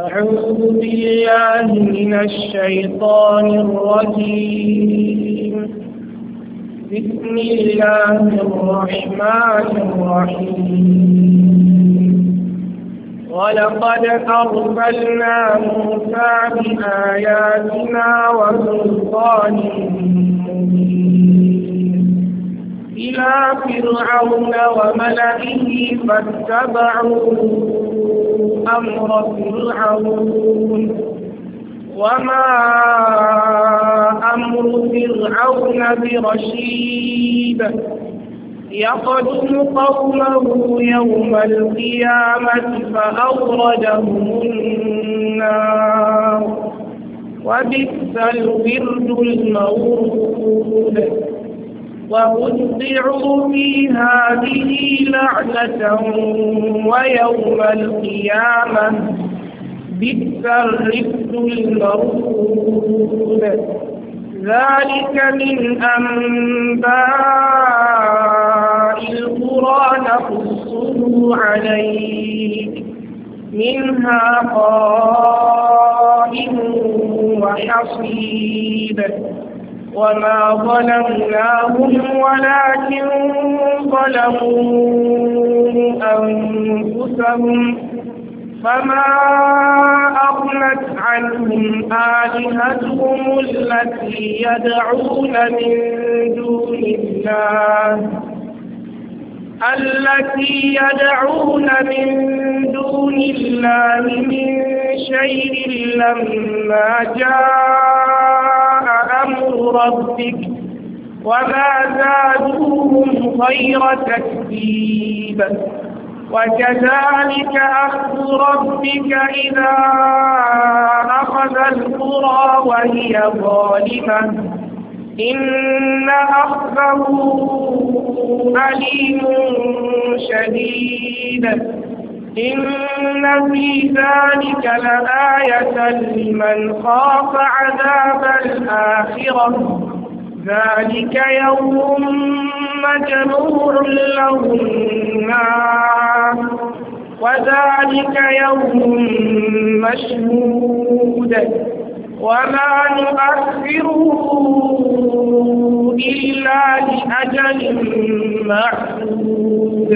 أعوذ بالله من الشيطان الرجيم بسم الله الرحمن الرحيم ولقد أرسلنا موسى بآياتنا وسلطان مبين إلى فرعون وملئه فاتبعوا أمر فرعون وما أمر فرعون برشيد يقدم قومه يوم القيامة فأوردهم النار وبئس الورد المورود وأتبعوا في هذه لعنة ويوم القيامة بئس الرفد المرفود ذلك من أنباء القرى نقصه عليك منها قائم وحصيد وما ظلمناهم ولكن ظلموا أنفسهم فما أغنت عنهم آلهتهم التي يدعون من دون الله التي يدعون من دون الله من شيء لما جاء أمر ربك وما زادوهم غير تكذيب وكذلك أخذ ربك إذا أخذ القرى وهي ظالمة إن أخذه أليم شديد إن في ذلك لآية لمن خاف عذاب الآخرة ذلك يوم مجمور له وذلك يوم مشهود وما نؤخره إلا لأجل معدود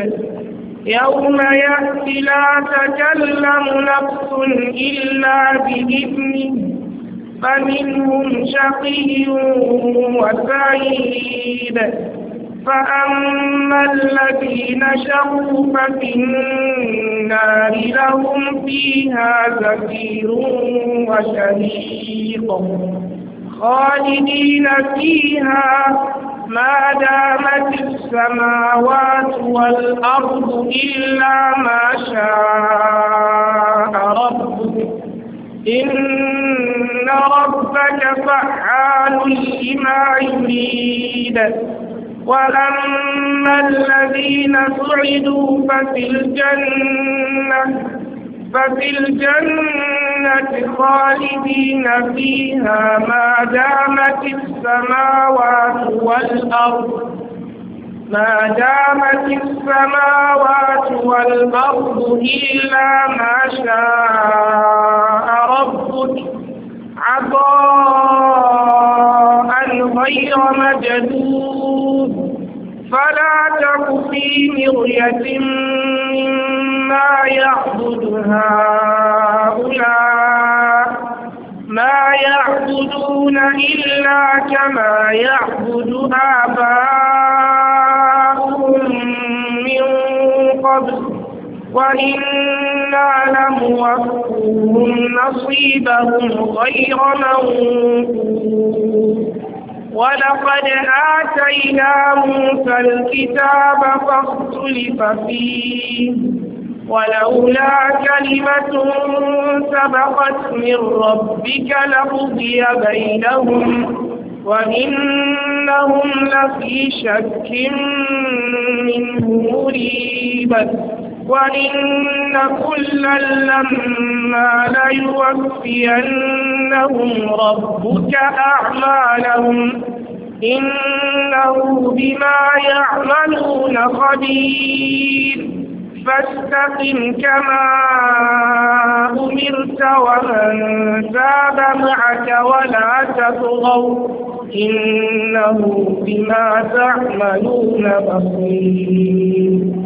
يوم يأتي لا تكلم نفس إلا بإذنه فمنهم شقي وسعيد فأما الذين شقوا ففي النار لهم فيها زفير وشريق خالدين فيها ما دامت السماوات والأرض إلا ما شاء ربك إن ربك فعال لما يريد ولما الذين سعدوا ففي الجنة ففي الجنة خالدين فيها ما دامت السماوات والأرض ما دامت السماوات والأرض إلا ما شاء ربك عطاء غير مجدود فلا تك في مرية مما يعبد هؤلاء ما يعبدون إلا كما يعبد آباؤهم من قبل وإنا لموفوهم نصيبهم غير منقوص ولقد آتينا موسى الكتاب فاختلف فيه ولولا كلمة سبقت من ربك لقضي بينهم وإنهم لفي شك منه مريب وإن كلا لما ليوفينهم ربك أعمالهم إنه بما يعملون خبير فاستقم كما أمرت ومن تاب معك ولا تطغوا إنه بما تعملون بصير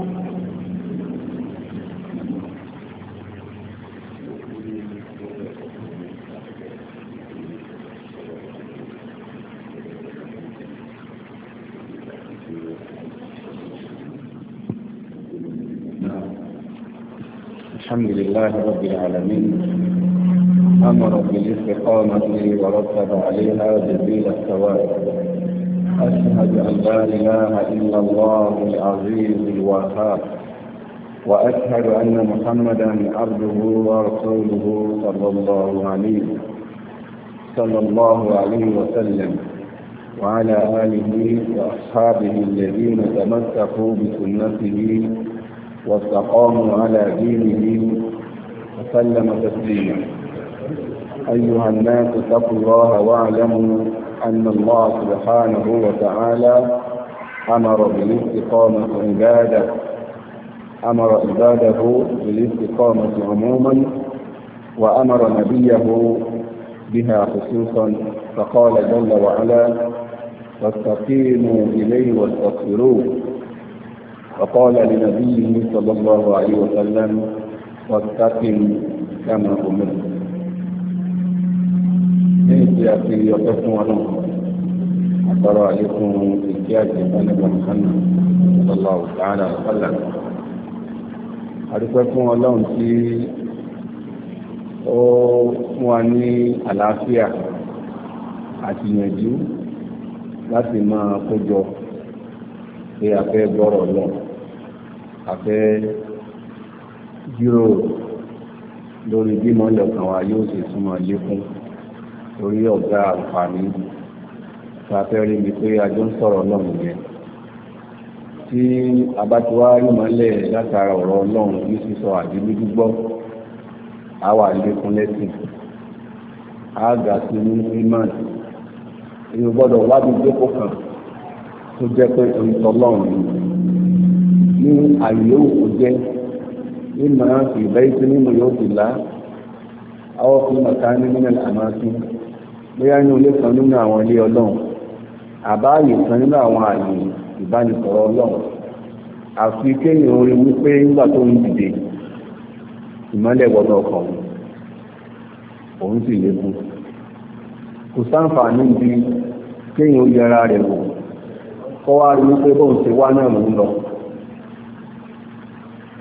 الحمد لله رب العالمين أمر بالاستقامة ورتب عليها جزيل الثواب أشهد أن لا إله إلا الله العزيز الوهاب وأشهد أن محمدا عبده ورسوله صلى الله عليه صلى الله عليه وسلم وعلى آله وأصحابه الذين تمسكوا بسنته واستقاموا على دينهم وسلم تسليما أيها الناس اتقوا الله واعلموا أن الله سبحانه وتعالى أمر بالاستقامة عباده أمر عباده بالاستقامة عموما وأمر نبيه بها خصوصا فقال جل وعلا فاستقيموا إليه واستغفروه وقال لنبيه صلى الله عليه وسلم واستقم كما أمرت níbi àti ọ̀pẹ́ fún wa náà àtọ́rọ̀ àlékún ìkí àti ìfẹ́nìbọn kánà lọ́lá òkàádà ọ̀pẹ́lá àdúpẹ́ fún ọlọ́run tí ó fún wa ní àlàáfíà àti ìyànjú láti máa kójọ pé a fẹ́ gbọ́rọ̀ lọ́wọ́ afẹ́ jíròrò lórí bí mọ́lẹ̀ ọkàn wa yóò ṣe súnmọ́ lékún lórí ọ̀gá àǹfààní afẹ́ rí mi pé ajọ́ ń sọ̀rọ̀ ọlọ́run yẹn tí a bá látara ọ̀rọ̀ ọlọ́run ní sísọ àdílé gbígbọ́ a wà lékún lẹ́sìn a gà sí ní imán èyí gbọ́dọ̀ wá bí jókòó kan tó jẹ́ pé orí tọ́lọ́run ní àyè òkú jẹ́ nínú àfi ìbẹ́yìí nínú yóò fi là áwọ̀ fún màkà nínú àmàfin bóyá ní ilé kan nínú àwọn ilé ọlọ́run àbáàyè kan nínú àwọn àyè ìbánisọ̀rọ̀ ọlọ́run àfi kéèyàn orí wípé nígbà tó ń dìde ìmọ́lẹ̀ gbọ́dọ̀ kàn òun sì lékún kò sáǹfààní bí kéèyàn yẹra rẹ̀ wò kọ́ wá rí wípé bóun ṣe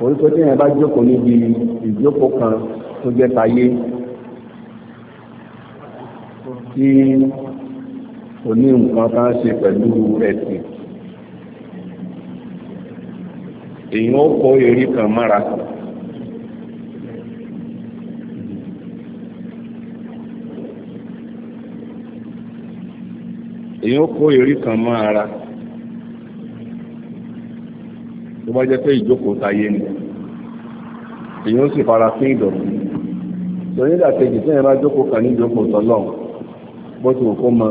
orúkọ tí yẹn bá jókòó níbi ìjókòó kan tó jẹ́ tayé tí kò ní nǹkan kan ṣe pẹ̀lú ẹ̀sìn èyí ó kó eré kan mára. èyí ó kó eré kan mára tó bá jẹ́ pé ìjókòó táyé ni èyí ó sì fara sí ìdọ̀tí torí ìdàkejì tí èèyàn bá jókòó kan ní ìjókòó tọ́lọ̀ bó ti wù kó mọ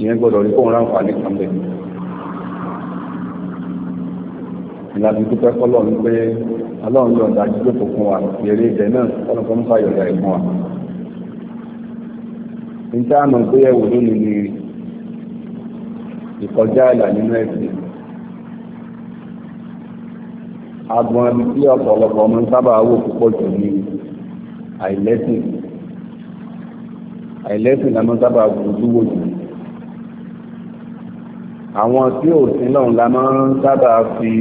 ìyẹn gbọ́dọ̀ rí kóun ráǹfààní kan bẹ̀. ìlànà ìdúpẹ́ kọ́lọ̀ ní pé ọlọ́run yóò da jíjókòó fún wa èrè ìdẹ̀ náà ọlọ́run kan ń fa yọ̀dà ẹ̀ fún wa. níta àmọ̀ pé ẹ̀wò lónìí ni ìkọjá ìlà nínú ẹ̀sìn agbọn ibi tí ọ̀pọ̀lọpọ̀ ọmọ ń sábà wò púpọ̀ jù ní àìlẹ́sìn àìlẹ́sìn la máa ń sábà gbòdú wò jù àwọn tí ò sí náà la máa ń sábà fi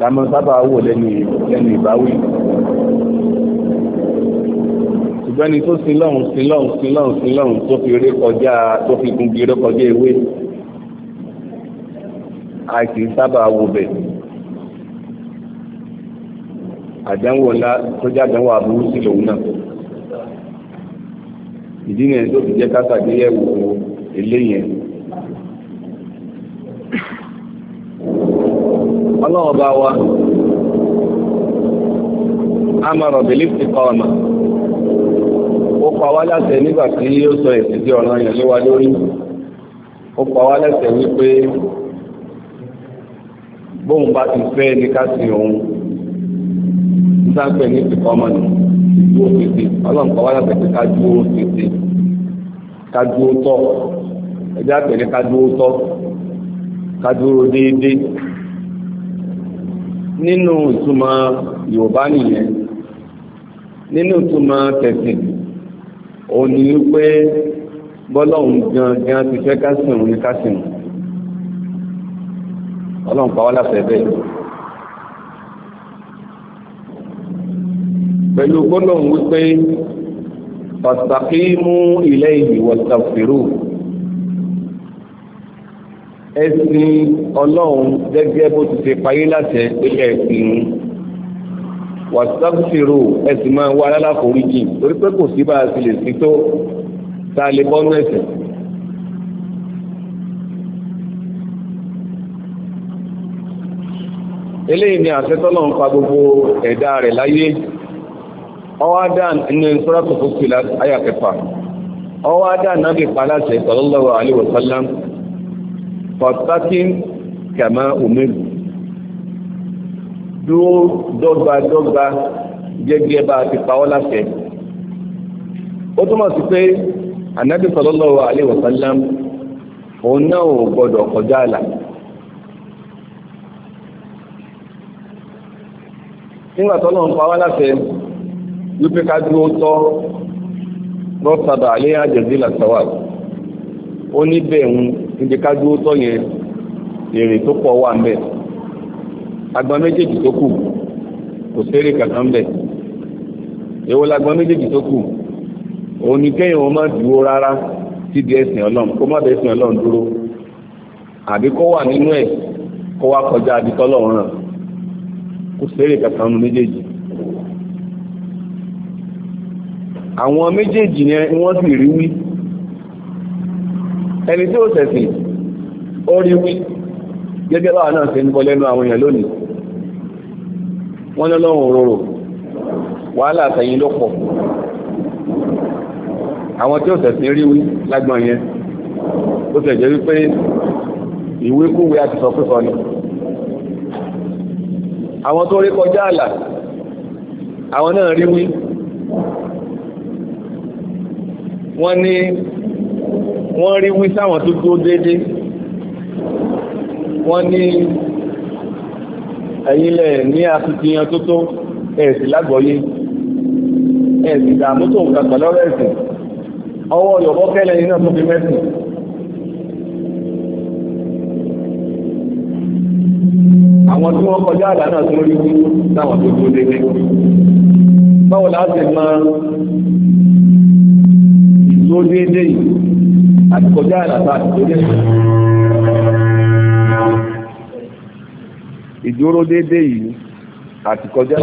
la máa ń sábà wò lẹ́nu lẹ́nu ìbáwí ṣùgbọ́n ẹni tó sin lọ́hùn sin lọ́hùn sin lọ́hùn sin lọ́hùn tó fi eré kọjá tó fi gungi eré kọjá ewé àìsí sábà wò bẹ́ẹ̀ àdánwò ńlá tó jẹ́ àdánwò aburú sí lòun náà ìdí nìyẹn tó fi jẹ́ ká ṣàgbéyẹ̀wò eléyẹn. ọlọ́wọ́ bá wa amọ̀rọ̀ bìlí ti kọ́ ọ̀nà ó pa wá láṣẹ nígbà tí ó sọ èsì tí ọ̀ràn yẹn lé wa lórí ó pa wá láṣẹ wípé bóun bá ti fẹ́ ní ká sin òun sáfẹ́ ní ìsìnkú ọmọ nù ìdúró tètè ọlọ́run kọ́ wáyà pẹ̀lú ká dúró tètè ká dúró tọ́ ẹ̀jẹ̀ àpẹẹrẹ ká dúró tọ́ ká dúró déédéé nínú ìtumọ̀ Yorùbá nìyẹn nínú ìtumọ̀ tẹ̀sìn òun ni wípé bọ́lọ́hún gangan ti fẹ́ ká sìn òun ní ká sìn òun ọlọ́run pa wá láfẹ́ bẹ́ẹ̀. pẹ̀lú gbólóhùn wípé fastaqimu ilayhi wastaghfiru ẹ̀sìn ọlọ́run gẹ́gẹ́ bó ti ṣe payé láti ẹ̀pẹ́lẹ̀ ẹ̀sìn wastaghfiru ẹ̀sìn máa ń wá aláforíjì torí pé kò sí bá a ti lè sí tó tá a lè bọ́nú ẹ̀sìn. eléyìí ni àṣetọ́lọ́run pa gbogbo ẹ̀dá rẹ̀ láyé ọwọ́ adá inú ìṣúra kòkó kìlá ayà kẹfà ọwọ́ adá nábì paláṣẹ sallallahu alaihi wasallam fọtákín kàmá òmìnir dúró dọ́gba dọ́gba gẹ́gẹ́ bá a ti pa ọ́ láṣẹ. ó túmọ̀ sí pé ànábì sallallahu alaihi òun náà ò gbọ́dọ̀ kọjá àlà. nígbà tó lọ́n pa wá láṣẹ wípé ká dúró tọ́ rọ́sàdà àléyà àjẹ̀dí làtàwà ó ní bẹ́ẹ̀ ń níbi ká dúró tọ́ yẹn èrè tó pọ̀ wà ńbẹ̀ agbọn méjèèjì tó kù kò sérè kankan ńbẹ̀ èwo lagbọn méjèèjì tó kù òun ni kẹ́yìn wọn má dúró rárá síbi ẹ̀sìn ọlọ́run kó má bẹ́ẹ̀ sìn ọlọ́run dúró àbí kó wà nínú ẹ̀ kó wá kọjá abitọ́lọ́run ràn kò sérè kankan nu méjèèjì àwọn méjèèjì yẹn wọ́n sì rí wí ẹni tí ó ṣẹ̀sìn ó rí wí gẹ́gẹ́ báwa náà ṣe ń bọ́ lẹ́nu àwọn èèyàn lónìí wọ́n ní ọlọ́run òróró wàhálà àtẹ̀yìn ló pọ̀ àwọn tí ó ṣẹ̀sìn rí wí lágbọ́n yẹn ó sì jẹ́ wípé ìwékúwé àti sọkúsọ ni àwọn tó rí kọjá àlà àwọn náà rí wí wọ́n ní wọ́n rí wí sáwọn tó dúró déédéé wọ́n ní ẹ̀yin lẹ̀ ní akitiyan tó tó ẹ̀sìn lágbọ̀ọ́yé ẹ̀sìn ìdààmú tó nǹkan pẹ̀lú ọ̀rọ̀ ẹ̀sìn ọwọ́ yọ̀bọ́ kẹ́lẹ́ yìí náà tó fi mẹ́sìn. àwọn tí wọ́n kọjá àlá náà tó rí wí sáwọn tó dúró déédéé báwo la máa tó déédé yìí àti kọjá àlàtà àti déédé yìí. ìdúró déédé yìí àti kọjá.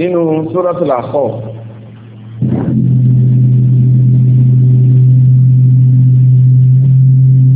nínú sóràtúlà kọ́.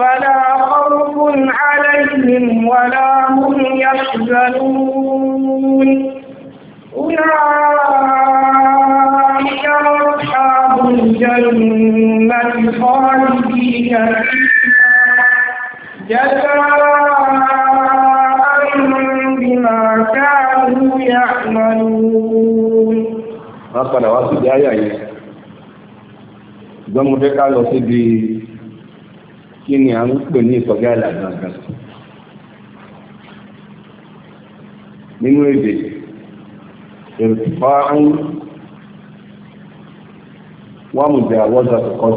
فلا خوف عليهم ولا هم يحزنون أولئك أصحاب الجنة خالدين فيها جزاء بما كانوا يعملون. ما قال واسد آية إذا مدرك الله kí ni à ń pè ní ìkọjá àlà gangan nínú èdè ìfọ̀hún wọ́n mú bí àwọ́dà tó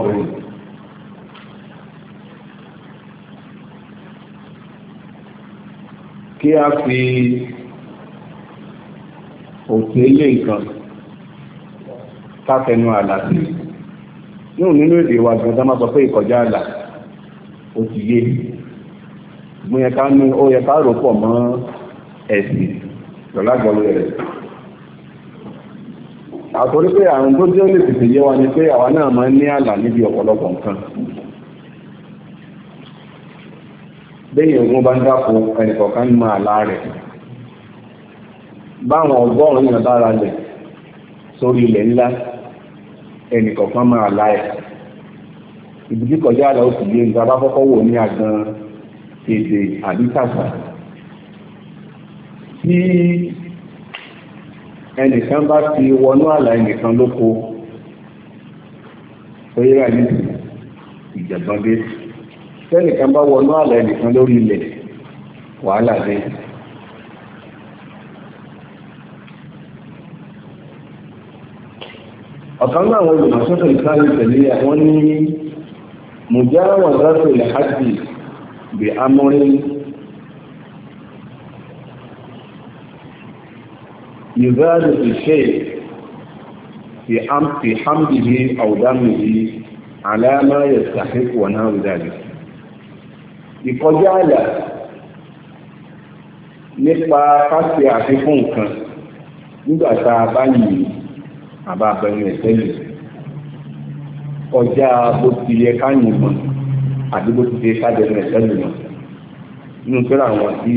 kí a fi òkè ilé nǹkan ká fẹnu àlà sí nínú nínú èdè wa gan-an má sọ pé ìkọjá àlà ó ti yé mo yẹ ká ní ó yẹ ká rò pọ̀ mọ́ ẹ̀sìn lọ́lágbọ́lé rẹ̀ àtòrí pé àrùn tó jẹ́ lè tètè yé wa ni pé àwa náà máa ń ní àlà níbi ọ̀pọ̀lọpọ̀ nǹkan bẹ́ẹ̀ ogun bá ń dáko ẹnìkọ̀ọ̀kan ní máa lá rẹ̀ báwọn ọgọ́rùn-ún yàn bára lẹ̀ sórí ilẹ̀ ńlá ẹnìkọ̀ọ̀kan máa lá ẹ̀ ìbùdí kọjá àlà oṣù yẹn nígbà bá kọ́kọ́ wò ní àgbọn èdè àdìtàṣà tí ẹnìkan bá ti wọnú àlà ẹnìkan lóko oyè rà ní ìjàgbọ́n dé tẹ́nìkan bá wọnú àlà ẹnìkan lórí ilẹ̀ wàhálà dé. ọ̀kan náà wọn olùmọ̀sọ́tò ìsáré tẹ̀lé àwọn ní مجاوزة الحد بأمر يزال الشيء في في حمده أو دمه على ما يستحق ونحو ذلك ìkọjá àlà nípa káṣí àfikún nǹkan nígbà tá a bá yìí àbá abẹnú ẹ̀tẹ́lẹ̀ kọjá bó ti yẹ ká yìnbọn àti bó ti yẹ ká dẹnu ẹ̀sẹ̀ nìyẹn nínú pẹ́lú àwọn tí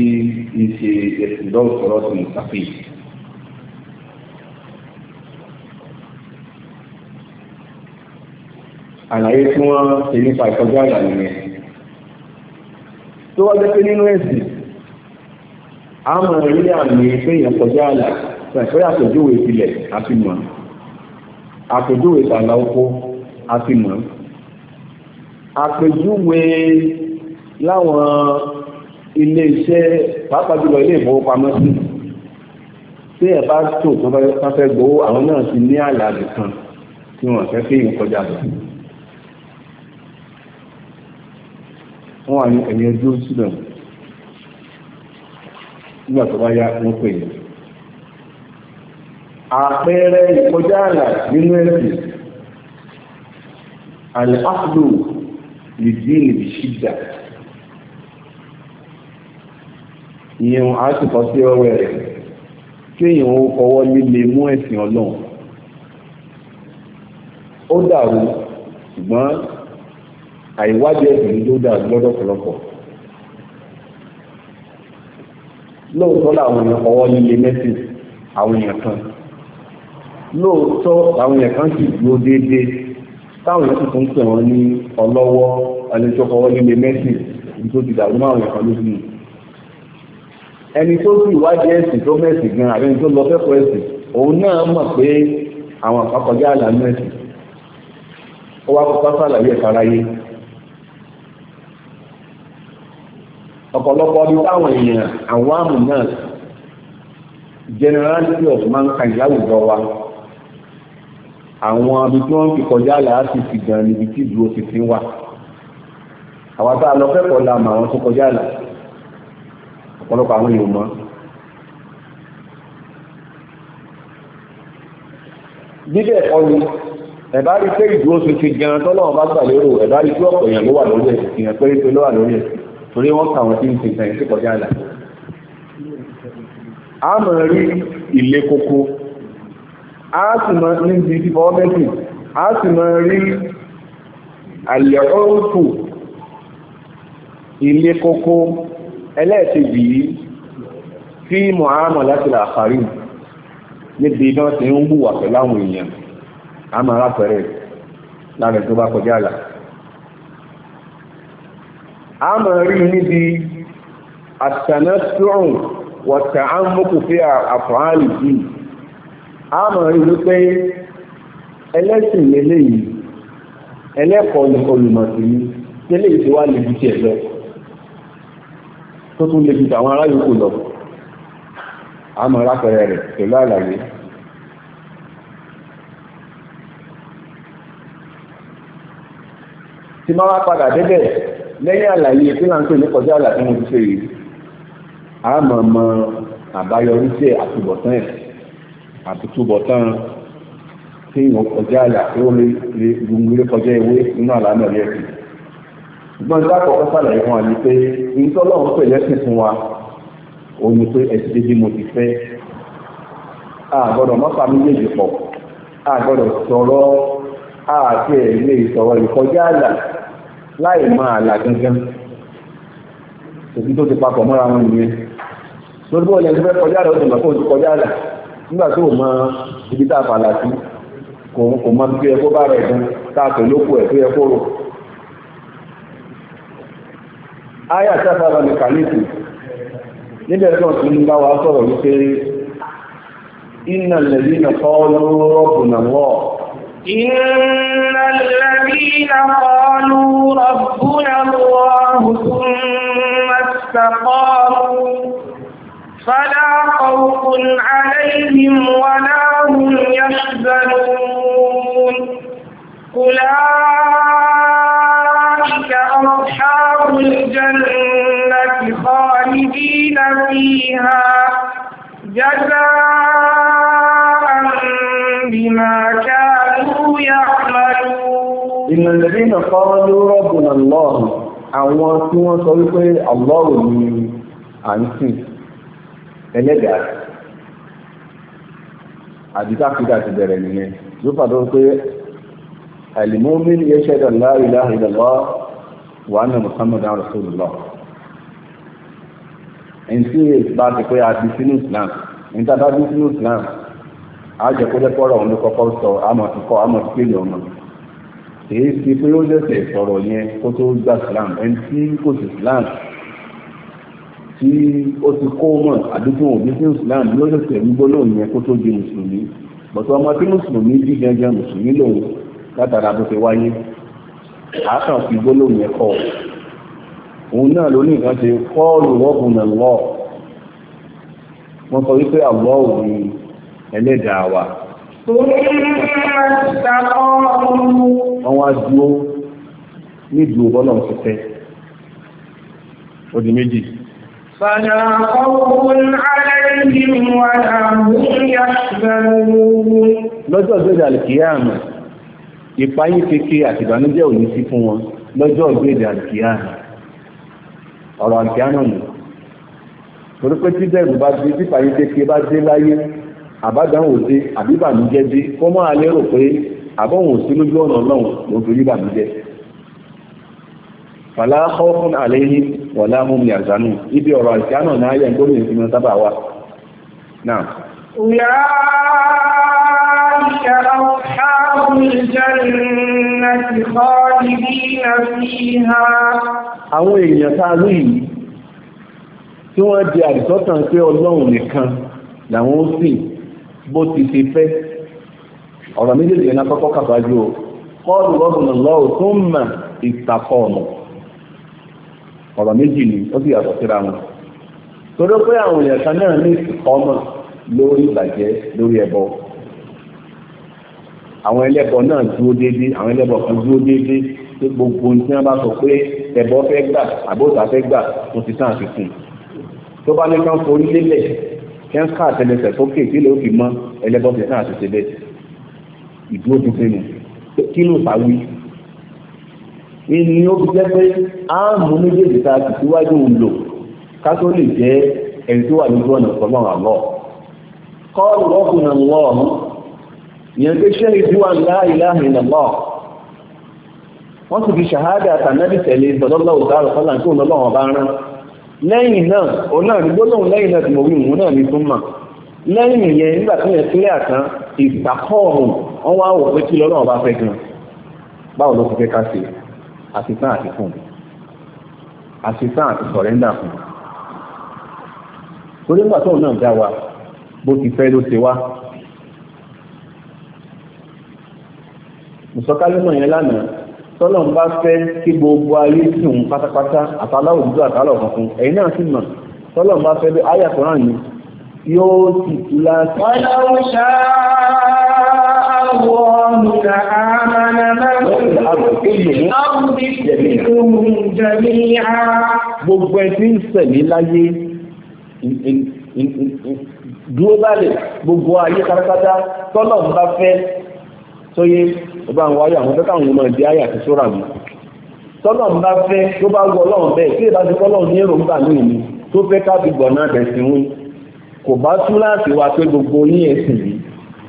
ń ṣe ẹ̀sìn lọ́wọ́ sọ̀rọ̀ sí mùsàfihàn. àlàyé tí wọ́n ṣe nípa ìkọjá àgbà nìyẹn tó wá jẹ́ pé nínú ẹ̀sìn a máa rí àmì pé èèyàn kọjá àlà pẹ̀lú àpèjúwe ìpìlẹ̀ àfihàn àpèjúwe ìtàlà oko a ti mọ̀ àpèjúwe láwọn ilé iṣẹ́ pàápàá jùlọ ilé ìfowópamọ́sí tí ẹ̀ bá tò tó bá fẹ́ gbowó àwọn náà ti ní àlàyé kan tí wọ́n fẹ́ fi ìkọjá lọ. wọ́n wà ní ẹ̀yìn ẹjọ́ sílẹ̀ nígbà tó bá yá wọ́n pè é. àpẹẹrẹ ìkọjá àlà nínú ẹ̀sìn àlẹ́fàfúlò lè dí ìlèbí ṣídà ìyẹn á sì kọ́ sí ọwọ́ rẹ̀ kéèyàn ó fọwọ́ líle mú ẹ̀sìn ọlọ́run ó dàrú ṣùgbọ́n àìwádìí ẹ̀sìn ló dàrú lọ́dọ̀ pọ̀lọpọ̀ lóòótọ́ làwọn èèyàn fọwọ́ líle mẹ́sìn àwọn èèyàn kan lóòótọ́ làwọn èèyàn kan sì dúró déédéé táwọn yòókù tó ń pè wọ́n ní ọlọ́wọ́ ẹni tó kọ́wọ́ nílé mẹ́sì ní tó ti dàrú máwọn èèyàn lójú nù. ẹni tó sì wádìí ẹ̀sìn tó mẹ́sì gan àbẹ́ni tó lọ fẹ́kọ̀ọ́ ẹ̀sìn òun náà mọ̀ pé àwọn àpapọ̀já àlànà ẹ̀sìn ó wá kópa sàlàyé ẹ̀ka aráyé. ọ̀pọ̀lọpọ̀ ọdún táwọn èèyàn àwọn àmù náà generality of mankind láwùjọ wa àwọn ibi tí wọ́n fi kọjá láti fi gan níbi tí ìdúró ti fi wà àwọn tá a lọ kẹ́kọ̀ọ́ la mọ àwọn tó kọjá là ọ̀pọ̀lọpọ̀ àwọn èèyàn mọ́ bíbẹ̀ ẹ̀kọ́ ni ẹ̀bá rí pé ìdúró ti fi gan tọ́lọ́wọ́n bá gbà lérò ẹ̀bá rí pé ọ̀pọ̀ èèyàn ló wà lórí ẹ̀sìn ìyẹn pé pé ló wà lórí ẹ̀sìn torí wọ́n kà wọ́n tí ń fi ìtàn yẹn sí kọjá là á rí ilé kókó a sì mọ níbi ìdìbò ọ́bẹ̀tì a sì mọ rí àlẹ́kọ́rùfù ilé kókó ẹlẹ́ẹ̀kejì yìí tí mọ̀hámọ̀ láti là àfàrí níbi iná ti ń hùwà pẹ̀lú àwọn èèyàn a máa rápẹ̀rẹ̀ lára tó bá kọjá àlà a máa rí níbi àtànásùn wọ̀tà á mọ́kù fí àfàálì yìí a mọ̀ rí wípé ẹlẹ́sìn lélẹ́yìí ẹlẹ́kọ̀ọ́ ni olùmọ̀sí ni tẹ́lẹ̀ tí wá lè fi tiẹ̀ lọ tó tún lè fi tàwọn ará yòókù lọ a mọ̀ rápẹrẹ rẹ̀ pẹ̀lú àlàyé tí máa wá padà débẹ̀ lẹ́yìn àlàyé tí máa ń pè ní kọjá àlàyé mo ti ṣe yìí a mọ̀ mọ̀ àbáyọrí sí àtúbọ̀tán ẹ̀ àti túbọ̀ tán tí ìwọ̀n kọjá àyà tí ó lè gbogbo ilé kọjá ewé nínú àlànà ẹ̀sìn ṣùgbọ́n nígbà àkọ́kọ́ sàlàyé fún wa ni pé nítorí ọlọ́run pè lẹ́sìn fún wa òun ni pé ẹ̀sìn débi mo ti fẹ́ a gbọ́dọ̀ mọ́fà méjèèjì pọ̀ a gbọ́dọ̀ sọ̀rọ̀ àti ẹ̀lẹ́ ìsọ̀rọ̀ ìkọjá àlà láì máa àlà gangan òbí tó ti papọ̀ mọ́ra wọn nìyẹn lórí bọ́ọ̀lù ẹni fẹ́ kọjá àlà ó ti mọ̀ kó ti kọjá àlà nígbà tó o mọ ibi tá a fàlà sí kò mọ bí ẹkọ bá rẹ̀ gan tá a pẹ̀lú òkú ẹ̀ tó yẹ kó rò. ayé àti àtàlà ní kàlífì níbẹ̀ náà tún bá wa sọ̀rọ̀ wípé iná lẹ́bí na kọ́ọ́lù rọ́bù nà wọ́. Inna alladhina qalu rabbuna Allahu thumma istaqamu فلا خوف عليهم ولا هم يحزنون أولئك أصحاب الجنة خالدين فيها جزاء بما كانوا يعملون إن الذين قالوا ربنا الله àwọn tí wọ́n sọ wípé ẹlẹ́dàá àdìsá ti bẹ̀rẹ̀ nìyẹn ló fàdó pé àlìmọ́mìn yẹ ṣẹ́dá la ilaha illallah wa na Muhammadan rasulullah ẹni tí bá ti pé àti sínú Islam ẹni a bá bí sínú Islam a jẹ kó ló kọ́kọ́ sọ èyí ti pé ó lẹ́sẹ̀ sọ̀rọ̀ yẹn kó tó gba Islam tí ó ti kó mọ̀ àdúgbò òbí sí islam lọ́jọ́ tẹ̀lé gbólóhùn yẹn kó tó di mùsùlùmí bọ̀tọ̀ ọmọ tí mùsùlùmí bí gangan mùsùlùmí lòun látara bó ṣe wáyé àákàn fi gbólóhùn yẹn kọ́ òun náà ló ní nǹkan ṣe kọ́ọ̀lù rọ́bùn náà lọ wọ́n sọ wípé àwọ̀ òun ẹlẹ́dàá wa. wọ́n wá dúró nídùú bọ́lá òṣìṣẹ́ ó di méjì. فلا خوف عليهم ولا هم يحزنون lọ́jọ́ ìgbéde àlìkìyàmù ìpayín kékeré àti ìbànújẹ́ òní sí fún wọn lọ́jọ́ ìgbéde àlìkìyàmù ọ̀rọ̀ àlìkìyàmù nù torí pé tíjẹ́rù bá dé típayín kékeré bá dé láyé àbádáwò dé àbíbànújẹ́ dé kó máa lérò pé àbọ̀wò sí lójú ọ̀nà ọlọ́run ló fi rí fàlá khawfun alayhim wala hum yahzanun ibi ọ̀rọ̀ àìsíánà náà yẹ gbóni ìsinmi sábà wà. أولئك أصحاب الجنة خالدين فيها àwọn èèyàn tá a rí yìí tí wọ́n di àdìsọ́tàn pé ọlọ́run nìkan làwọn ó sìn bó ti ṣe fẹ́ ọ̀rọ̀ méjèèjì yẹn lápapọ̀ kàbájú o kọ́ọ̀lù rọ́bùnà lọ́ọ̀ tó ń mà ìtàkọ̀ ọ̀nà ọ̀rọ̀ méjì ni ó sì yàtọ̀ síra wọn torí pé àwọn èèyàn kan náà ní ọmọ lórí ìbàjẹ́ lórí ẹbọ àwọn ẹlẹ́bọ náà dúró déédéé àwọn ẹlẹ́bọ kan dúró déédéé pé gbogbo ohun tí wọ́n bá sọ pé ẹbọ fẹ́ gbà àbóòtà fẹ́ gbà tó ti tàn àfikún tó bá ní kán forí lélẹ̀ kí wọ́n ká àtẹlẹsẹ̀ sókè tí lè ó fi mọ́ ẹlẹ́bọ ti tàn àti ṣe bẹ́ẹ̀ ìdúró tuntun nù kí ló fà wí èyí ó fi jẹ́ pé áàmù méjèèjì ta ti síwájú ń lò kátólì jẹ́ ẹ̀rí tó wà lójú ọ̀nà sọ́mọ́ àlọ́ kọ́ọ̀lù rọ́bùnà lọ́ọ̀mù ìyẹn pé ṣé ìdí wà ńlá ìlànà ìlànà wọ́n sì fi ṣàhádà àtànábì tẹ̀lé ìsọ̀lọ́lọ́ òdàrọ̀ sọ́là tó lọ́lọ́wọ́n bá rán lẹ́yìn náà òun náà ní gbólóhùn lẹ́yìn náà tí mo wí òun náà ní lẹ́yìn ìyẹn nígbà àtàn àṣetán àti fún mi àṣetán àti sọ̀rẹ́ndà fún mi. torí nígbà tóun náà dá wa bó ti fẹ́ ló ṣe wá. ìsọkálẹ́mọ̀ yẹn lánàá tọ́lọ̀ ń bá fẹ́ kí gbogbo ayé sùn pátápátá àtàláwò dúdú àtàláwò funfun ẹ̀yin náà sì mọ̀ tọ́lọ̀ ń bá fẹ́ bí ayé àkùrán ni yóò sì tú láti. wọ́n lọ́wọ́ ṣáá àwọn ọ̀nùkà àmàlà náà. الأرض كلهم جميعا gbogbo ẹ ti ń sẹ̀mí láyé dúró lálẹ́ gbogbo ayé kárakáta tọ́lọ̀ ń bá fẹ́ sóyé ó bá ń wáyé àwọn tó káwọn ọmọ ìdí ayé àti sóra mi tọ́lọ̀ ń bá fẹ́ tó bá wọ ọlọ́run bẹ́ẹ̀ tí ìbá ti kọ́lọ̀ ní èròǹgbà míì ni tó fẹ́ ká fi gbọ̀nà tẹ̀sìn wí kò bá tún láti wá pé gbogbo yín ẹ̀sìn yìí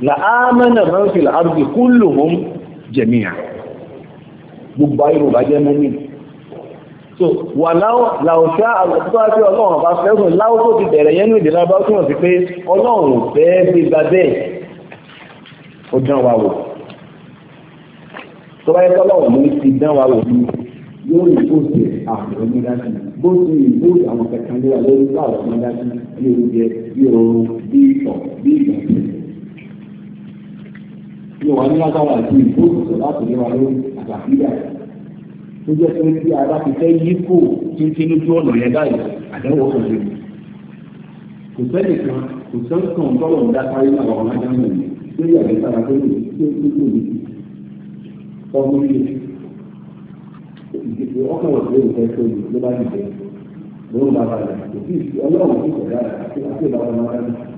làámẹ́nà máa ń fi làárùkì kúlùhùn jẹ̀míà gbogbo ayé ò bá jẹ́ mọ́mí so wà láwùṣá àgbàtúkọ́ àti ọlọ́run bá fẹ́ràn láwùṣó ti bẹ̀rẹ̀ yẹn ní èdè lábá ó túnmọ̀ sí pé ọlọ́run fẹ́ gbé gba bẹ́ẹ̀ ó dán wa wò tó bá yẹ kọ́ ọlọ́run ló ti dán wa wò ní yóò ní kó ṣe àwọn onídàájú bó ṣe ìbò àwọn kẹkàn lé wa lórí fún àwọn onídàájú bí oúnjẹ bí oorun bí ìtọ̀ bí ìgbà yóò wá ní agbára àti ìgbóhùnsọ láti lé wa lórí àgbàfíà tó jẹ́ pé tí a bá ti fẹ́ yí kò títí lójú ọ̀nà yẹn báyìí àdánwò kan lè kò sẹ́nì kan kò sẹ́nì tọ́lọ̀ ń dákárí náà wọn ajá mọ̀ ní lórí àgbẹ̀sára tó lè tí ó tó lè ọmọ ilé ìdìbò ọkàn wọ̀ lórí ìfẹ́ tó lè ló bá dìbò lórí bàbá rẹ̀ kò sí ọlọ́run tó kọ̀ àti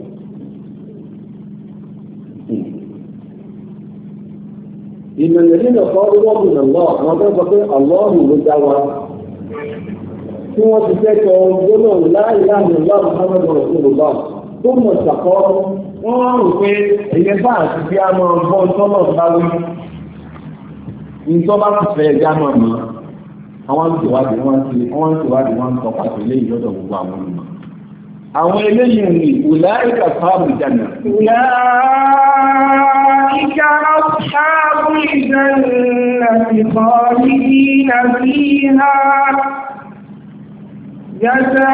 ìmọ̀lẹ̀ nínú ọ̀pọ̀ ọlọ́ọ̀bù nàlọ́ àwọn tó ń sọ pé ọlọ́ọ̀bù ló dá wa tí wọ́n ti fẹ́ kọ gbólóhùn láìláàmì ọlọ́ọ̀bù muhammed rasulullah tó mọ̀ ṣàkọ́ wọ́n rò pé ẹ̀yẹ bá àti bí a máa bọ́ sọ́nà bá wí nítorí wọ́n bá fẹ́ ẹ̀dá náà mọ́ àwọn àti ìwádìí wọn ti wọ́n ti ìwádìí wọn ń sọ pàtó ilé ìjọ́dọ̀ gbogbo àwọn olùmọ̀ àwọn eléyìí ni ìwòláìkà sáàbù ìjànà. ìwòláìkà sáàbù ìjànà ìkọ̀ọ̀lì ìnà sí ha yàtà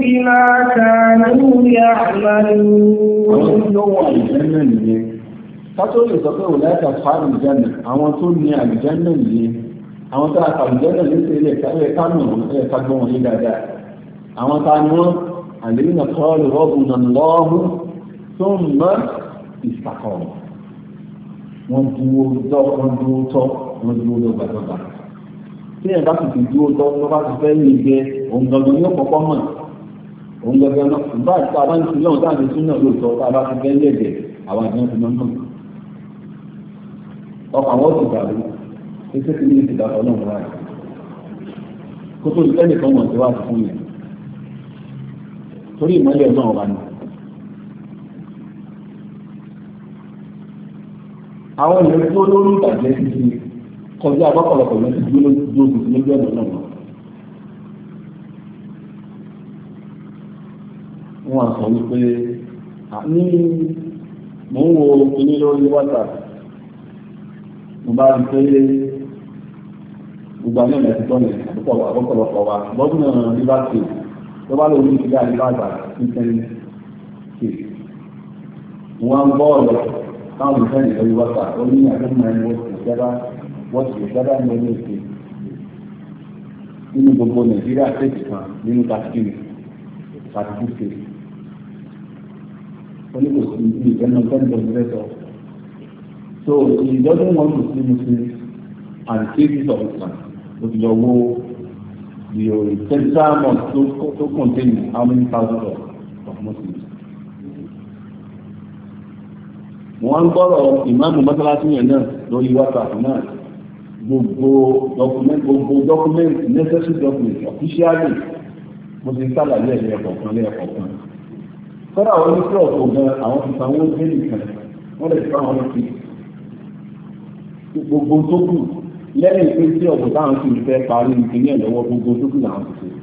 bímá kàánú yà àmàlú. àwọn tí ó wà ìjànà nìyẹn kátó lè sọ pé ìwòláìkà sáàbù ìjànà àwọn tó ní àlùjànà nìyẹn àwọn tó àtàlùjànà nítorí ẹ̀ka ẹ̀ka nù ẹ̀ka gbọ́n wọn ní dáadáa. àwọn ta ni wọ́n àlèyé náà kọ́ lè rọ́ọ̀bù náà lọ́ọ̀hún tó ń mọ́ ìsàkọ̀rọ̀ wọ́n dúró dọ́ wọ́n dúró tọ́ wọ́n dúró dọ́gbàdọ́gbà tí ẹ̀ bá sì ti dúró tọ́ tó bá ti fẹ́ lè jẹ òun gangan ní ọ̀pọ̀pọ̀ mọ̀ òun gangan náà bá a ta bá ń sin náà dáàbò sí náà lóòótọ́ tá a bá ti fẹ́ lẹ́jẹ̀ àwọn àjọ ti máa ń mọ̀ ọkọ̀ àwọn ti dàrú ẹsẹ̀ kìíní ti dàrú ọlọ́run láàyè kótó ìfẹ́ nìkan torí ìmọ̀lẹ̀ náà wà ní. àwọn èèyàn tó lórí ìbàjẹ́ ti di kọjá abọ́kọ̀lọpọ̀ ló ti dúró lójú lójú ọ̀nà náà wọn. wọ́n á sọ wípé ní mò ń wo kinní lórí WhatsApp mo bá rí pé gbogbo àná ìlẹ̀ ti tọ́lẹ̀ àbọ̀kọ̀lọpọ̀ wa gbọ́dọ̀ rí bá tèè tó bá lòun ti dá ìlú àgbà nítorí ṣe wọn ń bọ́ọ̀lù táwọn olùfẹ́ ìlú wọ́pà ó ní àdéhùn ẹni wọ́n ti ìjọba wọ́n ti ìjọba ní ẹni èké nínú gbogbo nàìjíríà tètè kan nínú kàkiri kàkiri oníkòsí ìjẹ́nu tẹ́lifọ̀ ìrẹ́sọ̀ so he doesn't want to see Muslims and take this of Islam ó ti lọ wo the central mosque tó tó contain how many thousands of, of muslims. wọ́n ń gbọ́rọ̀ ìmáàmù mọ́sálásí yẹn náà lórí whatsapp náà gbogbo document gbogbo document necessary document officially mo ti sàlàyé ẹ̀yẹ kọ̀ọ̀kan lẹ́ẹ̀kọ̀ọ̀kan. kọ́dà àwọn oníṣẹ́ ọ̀tọ̀ gan àwọn ti sanwó dé nìkan wọ́n lè fún àwọn ti gbogbo tó kù lẹ́yìn pé tí ọ̀gbọ̀n táwọn sì ń fẹ́ parí ìpínlẹ̀ lọ́wọ́ gbogbo tó kù làwọn ti ṣe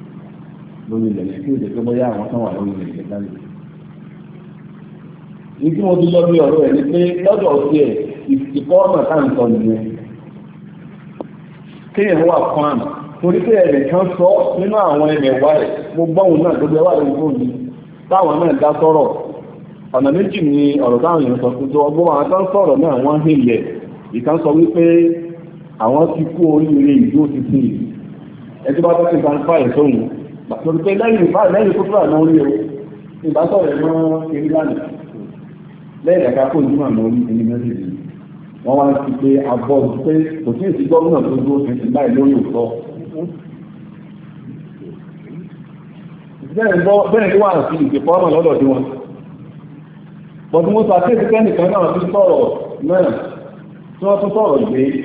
lórí ilẹ̀ yẹn kí o jẹ́ pé bóyá àwọn kan ilẹ̀ yẹn ní tí mo ti lọ bí ọ̀rọ̀ ẹ̀ ni pé lọ́dọ̀ ọ̀sẹ̀ ọ̀nà táwọn sọ nìyẹn. kéèyàn wà fún àná torí pé ẹ̀rẹ̀ kan sọ nínú àwọn ẹ̀rẹ̀ rẹ̀ mo náà àwọn ti kú oríire ìlú òtítì ẹjọ́ bá tọ́sí ìbá ń fà ẹ̀ sóhun lórí pé lẹ́yìn ìfà lẹ́yìn tó fúra náà rí o ìbá sọ̀rọ̀ ẹ̀ mọ́ kiri lánàá lẹ́yìn ẹ̀ka kó ìdúmọ̀ náà rí ẹni mẹ́sìlì wọ́n wá sí pé abọ́ pé kò tí ì sí gómìnà tó dúró tuntun báyìí lórí òótọ́ bẹ́ẹ̀ ni wọ́n á sí ìpè fọ́ọ̀mù lọ́dọ̀ tí wọ́n bọ̀dún mo sàkéèsì kẹ́nìkan náà ti sọ̀rọ̀ náà tí wọ́n tún sọ̀rọ̀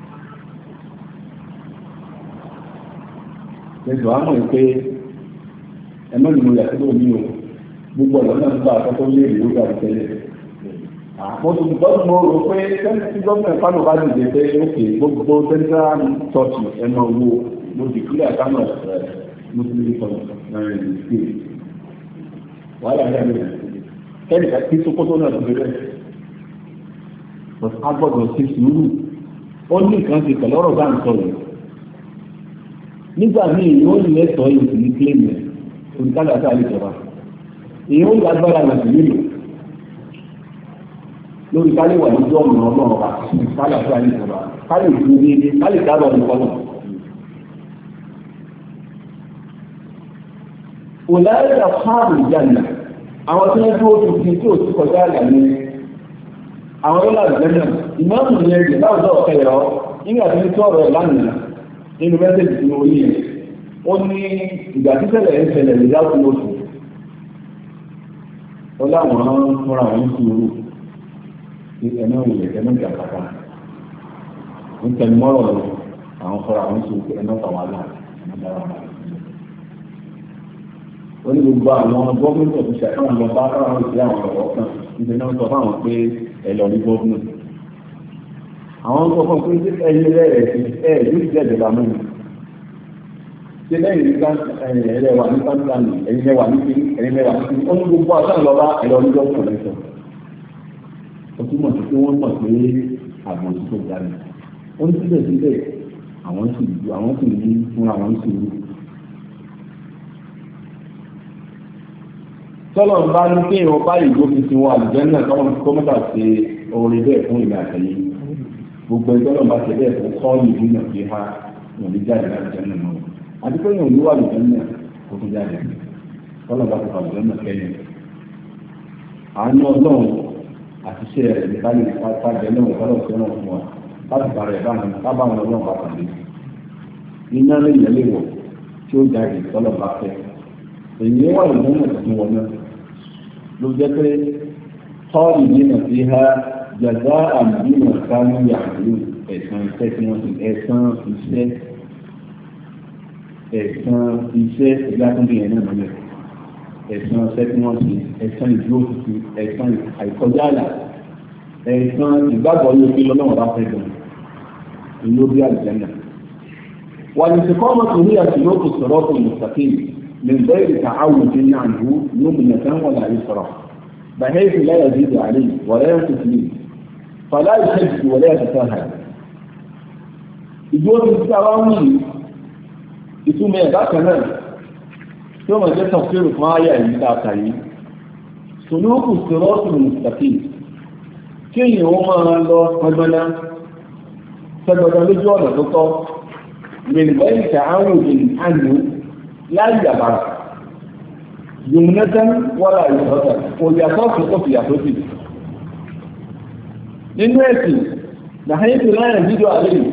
ní ìwà mọ̀ pé ẹ mọ́ nínú ìyàtọ̀ tó mi o gbogbo ọ̀dọ́ náà ń bá akọ́kọ́ lé ìlú gbà tẹ́lẹ̀. àpótò gbọ́dọ̀ mo rò pé tẹ́lẹ̀ tí gómìnà ìpánù bá dìde pé ókè gbogbo tẹ́lẹ̀ tọ́tù ẹ máa wo mo dì kílẹ̀ àtàmù ẹ̀ mo ti lè sọ̀rọ̀ láàrin ìlú sí i. wàhálà ní àgbẹ̀ tẹ́lẹ̀ kí sokoto náà ti bẹ̀rẹ̀ a gbọ́dọ̀ ṣe sùúrù ó ní nǹkan ti pẹ̀lú ọ̀rọ̀ bá ń sọ̀rọ̀ nígbà míì yóò lẹ́tọ̀ọ́ ìsìn ní kílẹ̀mù rẹ̀ olùkádàtà àlejòba èyí ó lágbára láti nílò lórí ká lè wà lójú ọ̀nà ọmọ ọba kádàtà àlejòba ká lè fún ní ilé ká lè dábọ̀ nǹkan náà. òláyà fáàmù ìjànà àwọn tó ń dúró tuntun tí ò sí kọjá àgbàlẹ àwọn yóò lágbàlẹ náà ìmọ̀ọ́mù yẹn rè láwùjọ ọ̀kẹ́ yẹn ọ́ nígbà tó ń tọ́ ọ̀rọ̀ ẹ̀ lánàá nínú mẹ́sẹ̀jì tí mo rí yẹn ó ní ìgbà tí ṣẹlẹ̀ ń ṣẹlẹ̀ lè dákú lóṣù ó láwọn fúnra wọn sùúrù ní ẹ̀mọ́ ìlẹ̀ ẹ̀mọ́ ìjà kàkà ń tẹnu mọ́rọ̀ lọ àwọn fúnra wọn sùúrù ẹ̀mọ́ tàwọn àlà ẹ̀mọ́ dára wọn. ó ní gbogbo àwọn gọ́ọ̀mù tó ti ṣàkóso àwọn bá káwọn ìdí àwọn ọ̀rọ̀ kan ní àwọn ọkọ̀ fún pé ẹyin lẹ́rẹ̀ẹ́ sí ẹ̀ yóò jẹ́ ìjọba mẹ́rin lẹ́yìn ní ẹlẹ́wà ní sáńtánì ẹ̀yin lẹ́wà ní kí ẹ̀yin lẹ́wà ní kí ó ní gbogbo àṣà ìlọ́ba ẹ̀rọ oníjọ́ fún sọ. ó túmọ̀ sí pé wọ́n mọ̀ pé àbò òṣìṣẹ́ ìjà ni ó ní síbẹ̀síbẹ̀ àwọn sì ju àwọn sì ní fún àwọn sì ní. sọ́lọ̀ ń bá ní kéèyàn bá ìgbófin gbogbo ẹgbẹ́ bá ṣe bẹ́ẹ̀ fún kọ́ọ̀lù ìlú náà fi ha wọn jáde láti jẹ́ nínú wọn àti pé yóò ní wà náà kó tún jáde kọ́ọ̀lù bá ti fà lùdán náà kẹ́yìn. àánú ọlọ́run àti rẹ̀ ní káyọ̀ pàjẹ́ náà kọ́ọ̀lù fẹ́ràn fún wa láti bàrẹ̀ báwọn kábàwọn ọlọ́run bá pàdé. iná lè yẹ lè tí ó jáde kọ́ọ̀lù bá fẹ́ èyí wà lùdán jàdá àdúgbò kánú yàgò ẹ̀sán iṣẹ́ tí wọ́n ti ẹ̀sán iṣẹ́ ẹ̀sán iṣẹ́ ẹ̀dá tó ń bí yẹn náà mọ́lẹ̀ ẹ̀sán iṣẹ́ tí wọ́n ti ẹ̀sán ìdúró tuntun ẹ̀sán àìkọjá àlà ẹ̀sán ìgbàgbọ́ yóò fi lọ́lọ́wọ́ bá fẹ́ gan ìlú bí àjẹmọ́. wà ní sèkọ́ ọmọ tó ní àtúnyọ́ kò sọ̀rọ̀ kò ní sàkéyì من غير تعود عنه نمنة ولا يسرى بحيث لا يزيد عليه ولا ينقص منه fàlá ìṣẹ́jì wọlé ẹ̀sán hàn. ìdúró ti ti àwọn wí ìtumọ̀ ẹ̀ bákan náà tí ó máa jẹ́ tàn fèrè fún àyà yìí dáadáa yìí. sòlókù sèrọ́ọ̀tù mùsùlùmí kéèyàn ó máa lọ pẹgbẹ́lá pẹgbẹ́lá lójú ọ̀nà tó tọ́ mẹ̀lẹ́gbẹ́ ìta àwọn òbí àná láì yàbàrà yòmùnẹ́tẹ́ o ìṣọ́tà kò yàtọ̀ sí kò fìyàtọ̀ sí nínú ẹ̀sìn nàìjíríà láyẹ̀ dídò àlejò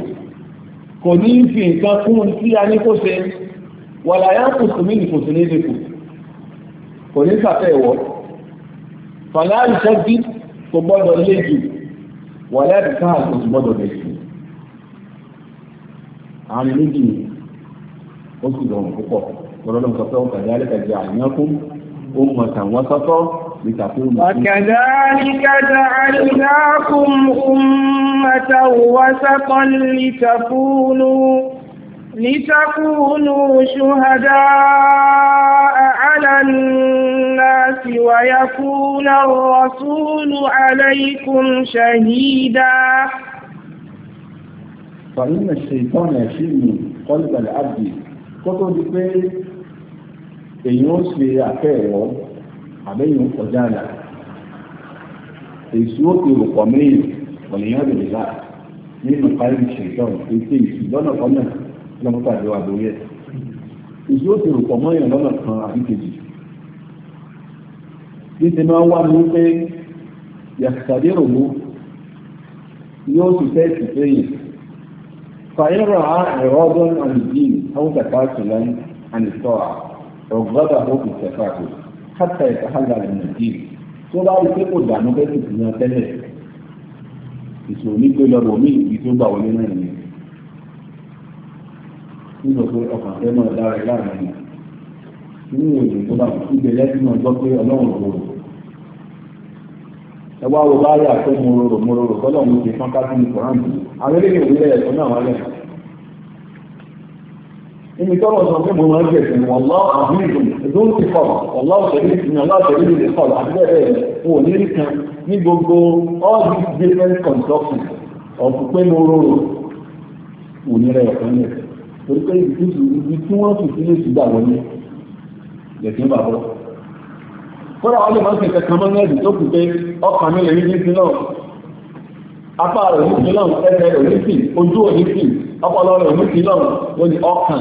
kò ní fi nǹkan fún un tí a ní kó ṣe wàlá yá kò sùn mí ní kò sí ní ìdìbò kò ní sàfẹ́ ìwọ́ fàlàyé sẹ́bí kò gbọ́dọ̀ lé jù wàlá ìdíkà kò sì gbọ́dọ̀ lé jù àmì méjì ó sì rọrùn púpọ̀ lọ́dọ̀ lọ́mọ sọ pé ó kàdé alẹ́ kàdé àyànkú ó mọ̀ tàwọn sọ́tọ́ وكذلك جعلناكم أمة وسطا لتكونوا لتكونوا شهداء على الناس ويكون الرسول عليكم شهيدا فإن الشيطان يشم قلب العبد kótó di pé èyí ó àbẹ́yìn ń kọjá àlà èsù òkè òpọ̀ mẹ́yìn ọ̀nìyàn lè là nínú káyọ̀ ìṣẹ̀tàn ètò èsù lọ́nà kan náà lọ́mọ́tà ló wà lórí ẹ̀ èsù òkè òpọ̀ mọ́yìn lọ́nà kan àbí kejì bí ti máa wá ní pé yàtàdé òwò yóò ti fẹ́ ti fẹ́yìn fàyẹ̀rọ̀ ẹ̀rọ ọdún àlùjì àwọn kàkà sùn lẹ́nu àlùtọ́ ọ̀gbọ́dà ó fi tẹ̀fà kù kàtà ìtàhàlà lè nà dì tó bá rí pé kò dànù bẹ́ẹ̀ tó fìyàn tẹ́lẹ̀ ìṣòro nígbè lọ́rọ̀ mí ìdí tó gbà wọlé náà nìyẹn nínú pé ọkàn fẹ́ náà dára láàrin nínú èdè tó bá ibẹ̀ lẹ́sìn náà gbọ́ pé ọlọ́run kò rò ẹ wá wo báyà tó mo rorò mo rorò kọ́lọ́run ti fọ́n ká sí ní kòrán àwọn eléyìí òwúrẹ́ ẹ̀kọ́ náà wálẹ̀ níbi tọ́lọ̀ sọ pé mo máa ń gbẹ̀sẹ̀ wọn lọ́wọ́ àbúrò ìlú ń ti kọ̀ ọ̀lọ́wọ́ tẹ̀lé ìsinmi ọ̀lọ́wọ́ tẹ̀lé ìlú ti kọ̀ àti bẹ́ẹ̀ bẹ́ẹ̀ wò ní nìkan ní gbogbo all these different constructions ọ̀pọ̀ pé mo rorò wò ní rẹ̀ ọ̀kan ní ẹ̀ torí pé ibi tí wọ́n sì sílé ìsúgbà wọlé lẹ̀sìn bàbọ̀ kódà wọn lè máa ń ṣe kankan mọ́ nẹ́ẹ̀dì tó kù pé ọkàn mi lè rí ní apá rẹ̀ ní sinọ́ ẹsẹ̀ rẹ̀ ní sin ojú òní sin ọpọlọ rẹ̀ ní sinọ́ ó ní ọkàn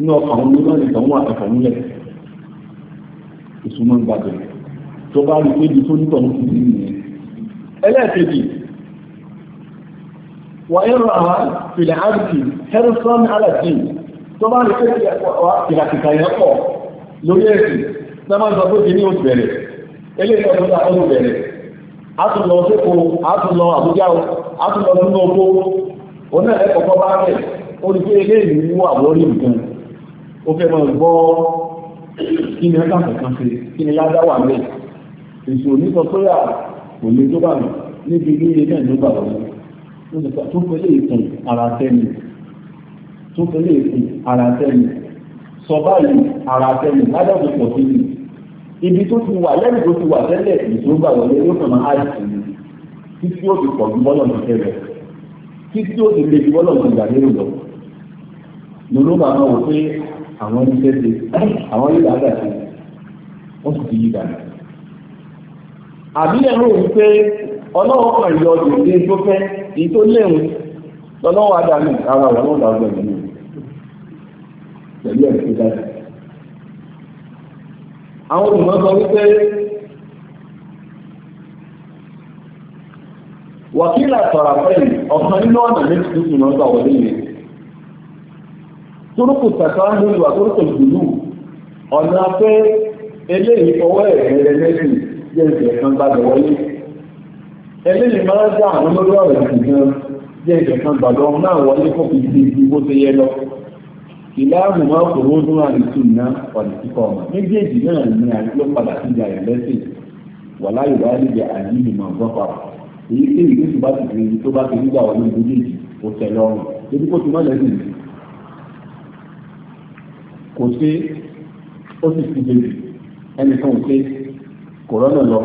ní ọkàn ndị ọmọ náà nìkan wọn àtàkàn nílẹ̀ ìsúnmọ́ ń gbàgbé tó bá rí pé ibi tó nítọ̀ ní kìí nìyẹn. ẹlẹ́ẹ̀kejì wà ẹ̀rọ àwọn fìlẹ̀ áàbùkì tó bá rí pé yẹn pọ̀ lórí ẹ̀sìn náà máa ń sọ pé bẹ̀rẹ̀ eléyìí ọdún náà ọdún bẹ̀rẹ̀ àbújá bá rẹ̀ eléyìí wú àwọn orí nǹkan ó fẹ́ máa gbọ́ kí ni ọjà kankan ṣe kí ni ládá wà lẹ̀ èso onísọ sóyà kò ní tó bá mi níbi ilé ilé náà ló bà wọ́n ló ti sọ tó fẹ́ lè ara tẹ́ni tó fẹ́ lè ara tẹ́ni sọ báyìí ara tẹ́ni ládá pọ̀ sí mi ibi tó ti wà lẹ́nu tó ti wà tẹ́lẹ̀ èso gbà wọlé yóò kàn máa àìsàn mi títí ó ti pọ̀ ju bọ́lọ̀ ní tẹ́lẹ̀ títí ó ti lè ju bọ́lọ̀ ní ìgbà lérò lọ lọ́lọ́ àwọn oníṣẹ́ ṣe àwọn yóò dáadáa ṣe wọ́n sì ti yí dànù. àbílẹ̀ rò wípé ọlọ́wọ́ kan yọ òdòdó tó fẹ́ èyí tó léwu lọ́lọ́wọ́ adánù ara rẹ̀ lọ́dà ọgbẹ̀ nínú pẹ̀lú ẹ̀rí tó dájú. àwọn olùmọ̀ sọ wípé wàkílà sọ̀rọ̀ àpẹ́yìn ọ̀kan nínú ọ̀nà méjì tuntun náà gbà wọlé yẹn turuku tasahul wa turuku ìdùnnú ọ̀nà pé eléyìí fọwọ́ ẹ̀rẹ́ lẹ́sìn jẹ́ ìjẹ̀kan gbàgbọ́ wọlé eléyìí máa ń dá àwọn olórí ọ̀rọ̀ ìsìnkán jẹ́ ìjẹ̀kan gbàgbọ́ náà wọlé kó fi di ibi bó ṣe yẹ lọ. ìlànà máa ń fòrò ọdún àlùtù náà ọ̀nà kíkọ́ ọ̀nà méjèèjì náà ni àlùtò padà sí ìjà rẹ̀ lẹ́sìn wà láyé wá níbi àyíní máa gbọ́ pa èyí tí ìlú tó bá ti fi tó bá ti nígbà wọlé méjèèjì ó tẹ̀ lọ́rùn kò sí ó sì ẹnìkan ò lọ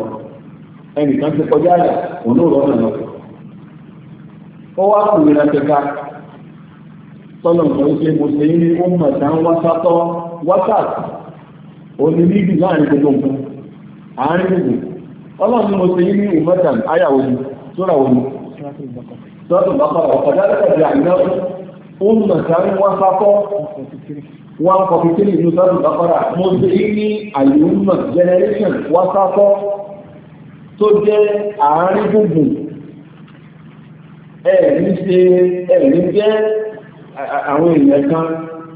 ẹnìkan ti kọjá àyà òun ò lọ. ó wá kù ìlànà kẹta tọ́lọ̀ mo ṣe ní ó mọ̀ tá ń wásátọ́ wásàtì òní níbi láàrin gbogbo nǹkan àárín gbogbo ọlọ́run ní sóra one forty three ní sọ́dún lọ́kọ́dà mo ṣe é ní àyùmọ̀ generation wásákọ́ tó jẹ́ àárín gbùngbùn ẹ̀ ní ṣe ẹ̀ ní jẹ́ àwọn èèyàn kan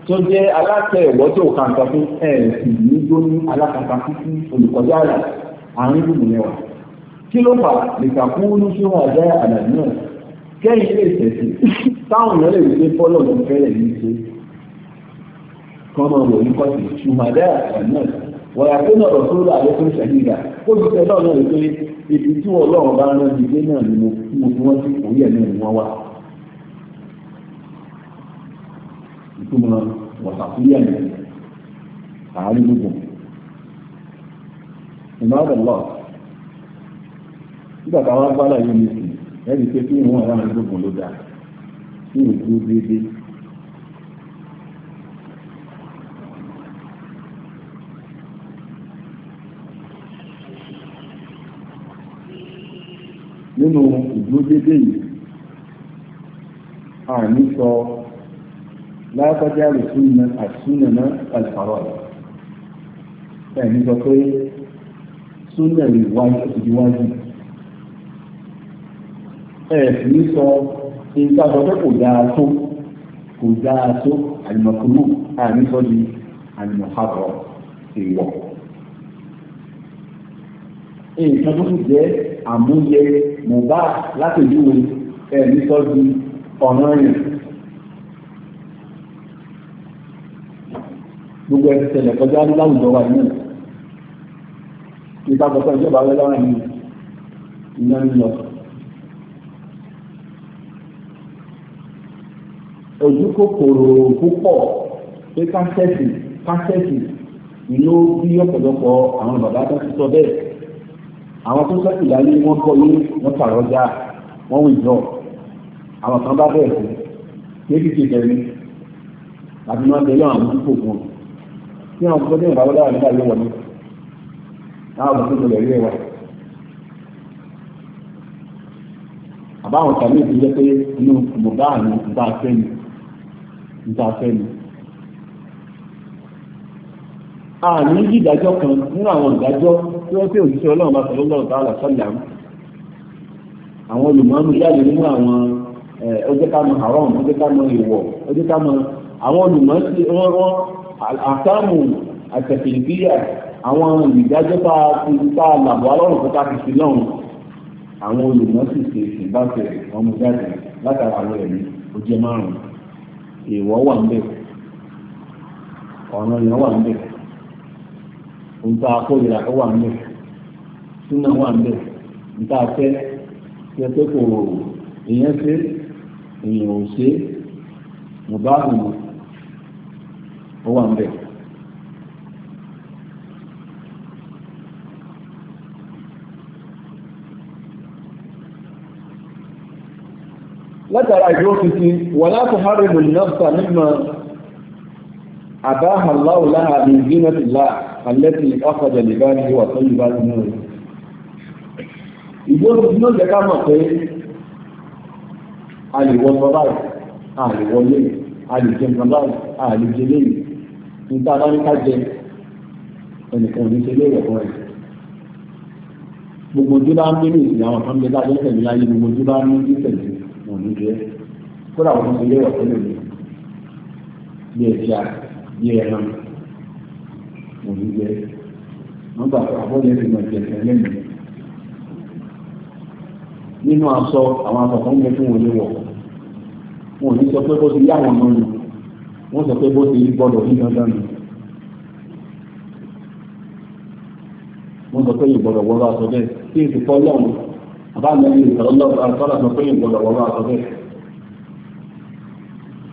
tó jẹ́ aláṣẹ ìwọ́ tó kàǹtà fún ẹ̀ sì ní gbóní alákàtà fífi olùkọ́jà àlà àárín gbùngbùn yẹn wà kí ló fà lìkàkúrú sí wọn àjẹ́ àdàdì náà kẹ́yìn lè tẹ̀sí táwọn èèyàn lè rí pé bọ́lọ̀ kọ́ wò ní kọ́sì ṣùgbọ́n àná wọ̀yà tó nọ̀rọ̀ tó lọ àlẹ́ tó ń ṣàyíga ó ti tẹ náà náà pé ibi tí wọn lọ́rùn bá rán mi náà ni mo fi wọn sí orí ẹ̀ náà ni wọ́n wá. ìtumọ̀ wọ̀sàkúyà ni àárín gbogbo ìmọ̀ràn lọ nígbà táwọn agbára yìí ní sùn ẹ̀rí pé kí wọ́n rán gbogbo ló dáa kí wọ́n dúró déédéé nínú ìdúródédé yìí àní sọ lágbájá àlùsúnnà àsúnnà àlùfàrọ̀ ẹ̀mí sọ pé súnnà lè wáyé ìdíwájú ẹ̀sìn ní sọ nǹkan àtọ́jọ́ kò dáa tó kò dáa tó àlùmọ̀kúrú àní sọ di àlùmọ̀hárọ̀ ìwọ̀ nǹkan tó kù jẹ́ àmúyẹ mùbá látòjúwe ẹ̀mí sọ́jú ọ̀nà yẹn. gbogbo ẹni tẹ́lẹ̀ kọjá ní láwùjọ wa yìí nípa gbọ́dọ̀ ìjọba wẹ́lẹ́ wà ní iná lílọ. ojú kòkòrò púpọ̀ pé kásẹ̀tì kásẹ̀tì ni ó bí ọ̀pọ̀lọpọ̀ àwọn bàbá tó ti sọ bẹ́ẹ̀ àwọn tó sẹ́kù láyé wọ́n kọ́ yé wọ́n tàrọ́jà wọ́n wì jọ àwọn kan bá bẹ̀rẹ̀ sí kébì ti bẹ̀rẹ̀ àti máa bẹ̀rẹ̀ àwọn àmójútó fún un kí àwọn tó sẹ́kù bàbá dára nígbà yẹn wọlé àwọn tó sẹ́kù lẹ̀ rí ẹ̀wà. àbáwọn tàbí ìdílé pé inú mọ̀gá àná ìgbà afẹ́ni ìgbà afẹ́ni àní ìdájọ́ kan nínú àwọn ìdájọ́ tí wọ́n pè òjíṣẹ́ ọlọ́run bá sọ̀rọ̀ lọ́rùn tààlà sọ́là àwọn olùmọ̀ọ́nù jáde nínú àwọn ọjọ́ haram ọjọ́ ìwọ̀ ọjọ́ ká mọ àwọn rọ́rọ́ àtàmù àtẹ̀fìlìfìyà àwọn ìdájọ́ a ti tó sí lọ́run àwọn ṣe ìbáfẹ́ ọmọ jáde látara wà ń bẹ̀ wà ń nta akóyèrè àkọ́ wà mbẹ súnà wà mbẹ nta afẹ́ tẹ́tẹ́ kò èèyàn ṣe èèyàn ò ṣe mọ̀bá àgùnmọ̀ ó wà mbẹ. látara ìdúró tuntun wàlá tó hárẹ̀ mọ̀ nígbà nígbà. أباها الله لها من زينة الله التي أخرج لبانه وطيبات نوره ìgbóni tí ló jẹ́ ká mọ̀ pé a lè wọ sọ báyìí a lè wọlé a lè jẹ nǹkan báyìí a lè jẹ léyìí ní tá a bá ní ká jẹ ẹnìkan ò ní ṣe léyìí ẹ̀kọ́ rẹ̀ gbogbo ojú bá ń bí ní ìsìn àwọn kan lè dájọ́ tẹ̀lé láyé gbogbo ojú bá ń bí tẹ̀lé wọn ní jẹ́ kódà wọn ṣe léyìí ẹ̀kọ́ rẹ̀ bí ẹ̀ jẹ́ àná bí ẹran òní jẹ wọn gbà pé àbọ̀dé ti mọ̀ jẹ tẹ̀lé mi. nínú aṣọ àwọn aṣọ kan ń bẹ fún wọn lé wọ̀ wọn ò ní sọ pé bó ti yá àwọn ọmọ nù wọn sọ pé bó ti gbọ́dọ̀ ní dandan nù. wọ́n sọ pé ìgbọ̀dọ̀ wọ́rọ̀ aṣọ bẹ́ẹ̀ tí èsì kọ́ lọ́wọ́ àbámẹ́lì ìtọ́lọ́lọ́ àtọ́lá sọ pé ìgbọ̀dọ̀ wọ́rọ̀ aṣọ bẹ́ẹ̀.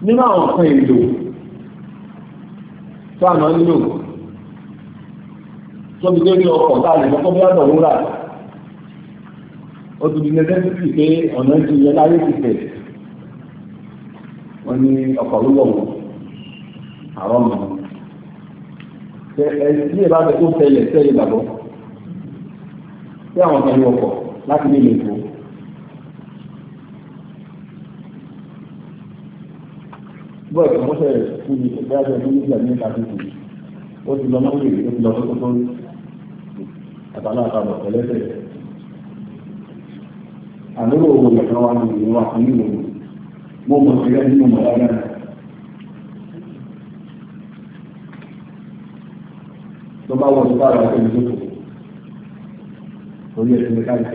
nínú àwọn kan èlò tá a máa ń lò tóbi tó rí ọkọ̀ tá a lè kọ́kọ́ bí ọ̀dọ̀ wúrà ó ti di nẹ́sẹ̀sìtì pé ọ̀nà ti yẹ láyé ti tẹ̀ wọ́n ní ọkọ̀ wíwọ̀ wọ̀ àrọ́ mọ́ ẹ ẹ ní ìbáfẹ́ tó tẹ̀lé tẹ̀lé bàbọ̀ tí àwọn kan ní ọkọ̀ láti ní ìlú Èkó. bọ́ọ̀ tó mọ́ṣẹ́ fún mi ẹgbẹ́ àjọ tó nígbà ní ìta tó ó ti lọ mọ́wé ó ti lọ tó tó àtàlà àtàlà ẹlẹ́sẹ̀ àlórò owó ìyàtọ̀ wa ní ìwọ àkúnyé òwò mo mọ̀ sí ẹni mo mọ̀ lára tó bá wọ̀ tó bá rà ó tó kù orí ẹ̀sìn káyọ̀.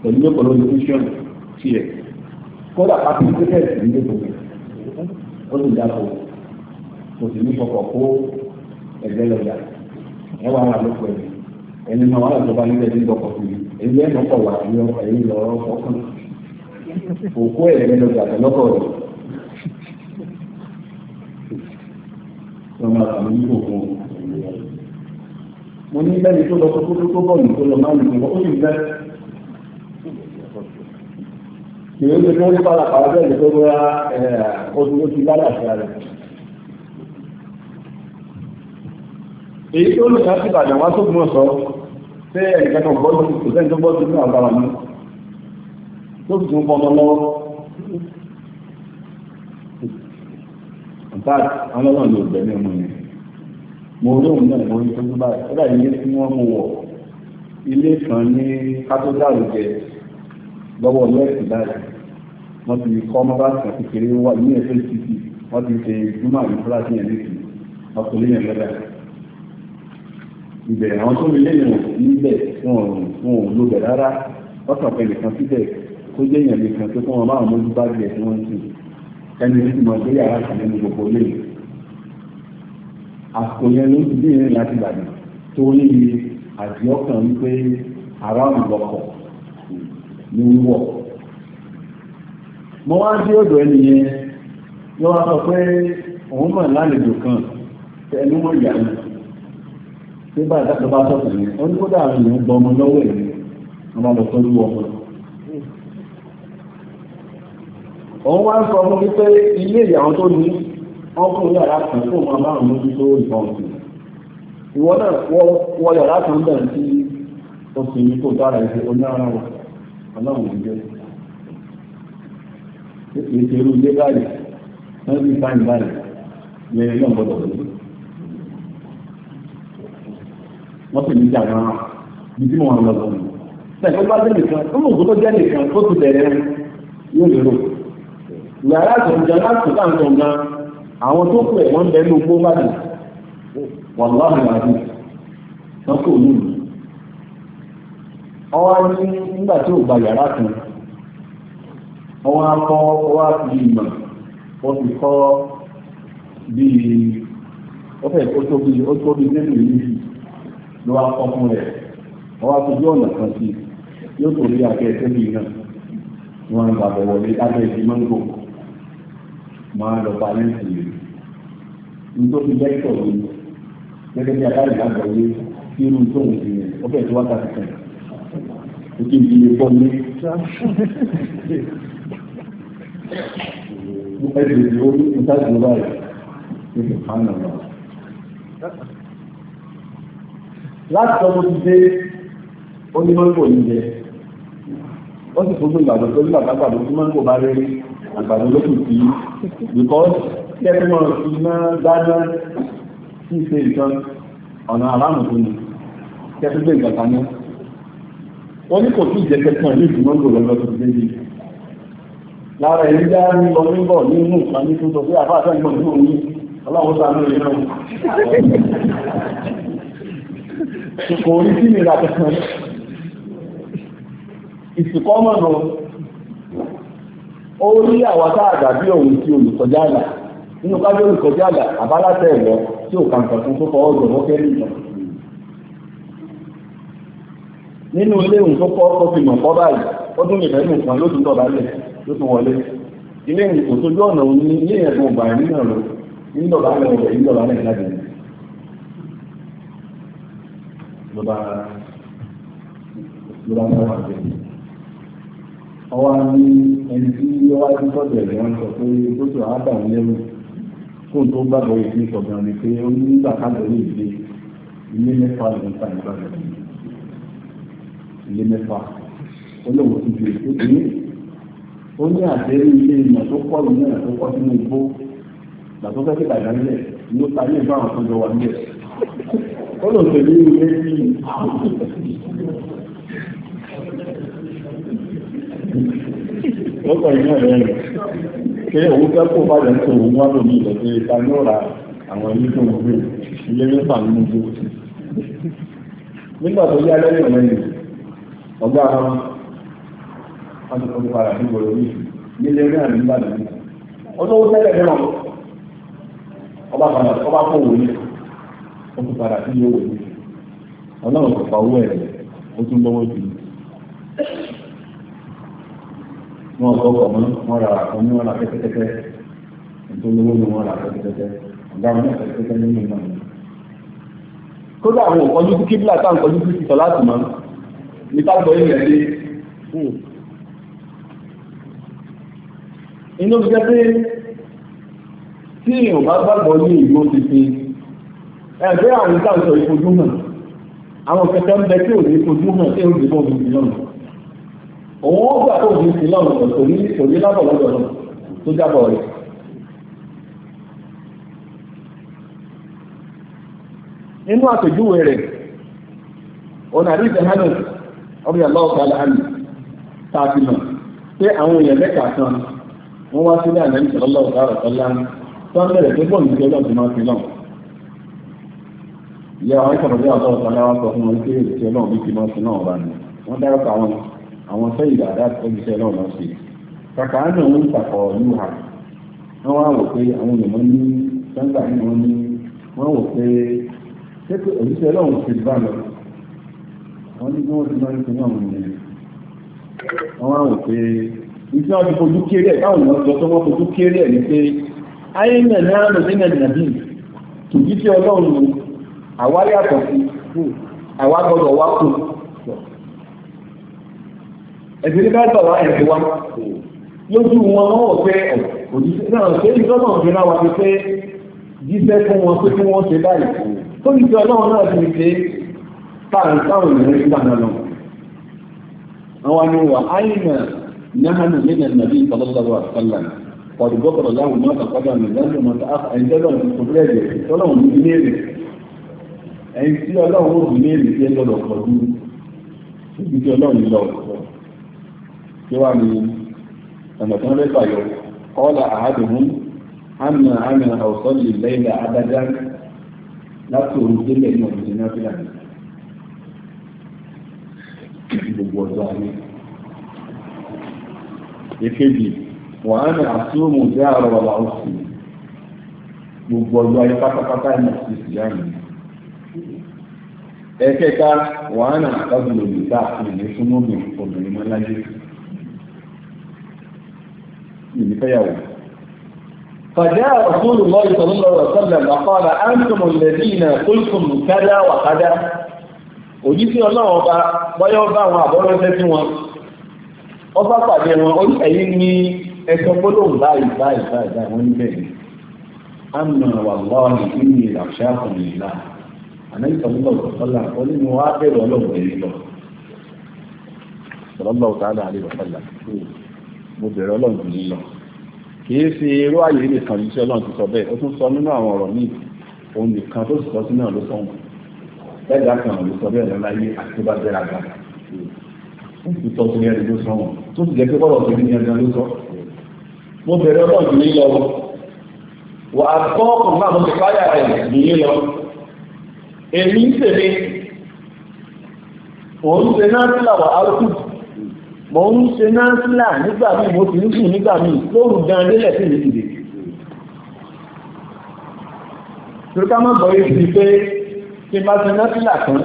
pẹ̀lú ọ̀pọ̀lọpọ̀ ní fíṣọ́n tiẹ̀. kódà pàtó ìgbésẹ̀ sí ní ètò ó sì dáko kò sì ní kọkọ kó ẹgbẹ́ lọ́jà ẹ wà wà lóko ẹ̀ ẹni náà wà lọ́jọ́ bá nílẹ̀ ní gbọ́kọ̀ sí i ẹgbẹ́ ẹ̀ lọ́kọ̀ wà ní ọkọ̀ ẹ̀yìn lọ́rọ́ kọ̀ọ̀kan òkú ẹ̀gbẹ́ lọ́jà lọ́kọ̀ rẹ̀ fún mo ní bẹ́ẹ̀ ni tó lọ tó tó bọ̀ ní tó lọ máa ń lò ó sì bẹ́ẹ̀. kìí ṣe kí wọ́n ní padà pàrọ̀ bẹ́ẹ̀ lẹ́tọ́ bóyá oṣù tó ti lálẹ́ àṣà rẹ̀. èyí tó lè ṣáàtì ìbàdàn wá tó gbọ́n sọ pé ẹnìkan kan gbọ́dọ̀ kò sẹ́ni tó gbọ́dọ̀ nínú àgbàrá mi tó sì tún pọnmọ lọ́wọ́. nǹkan àwọn ọlọ́run ló bẹ̀rẹ̀ mọ́ yẹn mo rí òun náà mo rí tó ń báyìí ó dà ilé tí wọ́n mú wọ̀ ilé kan ní kátó dàrú jẹ lọ́wọ́ lẹ́ẹ̀sì báyìí wọ́n ti kọ́ mọ́báàsì àti kéré wà ní ẹ̀fẹ́ títì wọ́n ti ṣe júmọ̀ àti fúláṣí yẹn létí ọkùnrin yẹn lọ́dà ìbẹ̀rẹ̀ àwọn tó lè lẹ́yìn níbẹ̀ wọn ò lo bẹ̀ rárá ọ̀sán pẹ̀lú kan síbẹ̀ tó jẹ́ èèyàn lè kàn tó fún wọn báwọn mójú bá jẹ tí wọ́n ń sìn ẹni tí mo gbé yàrá kan nínú gbogbo lẹ́yìn àsìkò yẹn ló ti dé ìrìn láti gbàdì tó ní àdìọ́kàn wípé aráàlú lọkọ̀ ní wíwọ̀. mo wá dé ọ̀dọ̀ ẹni yẹn ló wá sọ pé òun mọ̀ lálejò kan ẹnu mọ̀ ìyá mi tí bá ìdájọ́ bá sọ̀tàn yẹn ó ní kódà àwọn èèyàn gba ọmọ lọ́wọ́ ẹ̀ wọ́n bá lọ tọ́jú ọmọ. òun wá ń sọ fún mi pé ilé ìyàwó tó ní ọkùnrin yàrá kan fún ọmọ bá òun mójútó ìbọn òsìn ìwọ náà wọ yàrá kan bẹ̀rẹ̀ sí oṣù yìí tó dára ìṣe oní ọlọ́run ẹgbẹ́ ètò irú ilé báyìí wọ́n ti fáìn báyìí lẹ́yìn náà gbọ́dọ̀ lórí wọ́n sì ní ìjà kan ní tí mo wà lọ́dọ̀ ní. Bẹ́ẹ̀ni bá jẹ́ nìkan, ó mú òkúta jẹ́ nìkan tó ti bẹ̀rẹ̀ yóò lérò. Yàrá àtọ̀jà láti bá nǹkan àwọn tó kù ẹ̀ wọ́n bẹ̀rẹ̀ ló gbó bàjẹ́. Wàlúwàlú àdúgbò, wọ́n kò ní ìlú. ọwá ní nígbà tí ò gba yàrá kan ọwọ́ akọ́ ọwọ́ àti ìmọ̀ ó ti kọ́ bíi ó fẹ́ kó tóbi ó tóbi nínú ìlú ló wá kọ́ fún rẹ̀ ọwọ́ ọ̀nà kan sí yóò tó rí abẹ́ tẹ́lẹ̀ náà wọ́n ń gbàgbọ́ wọlé abẹ́ ìdí máa lọ rẹ̀ lẹ́tọ̀ mi gẹ́gẹ́ bí ìdí ìdílé bọ́ ní ẹ̀sìn ìdí ó ní ìtajà ló báyìí ní ìpánà lọ. láti ọmọ ti dé onímọ̀ǹkò yìí jẹ wọ́n sì fún gbàgbọ́ tó ní bàbá gbàgbọ́ tí mọ̀ǹkò bá rẹ́rí àgbàdo ló kù sí because kẹ́kẹ́ mọ̀ sí máa dáná sí ìṣe nǹkan ọ̀nà aráàlú tó ní kẹ́kẹ́ gbé ìgbà kan náà wọ́n ní kò tí ì jẹ́ kẹtàn ní ìdùnnú ń lò lọ́jọ́ tó dé bí. lára ẹni já ní lọ ní bọ̀ ní inú kan ní tuntun pé àbá àtàwọn ìgbọ̀n tó ní ọlọ́run sá ní ìlú náà. kò rí sí ìrìn àjọ kan ìsìnkọ́ mọ̀nà ó rí àwọn tá àgbàbí òun ti olùkọjá àlà nínú kájọ́ olùkọjá àlà àbálátẹ̀ ẹ̀lọ́ tí ò kàǹkà fún fọwọ́ jọ̀wọ́ kẹ́rì ìtàn nínú ilé ìwọ̀n kọ́ tó fi mọ̀ kọ́ báyìí ó tún lè fẹ́ẹ́ ló tún dọ̀bà lẹ̀ ló tún wọlé ilé ìwọ̀n kò ọ̀nà òní ilé ẹ̀gbọ́n ọgbà ẹ̀mí náà lọ ní dọ̀bà lẹ̀ ọ̀rẹ́ ní dọ̀bà lẹ̀ láti ló bá ló bá mọ́ wà bẹ́ẹ̀. ọwọ́ ní ẹni tí ọwọ́ ti tọ́jú ẹ̀ lọ́n sọ pé tó tó àádà ń lẹ́nu fóun tó gbàgbọ́ ìpín sọ̀gbọ̀n ni pé ó ní gbàkágbọ̀ ní ìdílé ilé mẹ́fà ló ń ta ìgbàgbọ́ ilé mẹ́fà olóhùn ti bèrè tó dé ó ní àdéhùn ilé ìmọ̀ tó kọ́ ìlú náà tó kọ́ sínú igbó làtọ́ fẹ́ kí bàjá ń lẹ̀ ó ta ilé ìgbà àwọn tó wà nílẹ̀ ó lọ tẹ̀lé ilé sí i. ó rẹ̀ rẹ̀ pé òun fẹ́ kó bàjá tó òun wá lòmí ìlọ ta ni ó àwọn ilé tó ń gbé ilé mẹ́fà nínú igbó nígbà tó yá lẹ́yìn ọ̀rẹ́ yìí ọgbà àwọn wọn ti kọjú padà sí gbòòrò yìí nílé rí àmì nígbà tó ní. olówó tẹ́lẹ̀ mìíràn ọba ọba ó tún sí owó ó tún jù wọn wọn ní wọn nítorí owó ni wọn wọn nínú kódà àwọn nípàgbọ́ ilẹ̀ dé. Hmm. inú fi jẹ́ pé tí èèyàn bá gbàgbọ́ ní ìgbó ti fi ẹgbẹ́ àwọn ìtàkùn ìfojú hàn àwọn kẹtẹ ń bẹ tí ò ní fojú hàn tí ó dìbò òbí lọ́nà òun ó gbà tó òbí sí lọ́nà kò ní kò ní lábọ̀ lọ́dọ̀ náà tó jábọ̀ rẹ̀. inú àpèjúwe rẹ̀ ọ̀nà àdìsẹ́ hánà ọbẹ̀ aláwọ̀ tá a láàyè tá a ti mọ̀ pé àwọn èèyàn mẹ́ta kan wọ́n wá sílé àná ìṣẹ̀lẹ̀ ọlọ́wọ́ tá a rọ̀ tọ́lá tó ń bẹ̀rẹ̀ pé bọ́ọ̀lù ìṣẹ́ náà ti máa ti náà. ìyá àwọn ìṣẹ̀lẹ̀ ọlọ́wọ́ tá a láwọ́ sọ fún wọn pé ìṣẹ́ náà bí ti máa ti náà wà ní. wọ́n dárúkọ àwọn àwọn sẹ́yìn ìdàdá ìṣẹ́ náà lọ sí i. kàkà náà ń òṣìṣẹ́ náà ti bá lọ àwọn ní wọ́n ti máa ń sinú àwọn ènìyàn wọ́n wá wò pé ìfẹ́ wọn ti fojú kéré ẹ̀ báwọn èèyàn sọ pé wọ́n fojú kéré ẹ̀ ni pé ayé náà ní àrùn nínú ìnàbí tòjú sí ọlọ́run ni àwa yàtọ̀ sí àwa gbọ́dọ̀ wá kù ẹ̀sìn ní káàtọ̀ wá ẹ̀sìn wá lójú wọn wọ́n wọ̀ pé òjijì náà ṣé ìtọ́nà òfin náà wá fi pé jíṣẹ́ fún wọn pé kí wọ́n ṣe báyìí tó ti sọ ọlọ́run náà ti ṣe é táwọn ènìyàn nígbà náà lọ. àwọn ni wà áyìnà náhánà nínú ẹ̀nàbí ìtọ́lọ́sọ́lọ́ àtọ́lá ọ̀dùgbọ́kọ̀rọ̀ láwùn mọ́ta padà nù lẹ́nu mọ́ta ẹ̀ńtẹ́lọ́ kò bẹ́ẹ̀ jẹ́ tọ́lọ́wọ́ ní ilé rẹ̀ ẹ̀yìn tí ọlọ́run ó dùn ní èrè tí ẹ lọ́dọ̀ pọ̀ dúró níbi tí ọlọ́run lọ ọ̀pọ̀ tí wàá ní ọ̀nà tí wọ́n fẹ́ fàyọ ọ̀la àádùnún àmà àmà ọ̀sọ́lì gbogbo ayé. Èkejì, wàá ní àtúròmù jẹ́ àrọ̀ bàbá òsì. Gbogbo ọjọ́ ayé pátápátá ẹ̀mọ̀ sí ìsìlẹ̀ àmì. Ẹ̀kẹta, wàá ní àtàbùlò nìta ìní fún omi obìnrin mọ́láyé. Ìnífẹ́yàwó. فجاء رسول الله صلى الله عليه وسلم وقال أنتم الذين قلتم كذا وكذا òjíṣẹ́ ọlọ́run ọba bọ́yọ́ bá àwọn àbọ́rọ́sẹ́ sí wọn ọba pàdé wọn ó ẹ̀yìn ní ẹ̀sọ́ gbólóhùn báyìí báyìí báyìí báyìí wọ́n níbẹ̀ ni àmà wà lọ́ọ̀nì nínú ìlàṣẹ àkùnrin ìlà ànáyìsọ̀lọ́ ọ̀sọ́là ó ní mo wá bẹ̀rẹ̀ ọlọ́run ẹ̀yìn lọ sọlọ́lọ́ ọ̀tàdà àríwọ̀sọ́là mo bẹ̀rẹ̀ ọlọ́run ẹ̀yìn lọ kìí ṣe irú àyè nìkan yìí sí ọlọ́run ti sọ bẹ́ẹ̀ ó tún sọ nínú àwọn ọ̀rọ̀ míì òun nìkan tó sì sọ sínú àlọ́sọ̀hún ẹ̀dá kan ò lè sọ bẹ́ẹ̀ lọ́la yé àti tó bá bẹ́ẹ̀ àgbà ó sì sọ sílẹ̀ ẹni ló sọ wọn tó sì jẹ́ pé bọ́lọ̀ tó ní ẹni ló sọ. mo bẹ̀rẹ̀ ọlọ́run jù ní lọ wà á kọ́ ọkùnrin náà mo ti fáyà rẹ̀ jù ní lọ èmi ń tèmi òun ṣe náà sílà wà á kú mo ń ṣe náà sílà nígbà míì mo sì ń sùn nígbà míì lóòrùn gan-an sí mi ti dè. torí má gbọ́ yé ti pé tí bá ti náfìlà kan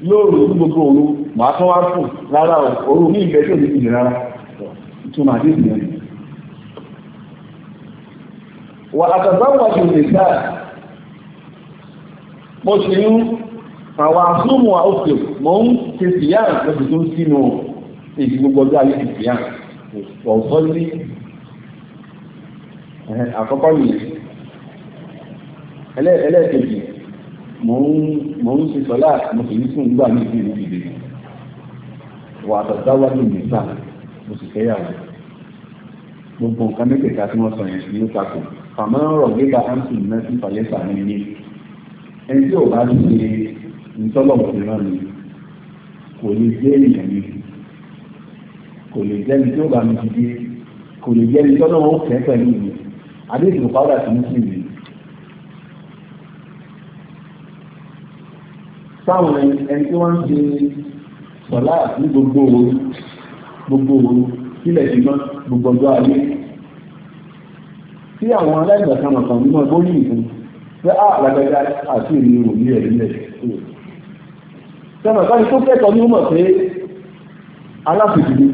lóòrùn ní gbogbo òru màá tún wá fún rárá òru ní ìgbẹ́ tó ní ìdí rárá ìtumọ̀ àti ìdíyẹn. wà àtàbáwájú lè sá mo ṣe ń àwọn àfúnmu àókè mo ń ṣe síyá mo sì tún sínú èyí gbogbo ọjọ́ ayé ti síyá ọ̀sọ́ ní àkọ́kọ́ nìyẹn ẹlẹ́ẹ̀kejì mò ń ṣe sọlá mo sì ní fún ìgbà ní ìdí ìdí wà àtọ̀tà wà ní ìgbà mo sì fẹ́ yàwó gbogbo nǹkan mẹ́tẹ̀ẹ̀ta tí wọ́n sọ yẹn ní ó takò àmọ́ ọ̀rọ̀ gbéga hampton náà ti fàyẹ́ sàmì ní ẹni tí ò bá ti ṣe ìtọ́lọ̀mọ̀ ti rán mi kò lè jẹ́ èèyàn mi kò lè jẹ́ ẹni tí ó bá mi dìde kò lè jẹ́ ẹni tọ́lọ̀mọ̀ ó fẹ́ pẹ̀lú mi sáwọn ẹni tí wọ́n ń ṣe sọ̀lá ní gbogbo òru gbogbo òru sílẹ̀ ṣùgbọ́n gbogbo ọjọ́ ayé tí àwọn aláìsàn kan nínú ẹgbẹ́ orí ìfún pé á ah, lágbájá àti ìlú rò ní ẹ̀rí rẹ̀ sọ̀rọ̀ káni tó kẹ́kọ̀ọ́ ní mọ̀ pé aláfòjì ni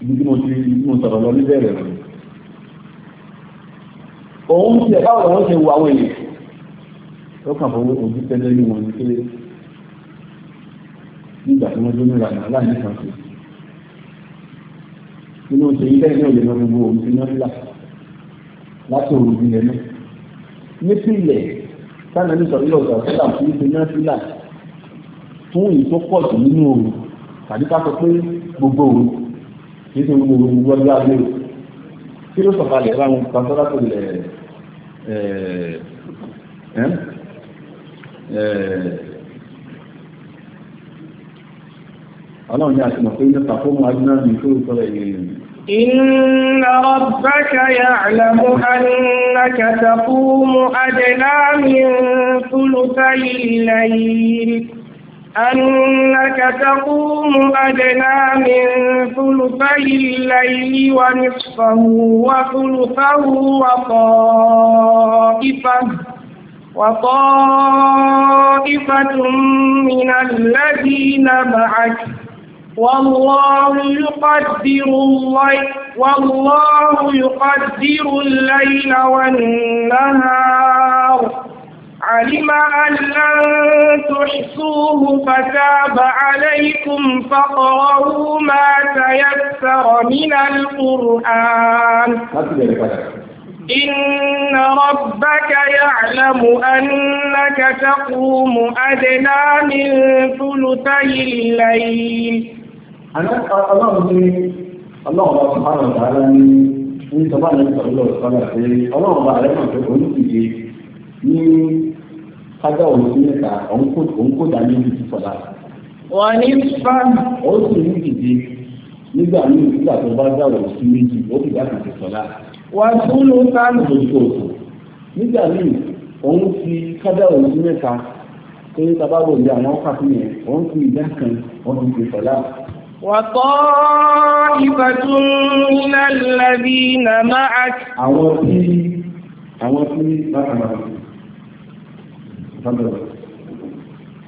ibi tí mo ti mo sọ̀rọ̀ lọ níbẹ̀rẹ̀ rẹ̀ òun ti ẹ̀ báwo ló ń ṣe wo àwọn èèyàn lọ́kàn fọwọ́ ojú tẹ́lẹ̀ ní wọn ní pé nígbà tí wọ́n dúró lànà aláìní kan sí. nínú oṣù yìí lẹ́yìn náà lè lọ gbogbo òun ti ná fílà láti òun ìbílẹ̀ náà. nípìnlẹ̀ sáà ní sọ̀rọ̀ ilé ọ̀gá fílà fún ti ná fílà fún èyí tó pọ̀ jù nínú òru tàbí ká sọ pé gbogbo òru kì í ṣe gbogbo òru gbogbo ọjọ́ abẹ́ òru. kí ló sọ̀kalẹ̀ báwọn pàṣẹ látòlẹ̀ ẹ̀ẹ́ Eh, inụnaaatara naụaụaatapụ wa ụụtairilaiiri anụnakatapụ ụmụadịnaamị pụrụtayirilariri waaụwapụrụtawụwapadịpaụ وطائفة من الذين معك والله يقدر الليل والله يقدر الليل والنهار علم أن لن تحصوه فتاب عليكم فاقرؤوا ما تيسر من القرآن. إن ربك يعلم أنك تقوم أدنى من ثلثي الليل أنا الله الله سبحانه وتعالى ní sọ́bà náà sọ̀rọ̀ lọ́wọ́ sọ́bà pé ọlọ́run bá rẹ̀ náà tó kò ní ìdíje ní kájà òun sí mẹ́ta wà túlù sáàmù tòṣòṣò nígbà míì òun fi kádà òun sí mẹ́ta pé tabago ìdí àwọn ọkọ̀ yẹn òun fi ìdá kan òun fi fi sọ̀lá. وطائفة من الذين معك àwọn tí àwọn tí bákan náà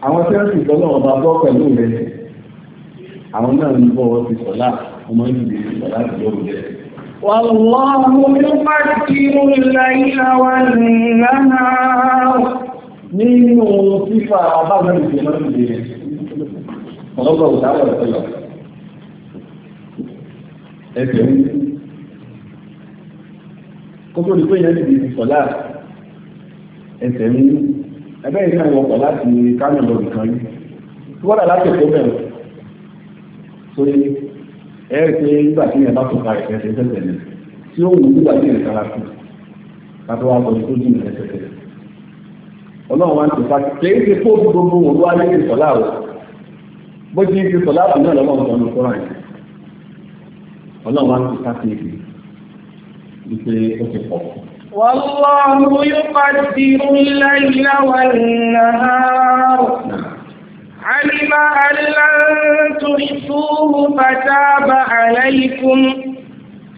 àwọn tí wọ́n sì gbọ́dọ̀ ọba bọ́ pẹ̀lú rẹ̀ àwọn náà ń bọ̀ ọ́ ti sọ̀lá ọmọ ìdílé sọ̀lá ti yọ̀ ọ́ rẹ̀. والله يقدر الليل والنهار nínú fífà àbábẹ̀rẹ̀ ìjọba ìjọba ọlọ́gbọ̀n òtàwọ̀ ìpẹ́lọ̀ ẹgbẹ̀ ń kókó ní pé ìyẹn ti di sọ̀lá ẹsẹ̀ ń ẹgbẹ́ ìrìn àwọn ọkọ̀ láti kánò lọ nìkan yìí wọ́n dà láti ẹ̀kọ́ bẹ̀rẹ̀ sórí ẹ ẹ ṣe nígbà tí yẹn bá tó ka ẹsẹ̀ ẹsẹ̀ tẹ̀lé tí ó wù nígbà tí yẹn kára sí kátó wá bọ̀ tó jìnnà ẹsẹ̀ tẹ̀lé ọlọ́run wa ń tẹ̀sà kéé ṣe kó gbogbo òun wá lé ìsọ̀lá o bó ti ń fi sọ̀lá àbò náà lọ́wọ́ ọ̀sán ló kọ́ra yìí ọlọ́run wa ń tẹ̀sà kéé ṣe wípé ó ti pọ̀. wàllu yóò علم أن لن تحصوه فتاب عليكم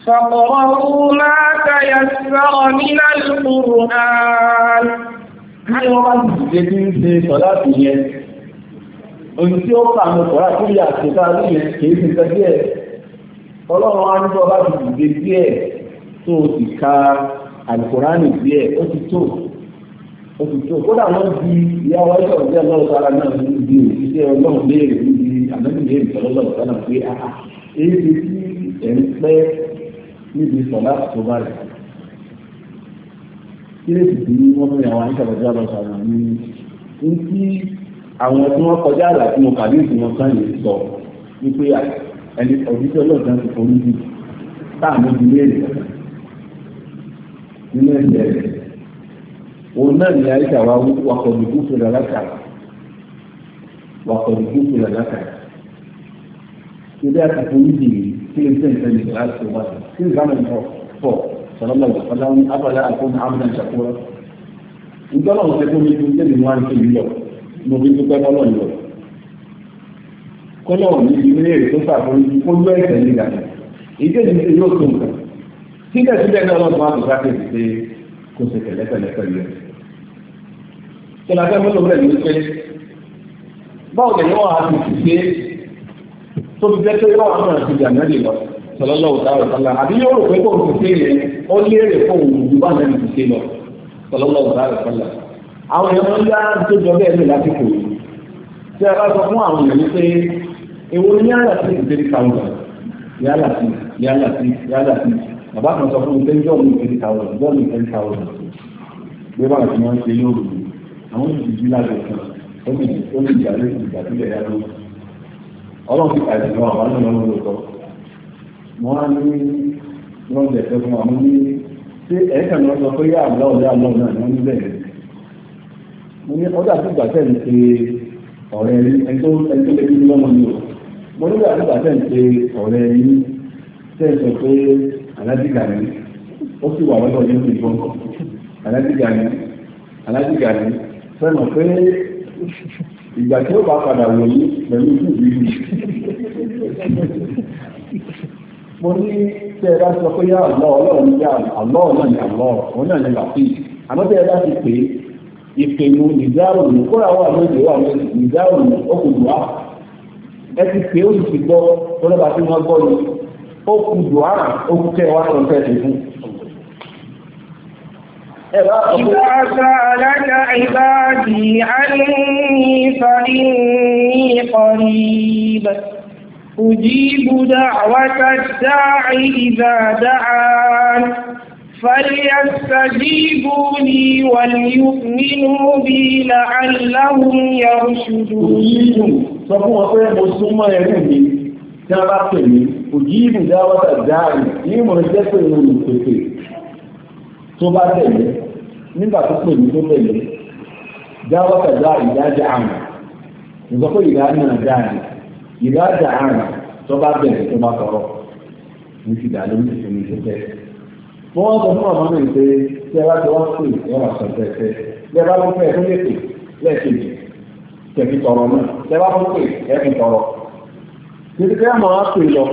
فاقرؤوا ما تيسر من القرآن ní wọn bá ti ṣe bí ń ṣe sọlá tì yẹn ohun tí ó kà mí sọlá kì í ṣe nǹkan díẹ̀ ọlọ́run á ní bọ́ bá ti dìde díẹ̀ tó o sì ka àlùkòránì díẹ̀ ó ti tó o oṣù tó kódà wọn di ìyá wa ẹgbẹ́ ọ̀jẹ́ ọlọ́run sára náà ní ibi òṣìṣẹ́ ọlọ́run léèrè níbi ànábì léèrè tọ́lọ́lọ́run sára pé a ah, ah, èyí tí ẹ̀ ń pẹ́ níbi sọ̀lá tó bá rẹ̀. kílèsì tí wọ́n fi àwọn àyíká ọ̀jẹ́ ọlọ́run sára ní ní tí àwọn tí wọ́n kọjá àlà tí mo kàdé ìsìn wọn sáyè sọ wípé ẹni òṣìṣẹ́ ọlọ́run ti forí jù táà mo ti léèrè nínú ẹ̀jẹ̀ òun náà ní àyíká wa wú wakọ̀dùkú fún ìlànàkà wakọ̀dùkú fún ìlànàkà ìdí àti fúnmi dìrì kí ló ń tẹ̀ ń tẹ̀ nígbà láti wá sí kí ló ń bá fọ sọlọ́mọ ìgbàfọ́lá ń abala àkóhùn àmúna ìṣàkóra nítorí àwọn ọ̀sẹ̀ tó ní fún tẹ̀lé wọn ti lọ mo fi dúpẹ́ bọ́lọ̀ lọ kọ́lọ̀ ní ilé rẹ̀ tó sàkóyí kó lọ ẹ̀sẹ̀ nígbà ìdí èyí yóò tó nǹkan síbẹ̀síbẹ̀ náà lọ́sùn kó ṣe pẹ̀lẹ́pẹ̀lẹ́ pẹ̀lú ẹ̀. kílá fẹ́ mú lóore ní pé báwo lè yọ àti ìṣe tó fi jẹ́ pé yóò àwọn àti ìjà náà lè lọ sọlọ́lọ́ òtá òtálá àbí yóò rò pé kò ń ṣe yẹn ó léèrè fún òun ju bá náà ti ṣe lọ sọlọ́lọ́ òtá òtálá. àwọn èèyàn ń dá tó jọ bẹ́ẹ̀ ní lásìkò yìí tí a bá sọ fún àwọn èèyàn wípé èwo ni yálà sí ìdérí kàwọn yálà sí yálà sí yálà sí bàbá kan sọ fún mi pé jọ́ọ̀mù ten thousand jọ́ọ̀mù ten thousand pé báwọn ti máa ń ṣe yóò rò àwọn ti jí láti ọ̀sán ó ní ó ní ìjà lẹ́sìn ìjà sílẹ̀ yá lóhùn ọlọ́run ti pàṣẹ lọ àwọn náà lọ́wọ́ lọ́tọ́ wọ́n á ní wọ́n jẹ̀ fẹ́ fún àwọn ní ṣé ẹ̀ẹ́kà ni wọ́n sọ pé yá àbúrò ọ̀dọ́ àbúrò náà ni wọ́n ní bẹ́ẹ̀ mo ní ọjà tó gbà tẹ̀ ń ṣe ọ̀rẹ́ ẹni tó lé ní lọ́mọ ni o mo nígbà tó gbà tẹ̀ ń ṣe ọ̀rẹ́ yín tẹ̀ sọ pé Alhaji ó sì wà lọ́dọ̀ yóò fi gbọ́n kọ́ Alhaji Gani pé ìgbà tí ó bá padà wò pẹ̀lú ìlú ìlú. mo ní tẹ́ ẹ bá sọ pé yá àlọ́ ọlọ́run ní yá àlọ́ náà ní àlọ́ òun náà ní làpì àmọ́ tẹ́ ẹ bá ti pè é ìpinnu ìdáhùn ní kóra wà lóde wà lóde ìdáhùn ní okùnrin wa ẹ ti pè é ó sì ti gbọ́ tó lọ́ba tí wọ́n gbọ́ yìí ó kù dùhà ó kù tẹ́ wá tó ń tẹ̀sí fún. إذا سألك عبادي عني فإني قريب أجيب دعوة الداع إذا دعان فليستجيبوا لي وليؤمنوا بي لعلهم يرشدون. sọ fún wọn pé mo súnmọ́ ẹ̀rín mi tí a bá pè mí òjìbù dáwọ́tà dáàrí ní ìmọ̀ràn jẹ́ pé òun ìpèsè tó bá tẹ̀lé nígbà tó pè ní tó tẹ̀lé dáwọ́tà dáàrí dájà àmà ìgbọ́kọ̀ ìdáná dáàrí ìdájà àmà tó bá bẹ̀rẹ̀ tó bá tọrọ ní ti dà lórí ìsinmi tó tẹ̀. mo wá sọ fún ọmọ mi pé tí ẹ bá ti wá pè ẹ wà sọ tẹ̀tẹ̀ lẹ bá wọ́n pè ẹ tó lè pè lẹ́ẹ̀kejì tẹ̀fi tọrọ náà lẹ bá wọ́n pè ẹ fi tọrọ. Títí kẹ́ máa pè lọ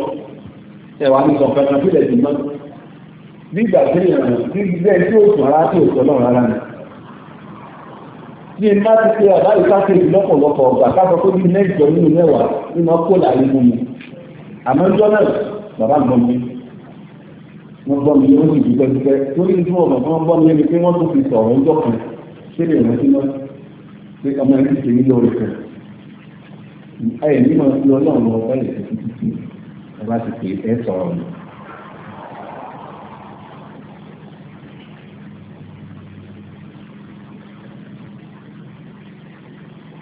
ẹ̀wà ní sọ̀kan kan tó lẹ̀dí mọ́ nígbà tí èèyàn ní ilé tí ó sùn ara tí ò sọ náà rárá ni. ní má ti ṣe àbá ìkáṣẹ́jì lọ́pọ̀lọpọ̀ ọ̀gbà káfọ́ tó bí mẹ́jọ nínú mẹ́wàá ní wọ́n kó láyé mú mi àmọ́ ìjọ náà bàbá gbọ́n mi wọ́n gbọ́n mi wọ́n sì dúpẹ́ dúpẹ́ lórí ìfún ọ̀nà tí wọ́n gbọ́n mi ẹni pé wọ́n tún fi sọ̀rọ̀ ọjọ́ kan ṣé lè rántí bá ti pè é sọ̀rọ̀ mi.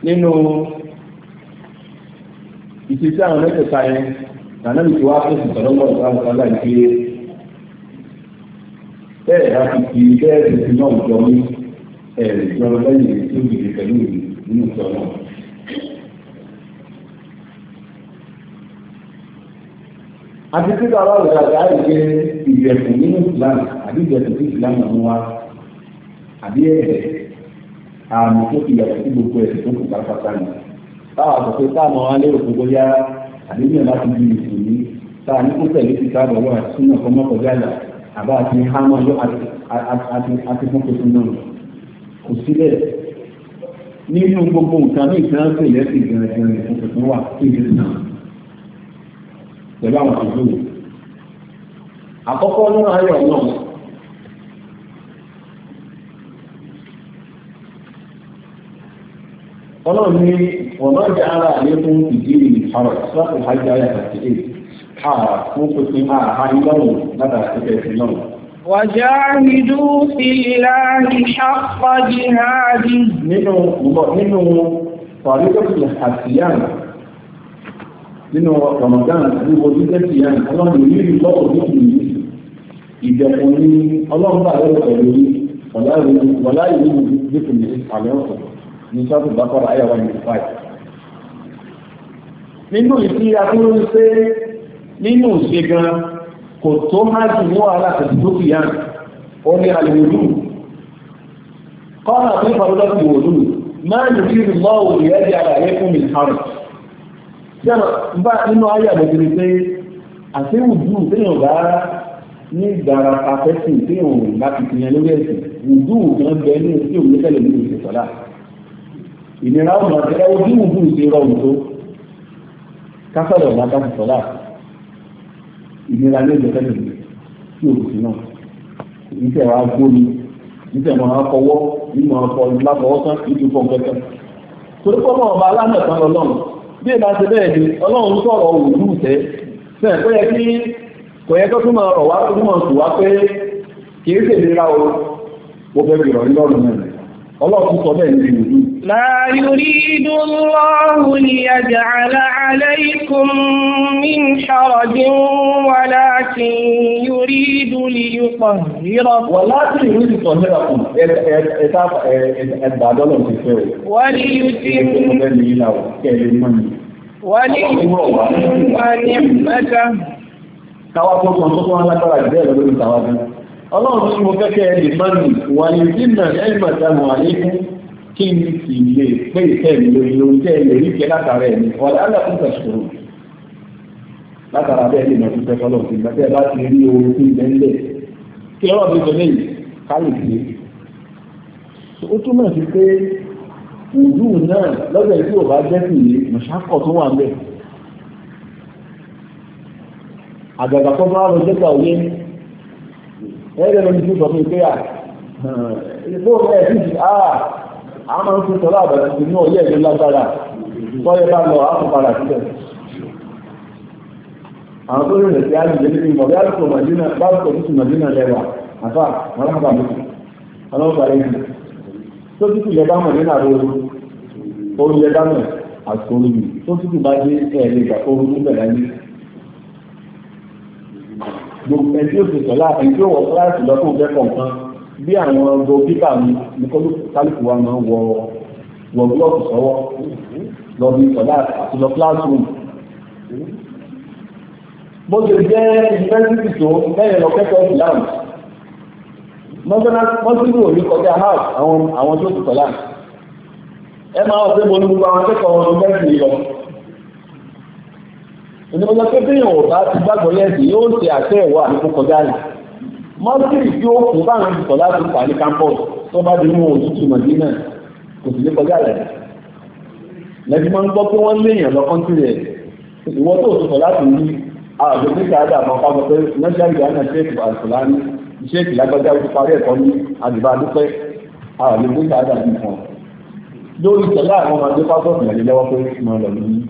nínú ìṣesí àwọn mẹ́tẹ̀ẹ̀ta yẹn nànábì tí wàá fèsì sọ̀rọ̀mọ̀ ìbáraẹ̀sọ̀lá ìgbé bẹ́ẹ̀ bá ti fi bẹ́ẹ̀ tuntun náà jọ mí ẹ̀rì jọ lẹ́yìn tí ó pẹ̀lú ìlú nínú ìṣọ̀rọ̀ náà. àti títà aláwọ̀ ìdájọ́ àyè jẹ́ ìjẹ̀kùn nínú ìsìlámù àbí ìjẹ̀kùn sí ìsìlámù ọ̀hún wa àbí ẹ̀rẹ̀ àmì tó fi yàtọ̀ sí gbogbo ẹ̀sìn tó kù pátápátá ni. táwọn a táwọn àwọn alẹ́ òkú bóyá àbí mi láti di ìsìnmí a ní kó tẹ̀lé ti sábà wọ́n àti súnà kọ́ mọ́kànlá àlà àbá àti hámọ́ yọ àti fún tuntun náà kò síbẹ̀ nínú gbogbo nǹkan ní ìtàn pẹ̀lú àwọn tó dùn. àkọ́kọ́ nínú ayọ̀ náà ọlọ́run ní ọ̀nà ìjà ara àlékún ìdílé ìfarọ̀ láti hajj ayé àti èyí àà fún pínpín àà ìlọ́run látara pípẹ́ ìlọ́run. وجاهدوا في الله حق جهاده. nínú nínú طريقة الحسيان nínú Ramadan ní ojú tẹ́tì yẹn ọlọ́run ní ìlú lọ́wọ́ ní ìlú ìdẹ̀kùn ní ọlọ́run bá lọ́wọ́ pẹ̀lú wàlá ìlú dípò ní àlẹ́ ọ̀sán ní sọ́ọ̀tù bákọ́rọ̀ ayọ̀wá ní five. nínú ìdí akúrú pé nínú ìṣe gan kò tó hajj mú alákàtúntò dúkìá ó ní àlùwòlù kọ́nà tó ń fa lọ́sì wòlù máa ń rí lọ́wọ́ ìrẹ́jì àlàyé fún mi kárùn-ún sẹ́nà nípa nínú ayé àgbẹ̀gbẹ̀ pé àṣewù dùn téèyàn bá ní ìgbàra afẹ́sìn téèyàn bá ti fi yan lórí ẹ̀sìn wùdù kan bẹ ní ojú òun tẹ̀lé ní oṣù sọ́lá ìnira ọ̀nà ẹ ojú wùdù ṣe rọrùn tó kásọ̀rọ̀ ọ̀nà ká sọ́lá ìnira ní oṣù tẹ̀lé sí oṣù náà ìṣẹ̀ wa gbóni ìṣẹ̀ mọ̀ náà fọwọ́ ìmọ̀ ọ̀pọ̀ ìlàfọwọ́sán ìtúfọ̀ kẹkẹ torí pọ́ mọ̀ ọba alámẹ̀kan lọ́lọ́run bí ẹ bá ji bẹ́ẹ̀ ni ọlọ́run sọ̀rọ̀ òwúrú tẹ́ fẹ́ẹ̀ kó yẹ kí kò yẹ kó tún máa rọ̀ wá tó tún sùn wá pé kì í ṣèlera Ọlọ́run sọ bẹ́ẹ̀ ní ìlú. Láyúrí dúnlọ́hùn ni àjàlá aláìkún min ṣọ́rọ̀dín wà láti yúrí dúnlì yúpọ̀ rírọ̀. Wà láti yúrí dúnlọ́ mẹ́ra kù ẹgbà dọ́lọ̀ ti fẹ́ o. Wà ní yú ti mú. Ẹgbẹ́ mi ìlà kẹ́lẹ̀ mọ́ ni. Wà ní yú ti mú. Káwá tó sọ tó tó wọn lágbára jẹ́ ẹ̀rọ ọlọ́run tí mo kẹ́kẹ́ ẹ̀ lè má nì wà ní dínà ẹ̀yìn màdàmù àlékún kí n sì lè pé ìtẹ́ mi lórí lórí tẹ́ ẹ lè rí kẹ́ látara ẹ̀ ní wàlẹ́ alákùn tẹ̀sùrù látara bẹ́ẹ̀ lè má tún tẹ́kọ́ lọ́wọ́ ìgbà tẹ́ ẹ bá ti rí ooru tí ń ń lẹ̀ kí ọlọ́run mi sọ lẹ́yìn ká lè fi ó túmọ̀ sí pé ìlú náà lọ́dọ̀ tí ò bá jẹ́ sí ní mọ̀ṣákọ̀ tó wà ń bẹ̀ àgbàgbà ẹ̀rẹ́ lórí tí ó sọ fún ìpé à ìfó ẹ̀ sí ti à á máa ń fi sọ́lá àbàtà sí ní ọ̀yẹ́ ìlú lágbára tọ́yẹ bá lọ àpò padà síbẹ̀. àwọn tó rìnrìn sí àjùjẹ nínú ìmọ̀ bí àlùkò màdínà bá àlùkò tó sùn màdínà lẹ́wà àfà màláfà mi ọlọ́gbà lẹ́yìn tó tútù lẹ bá mọ̀ nínú àrò orí lẹ bá tó tútù bá dé ẹ̀ẹ́dẹ́gbà orí gbogbo ẹtí òsè sọlá ẹtí òwò kíláàsì lọ́kùn fẹ́ kọ̀ọ̀kan bí àwọn ọgbọ pípà mi ní kálukú wa máa ń wọ wọ búlọ́ọ̀kù sọ́wọ́ lọ bí sọlá àti lọ kíláàsì rùn. bó ṣe jẹ́ yunifásitì tó bẹ́ẹ̀ lọ kẹ́kọ̀ọ́ ìlànà mọ́sílù òní kọjá house àwọn tó ti sọlá ẹ máa wọ pé mo ní gbogbo àwọn akẹ́kọ̀ọ́ yunifásitì lọ ìdíbọ́jọ́ pé bí ìwọ̀n bá ti gbàgbọ́ yẹ̀sì yóò ṣe àṣẹ ìwọ àdúgbò kọjá yìí mọ́tìrì tí ó kù báwọn ìbùkọ̀ láti kà ní campus tó bá di mú òtútù mọ̀dínà kò sì lè kọjá rẹ̀ lẹ́bí máa ń gbọ́ pé wọ́n léèyàn lọ kọ́ńtì rẹ̀ ìwọ tó òtútù láti rí àjọ níta àdá àwọn ọkọ̀ pé nàìjíríà ìgbà náà ṣéèkì àṣùlání ṣéèkì lágbájá ti parí ẹ̀kọ́ ní àdìbá dúpẹ́ àjọ níta àdá nìkan lórí ìtẹ̀lá àwọn ọmọdé pásọ̀tì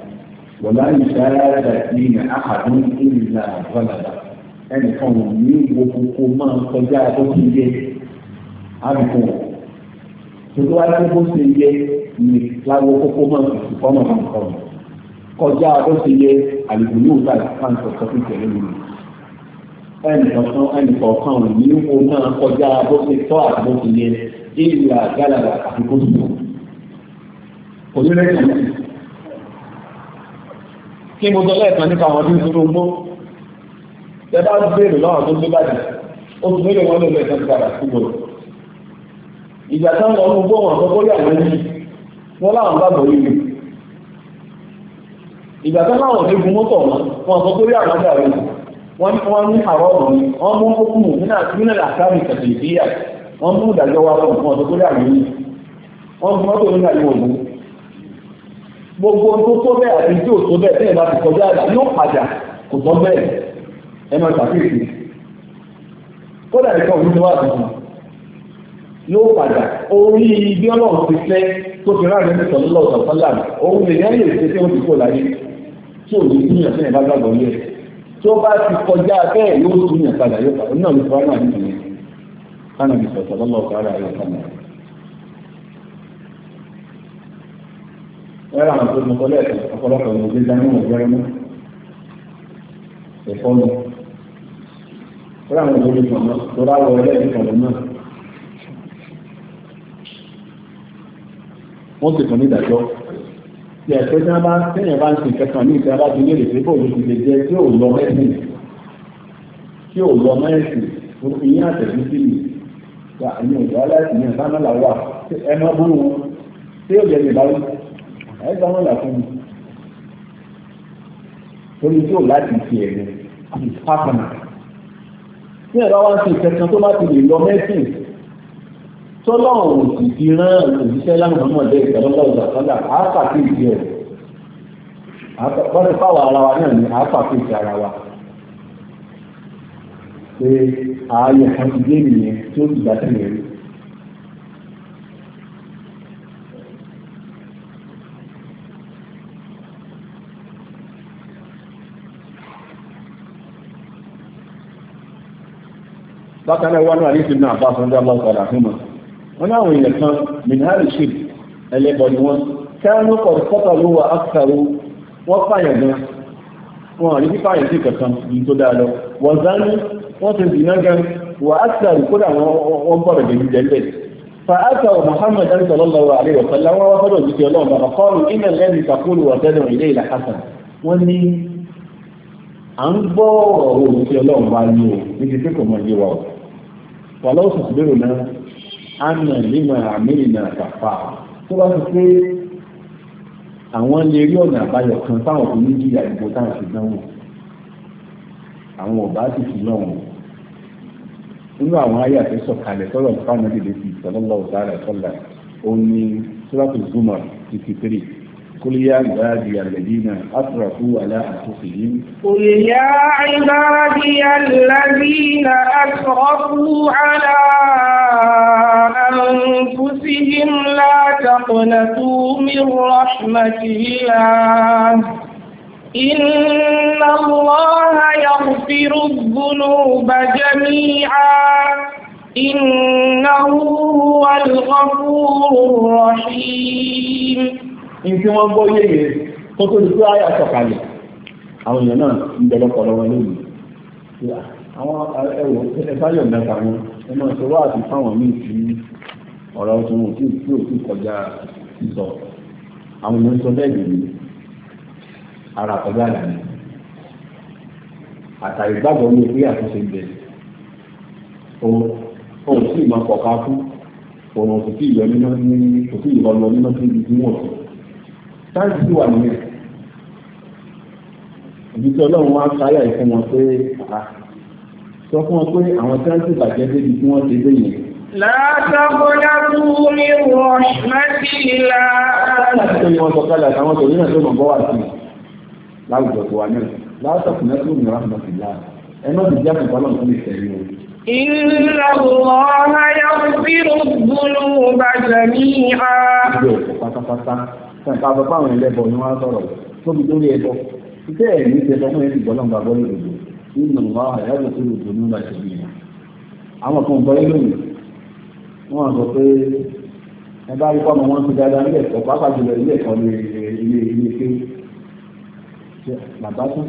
wọ̀lá ìṣáára ní àhàdún ìrìnà àgbàlagbà ẹnìkan ò ní gbogbo kó máa kọjá tó ti yẹ àbùkù tòtò wá tó bó ṣe yẹ ní láwo kókó máa tòtò kọ́ máa kàn kàn kọjá tó ṣe yẹ àlùkò yóò ta ìpàǹtò sọ́kì tẹ̀lé mi ẹnìkan ẹnìkan kan ò ní kó máa kọjá tó ṣe tọ́ àbó yẹ ìrìnà àgbàlagbà àti kó sùn kò ní lẹ́yìn kí mo tọ́ lẹ́ẹ̀kan nípa àwọn tí ń dúró gbó ẹ bá ń béèrè lọ́wọ́ tó gbé bàjẹ́ ó ti béèrè wọn lórí ẹ̀sán padà síbò ìgbà táwọn ọmọ gbó wọn àkọ́kọ́ yà lẹ́yìn wọn láwọn bá bọ̀ yìí ìgbà táwọn àwọn ọ̀dẹ́ gun mọ́tò wọn wọn àkọ́kọ́ yà wọn dà lẹ́yìn wọn wọn ní àwọn ọ̀rọ̀ ni wọn mú fókùn nínú nínú àkàrí ìtàkì ìbíyà wọn mú ìdájọ́ wa fún wọn àkọ́kọ́ yà lẹ́yìn wọn mú mọ́tò nínú àyẹ̀wò gbogbo tó tó bẹ́ẹ̀ àti tí ò tó bẹ́ẹ̀ bẹ́ẹ̀ bá ti kọjá àgbà yóò padà kò tọ́ bẹ́ẹ̀ ẹ máa ṣàkíyèsí kódà nìkan òun ti wá àtúntò yóò padà orí ibi ọlọ́run ti fẹ́ tó fi ráàrin ní sọ̀rọ̀ lọ́wọ́ sọ̀tọ́lá òun lè yẹn lè ṣe tí wọ́n ti kó láyé tí ò ní níyàn fún ẹ̀ bá gbàgbọ́ yẹ tí ó bá ti kọjá bẹ́ẹ̀ yóò tún yàn padà yóò padà náà ló fọ́ náà ní sọ̀tọ̀ ẹ̀rọ àwọn tó mọ kọ́lé ẹ̀kọ́ ọ̀pọ̀lọpọ̀ ní ìgbésẹ̀ ní ìwọ̀n ìwọ̀n ẹ̀kọ́ lọ. ẹ̀rọ àwọn òbí kan náà tó bá wọ ẹlẹ́ẹ̀kì kan lọ náà. wọ́n sì fún ní ìdájọ́. tí ẹ̀fẹ́ tí wọ́n bá tẹ̀yìn bá ń sin kẹsàn-án ní ìta aláàbí ní èrèfé bò ló ti lè jẹ tí ò lọ mẹ́sìn tí ò lọ mẹ́sìn ìyẹn àtẹ̀sí sí mi. ẹ̀yin òjò aláìsàn yẹn sáná làwà ẹ̀ má bú ẹgbẹ́ wọn là fún mi torí tí ò láti fi ẹ̀rọ àti pápánà ní ẹ̀rọ wa ń ṣe ìkẹsàn tó bá ti lè lọ mẹ́sìn tọ́lọ́run ò sì fi rán òṣìṣẹ́ láwọn ọmọdé ìtọ́lọ́gbà ìgbàsọ́dà àápàtì ìdí ẹ̀ bọ́dẹ̀ fáwọn ara wa náà ní àápàtì ìdí ara wa pé ààyè kan ti dé nìyẹn tí ó ti gbà sílẹ̀ rí bákan náà wánú àdéhùn náà bá fún dábàá padà fún wọn. wọn ní àwọn èèyàn kan minhari ship ẹlẹ́bọ̀ ni wọ́n kẹ́ránú pọ̀ sọ́tọ̀ ló wà ákàrò wọ́n pààyàn gan wọn àrí pípààyàn sí kankan ní tó dáa lọ wọ́n zánú wọ́n ti dìná gan wà ákàrò kódà wọ́n bọ̀rọ̀ dèjì dẹ́lẹ̀. فأتوا محمد صلى الله عليه وسلم وفدوا بك الله فقالوا إن الذي تقول وتدعو إليه لحسن وني à ń gbọ́ ọ̀rọ̀ òṣìṣẹ́ ọlọ́run bá ní o níbi tí kò mọ̀ yé wa o wàlọ́ sàbẹ̀rù náà àna lima àmìnà kàfà tó bá ti pé àwọn lè rí ọ̀nà àbáyọ kan táwọn kò ní jìyà ìbò táwọn ti dánwò àwọn ọba ti fi lọ́wọ́ nínú àwọn ayé àti sọ̀kalẹ̀ tọ́lọ̀ fáwọn ẹ̀dẹ̀dẹ̀ ti sọ̀lọ́lọ́ ọ̀tá rẹ̀ sọ́lá òun ni sọ́lá tó zúmọ̀ fifty three. قل يا عبادي الذين أسرفوا على أنفسهم قل يا عبادي الذين أسرفوا على أنفسهم لا تقنطوا من رحمة الله إن الله يغفر الذنوب جميعا إنه هو الغفور الرحيم ní tí wọ́n gbọ́ yéye tó tó di pé àyà sọ̀kalẹ̀ àwọn èèyàn náà ń bẹ lọ́pọ̀lọ́ wọn lónìí àwọn ẹwọ ẹfáyọ̀ mẹ́ta wọn ẹ máa ṣe wá àti fáwọn míì sí ọ̀rọ̀ tí wọn kì í tí òkú kọjá sísọ àwọn èèyàn sọ bẹ́ẹ̀ dì ní ara kọjá àlàyé àtàrí gbàgbọ́ ní pé àtúnṣe ń bẹ òun sì máa kọ̀ọ̀ká fún òun òsì tí ìyọ nínú ní òsì ìyọ lọ nínú sí ibi tí wọ́n sọ sáyẹ̀nsì sì wà nínú ẹ̀ ìdíje ọlọ́run wá káyà ìfún wọn pé sọ fún wọn pé àwọn sáyẹ̀nsì bàjẹ́ débi tí wọ́n ti dé yẹn. látàkùnrin mi wọ mẹ́tìlá. láti ní wọn sọ̀kalẹ̀ àtàwọn tòun náà tó mọ̀ bọ́ wà sí i tó wà náà látàkùnrin mi wọ mẹ́tìlá ẹ náà ti jáde bọ́lá Ìjọ pátápátá. kàkà àbọ̀ fáwọn ẹlẹ́bọ̀ ni wọ́n á sọ̀rọ̀ tóbi lórí ẹbọ títẹ́ ẹ̀ ní ya fún ẹbí bọ́lá ńgbà bọ́lá òdòdó nínú àyájọ́ tó lè dùn nígbà tó yẹn àwọn kan gbọ́ lónìí wọ́n sọ pé ẹ bá rí pọ́nmọ́ wọn ti dáadáa ilé ẹ̀kọ́ jùlọ ilé ẹ̀kọ́ ní ilé ilé ké bàbá tó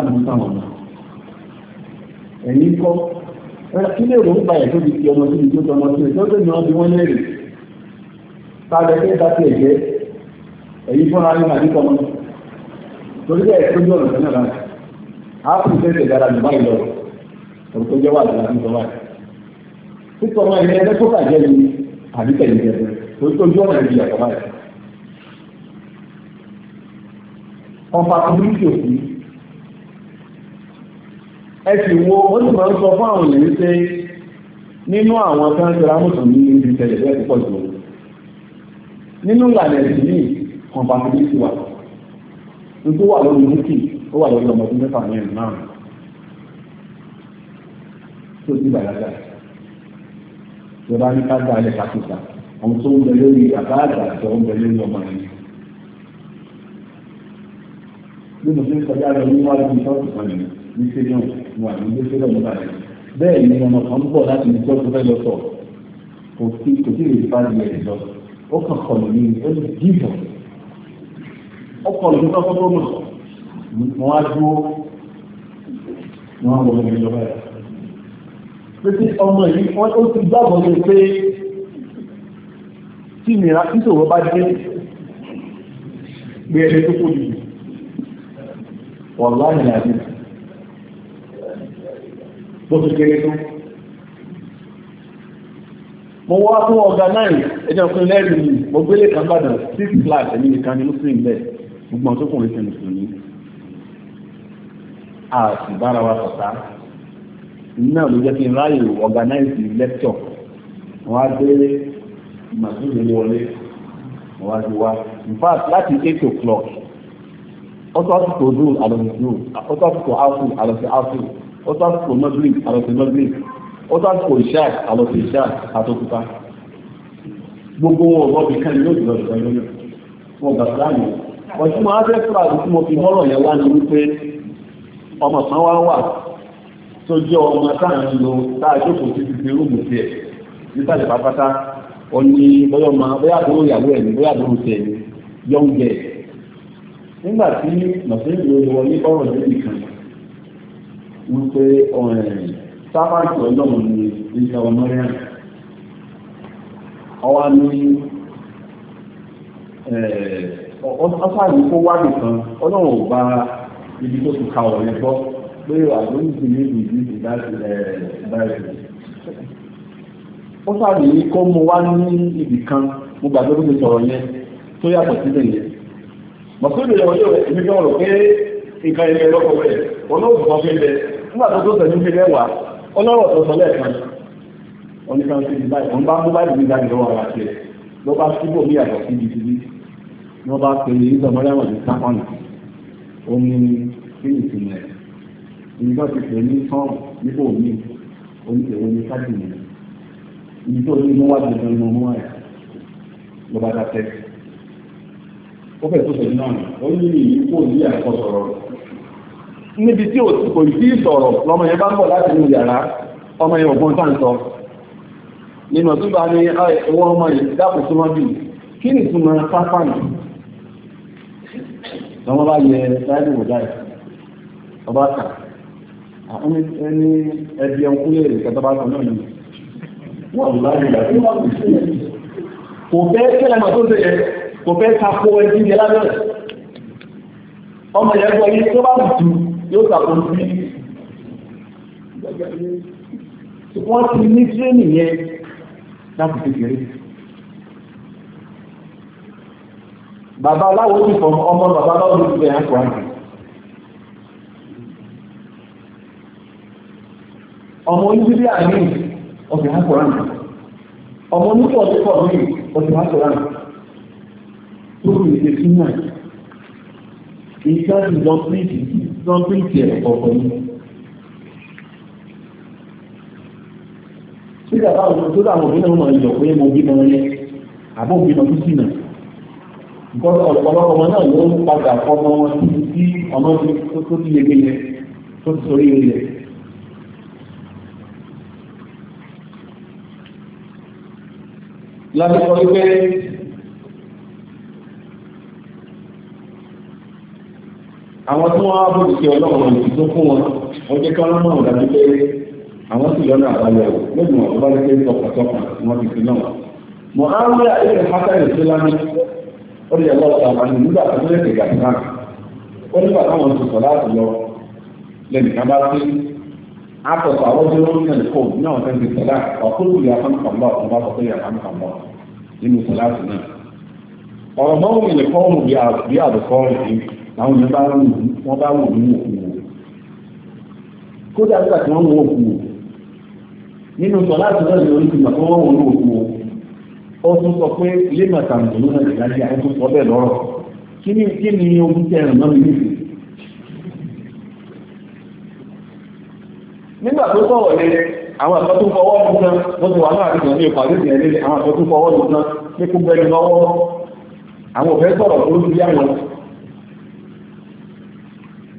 lè gbà tó ẹ̀yìn kọ́ kí lè rò ń pa ẹ̀tọ́ ti fi ọmọ sí ibi tó tọmọ sí ẹ̀ tọ́jú ni wọ́n bí wọ́n lẹ́rìí tàbí ẹgbẹ́ ta ti ẹ̀jẹ̀ ẹ̀yìn fúnra yín àti tọmọ torí bẹ́ẹ̀ tó jọ ọ̀nà náà láti àápù tẹ̀sẹ̀ dára jù báyìí lọ ọ̀rọ̀ tó jẹ́ wà lọ́la ní tọ́wá yìí títọ́ ọmọ ẹ̀yìn ẹgbẹ́ tó kàjẹ́ ni àbí tẹ̀lé jẹ́ torí tó jọ ọ̀nà ẹ wo ó sì máa ń sọ fún àwọn èèyàn wípé nínú àwọn tó ń tẹ̀lé amúsùnmí ní ibi tẹ̀lé bẹ́ẹ̀ púpọ̀ jù nínú ìlànà ẹ̀sìn ní kọ̀ǹpàtìbísì wa nítorí wà lórí múkì ó wà lórí ọmọ ọdún mẹ́fà náà tó ti ìjọba ní ká bí mo ṣe ń kọjá lọ níwájú ìṣọ́ọ̀tù kan nìyẹn ní stadium wà ní ilé stadium náà rẹ̀ bẹ́ẹ̀ ni ọmọ kan bọ̀ láti ní ìṣọ́ọ̀tù fẹ́ lọ sọ kò sí kò sí lè fa ìwé rẹ̀ lọ ó kàn kọ̀ lómi ó lè dìbò ó kọ̀ lómi kọ́kọ́ tó mọ̀ wọ́n á dúró wọ́n á wọ ọmọ ìjọba rẹ̀ pété ọmọ yìí wọ́n ó ti gbàgbọ́ mi pé tí ìnira ìṣòro bá dé gbé ẹni tó kó wọ́n láyé láti bó ti kéré tó. mo wá fún ọ̀gá náà ẹjọ́ fún lẹ́rù mi mo gbélé kan gbàdàn six flags ẹ̀mí nìkan ni muslim bẹ́ẹ̀ gbogbo àwọn tó kùnrin ṣe mùsùlùmí. a sì bára wa sọ̀tá náà ló jẹ́ kí n ráyè organize lecture wọ́n á gbé màsúlùmí wọlé wọ́n á gbé wá in fact láti eight o'clock ọtọ́ àsìkò dùn àlọ́sì dùn ọtọ́ àsìkò áfù àlọ́sì áfù ọtọ́ àsìkò mọ́gírì àlọ́sì mọ́gírì ọtọ́ àsìkò ìṣá àlọ́sì ìṣá àtọ́kùtà gbogbo wọn ọ̀gbọ́n ti kẹ́lẹ́ yóò jùlọ ìgbà yóò wọn gbà sáàmì ọtí mo á fẹ́ fúra àti mo fi mọ́rọ̀ yẹn wá ní wípé ọmọ kan wá wà tó jẹ́ ọmọ lo ti fi rúùmù tiẹ̀ nígbà tí mọ̀sílẹ̀ ló wọlé ọ̀rọ̀ lórí kan wípé sábàtì ọlọ́run ni ìjọ mọ́ríàn ọwá ní ọ́sàdì kó wá nìkan ọlọ́run ò bá ibi tó ti ka ọ̀rọ̀ yẹn gbọ́ pé àdéhùn ti ní ìlú ìdí ìdájọ́ ọ́sàdì kó mo wá ní ibì kan mo gbàgbé bó ti sọ̀rọ̀ yẹn tó yàtọ̀ síbẹ̀ yẹn mọ̀sílù yẹn wọ́n yóò rẹ̀ èmi kí nǹkan ẹ̀mí ẹ̀rọ kọ̀ wọn ó bùkọ́ fi bẹ nígbà tó tó sẹ̀mí fi lẹ́wà ọlọ́rọ̀ tó sọ lẹ́ẹ̀kan oníkan ti di báyìí wọn bá mú báyìí nígbà tí wọn wà sí ẹ bá síbò ní àgbà sí ibi síbí ni wọn bá pe ìsọmọlẹ́wọ̀n ní sápọ́nì omi kí ni ìtumọ̀ ẹ̀ nígbà tí pè ní tán nípò mi oníkèwé ní káàdì mi ìdí tó ní mú wá jẹjẹrẹ mọ́ ẹ̀ ló bá dá tẹ́sí ó fẹ́ tó sẹ́yìn náà ó ní ìyí kò ní àkọ́ sọ̀rọ̀ níbi tí ò kò sí sọ̀rọ̀ lọ́mọ yẹn bá ń bọ̀ láti inú yàrá ọmọ yẹn ògbọ́n tá ń sọ nínú ọdún bá ní ẹwọ́ ọmọ yìí dápò tó wọ́n bì kí ni ìtumọ̀ sáfàmì lọ́wọ́ bá yẹ ṣáájú wò dáì ọba kà àwọn ẹni ẹbí ọkùnrin lè kẹta bá sọ náà nìyí wọ́n lù láyé ìgbà tó kò fẹ́ kẹ́lẹ́ kò fẹ́ takò ẹjí ní lábẹ́rẹ̀ ọmọ yẹn gbọ́ yìí tó bá dùn yóò takò sí wọ́n ti ní tírénì yẹn láti kékeré. bàbá aláwo ti fọ ọmọ bàbá aláwo ti fẹ́ yàn kọ́ àgbẹ̀. ọmọ onídìrí àmì ọ̀sẹ̀ yàn kọ́ àgbẹ̀. ọmọ onídìrí ọ̀sẹ̀ pọ̀ mí ọ̀sẹ̀ yàn kọ́ àgbẹ̀ tó lè ṣe súnà ìṣá ti lọ sí ìṣọ́bìtì ẹ̀kọ́ pẹ̀lú. Sígbà táwọn tó dáwọn òbí náà máa yọ̀ pé mo bí náà yẹ àbó òbí náà tún sínà. Gbọ́dọ̀ ọ̀pọ̀lọpọ̀ ọmọ náà ló ń padà fọmọ wọn títí tí ọmọ tó ti yege yẹ tó ti sọrí yẹ. Lábẹ́ sọ wípé àwọn tí wọ́n á bó ti ọlọ́run ìlú tó fún wọn wọ́n jẹ́ káwọn náà dájú pé àwọn sì lọ́nà àbálẹ̀ o lóògùn ọ̀tọ́ bá jẹ́ tọkàntọkàn wọn ti fi náà. mọ̀ á ń rí àyẹ̀kẹ́ pátánì tó lánà ó lè lọ́ọ́ sàmà ní nígbà tó lè tẹ̀gà náà ó nígbà táwọn ti sọ̀ láti lọ lẹ́nu ká bá sí àtọ̀tọ̀ àwọn tó ló ń yàn kó náà wọ́n ti sọ̀lá ọ̀kúrú sọ àwọn èèyàn bá wù wọ́n bá wù ní òkú wò kódà nígbà tí wọ́n wù òkú wò nínú sọ láti náà ní oríṣi màtí wọ́n wù ní òkú wò ó tún sọ pé ilé màtà nìyó náà nìyá ní àìsàn sọ bẹ́ẹ̀ lọ́rọ̀ kí ni kí ni ogun tẹ ẹ̀rọ náà nìyí. nígbà tó sọ̀rọ̀ yẹn àwọn àkọ́tù fọwọ́ mú náà wọ́n ti wà láàrin ìgbà ní ìpàdé ìgbà ní àwọn àkọ́tù fọwọ́ mú náà ní gbẹ́ni lọ́wọ́ àwọn òfẹ́ sọ̀rọ̀ tó ń bí àwọn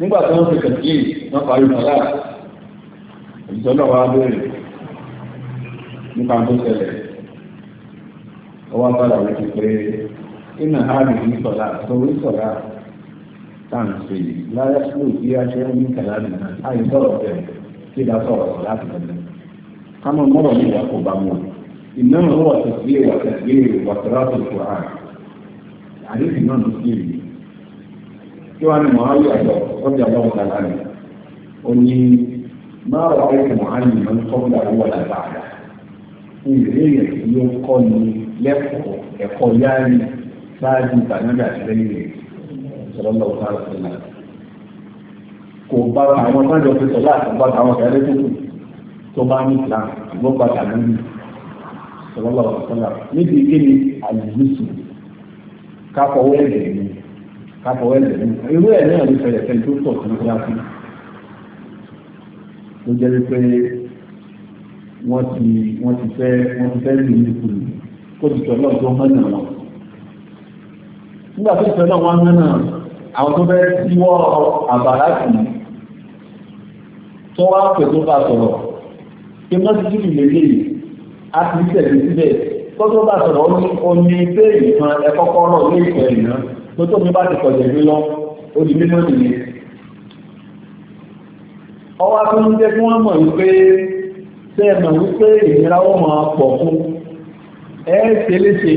nígbà tí wọ́n fi kẹ̀kí wọ́n parí sọ́lá ìjọ náà wá bẹ̀rẹ̀ nípa tó ṣẹlẹ̀ ọwọ́ agbára rẹ̀ ti pé iná hàbì ní sọ́lá torí sọ́lá táǹsì láyé fún bí a ṣe ń ní kàlá nìyà àyè sọ̀rọ̀ bẹ̀ kí dá sọ̀rọ̀ sọ̀lá ti lẹ́nu ká mọ̀ mọ́rọ̀ ní ìyá kò bá mọ̀ ìnáwó wà tẹ̀síyè wà tẹ̀síyè wà tẹ̀síyè wà tẹ̀síyè kí wọ́n ní mọ̀hálì àjọ ọjà lọ́wọ́ dàgbà ni ó ní máa wà ẹ̀kọ́ mọ̀hálì máa ń gbà wọ́n dàgbà àgbà ìrìnrìn ló ń kọ́ ni lẹ́kọ̀ọ́ ẹ̀kọ́ yáàrí ṣáájú ìtànàjà àtìlẹ́yìn rẹ̀ sọlọ́lọ́ ọ̀tàrà sílá kò bá àwọn sájọ pé sọlá àtàgbà àwọn ọ̀gáyẹ́ tó kù tó bá ní ìlà ìgbọ́n padà lórí sọlọ́lọ́ ọ̀tàrà níbi kíni àlùbùsù káfọwọ́ ẹ̀jẹ̀ ni káfọwọ́ ẹ̀jẹ̀ ní irú ẹ̀ náà ló fẹ̀rẹ̀ fẹ́ tó pọ̀ kan kíláàsì ló jẹ́ wípé wọ́n ti wọ́n ti fẹ́ wọ́n ti fẹ́ lù ní ìkùlù kó ti tọ́ náà tó hàn náà wọn. nígbà tó tọ́ náà wọ́n hàn náà àwọn tó fẹ́ síwọ́ àbàrá sí tó wá pè tó bá sọ̀rọ̀ kí wọ́n ti dìbò lélẹ́yìí a ti tẹ̀lé síbẹ̀ tó tó bá sọ̀rọ̀ ó ní ó ní bẹ́ẹ̀ ìkan ẹ̀kọ́kọ́ náà lé ìpẹ́ ìná tó tó mi bá ti kọ̀jẹ̀ mi lọ ó di mímọ́ nìyẹn. ọwọ́ tó ń jẹ́ kí wọ́n mọ̀ wípé ṣé ẹ mọ̀ wípé ìnira wọn máa pọ̀ fún ẹ ṣe léṣe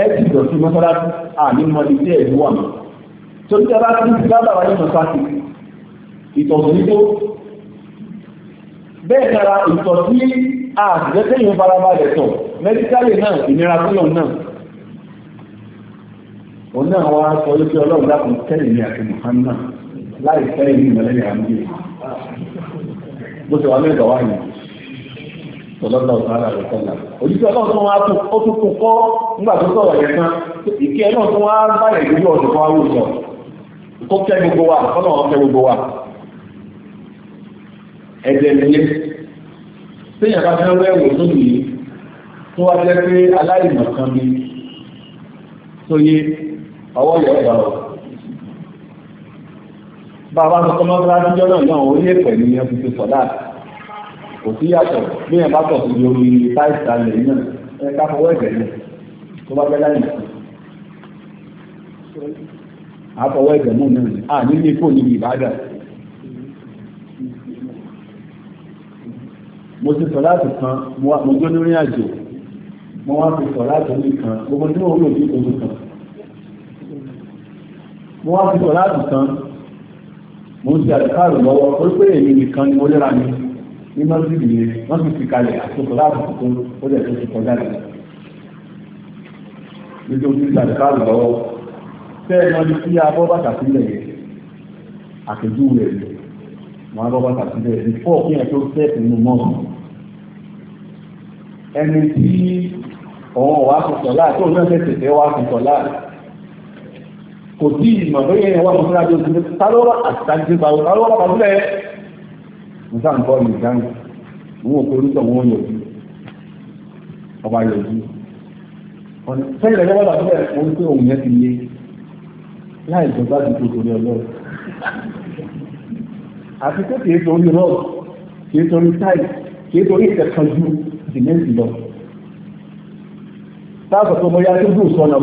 ẹ ti dọ̀tí mọ́sálásí àní mọ́ni tí ẹ̀ ló wà mọ́. tó ń jẹ́ bá ti ń sábà wáyé mọ́sálásí ìtọ̀sùn nígbó bẹ́ẹ̀ dára ìtọ̀ sí àtìgbẹ́sẹ̀yìn farabalẹ̀ tọ̀ mẹ́díkálì náà ìnira fúlọ̀ náà òun náà wá sọ wípé ọlọ́run dákun kẹ́lì ní àti Muhammad láì fẹ́ ìlú ìmọ̀lẹ́yìn àmì bó ṣe wà lẹ́dọ̀ wá yìí ọlọ́run tó wá tún ó tún kọ́ nígbà tó sọ̀rọ̀ yẹn tán ẹ̀ náà tó wá báyẹ̀ lójú fún kó kẹ́ gbogbo wa kọ́nà wọn kẹ́ gbogbo wa ẹ̀jẹ̀ nìyẹn téèyàn bá fẹ́ tó wá ọwọ́ yẹ ọ̀gá o. bàbá sọ mọ́sálásí jọ́nà náà ó ní èpè ní ẹbí ti sọ̀dá kò sí yàtọ̀ bí yẹn bá tọ̀ sí orí táìsì alẹ̀ náà ẹ ká fọwọ́ ẹ̀gẹ̀ náà tó bá fẹ́ láyìn àfọwọ́ ẹ̀gẹ̀ mú náà ni à nínú ikú níbi ìbàdàn. mo ti sọ láti kan mo jó lórí àjò mo wá ti sọ láti orí kan gbogbo tí mo rí òbí ojú kan mo wá fi sọ láti tán mo ń ṣe àdìkáàrò lọ́wọ́ ó pé èmi nìkan ni mo léra mi ní mọ́sídìí yẹn wọ́n sì fi kalẹ̀ àtòkò láti tó ó dẹ̀ tó ti kọjá rẹ̀ nítorí ó ti ṣe àdìkáàrò lọ́wọ́ tẹ́ ẹ lọ́ọ́ sí abọ́ bàtà sílẹ̀ yẹn àpèjúwe rẹ̀ mo abọ́ bàtà sílẹ̀ yẹn fọ́ọ̀ kí ẹ tó fẹ́ nínú mọ́ọ̀sì ẹni tí òun wàá fi láti òun náà fẹ́ tètè wàá fi láti kò tí ì mọ̀ bóyá ìyẹn wà fún fúnra jọ sílẹ̀ tálọ́rọ̀ àtàkì pàwọ́ tálọ́rọ̀ pàbílẹ̀ musa ní ìdáhùn òun ò pé orúkọ òun yóò ọba yóò fi sẹ́yìn lẹ́yìn wọ́n làbílẹ̀ òun pé òun yẹn ti yé láì jọ bá ti tó torí ọlọ́run àti pé kìí torí rọ́ọ̀ kìí torí táì kìí torí ìtẹ̀kan ju sìmẹ́ǹtì lọ. táàbù tó mọ yá tó dùn sọ̀nà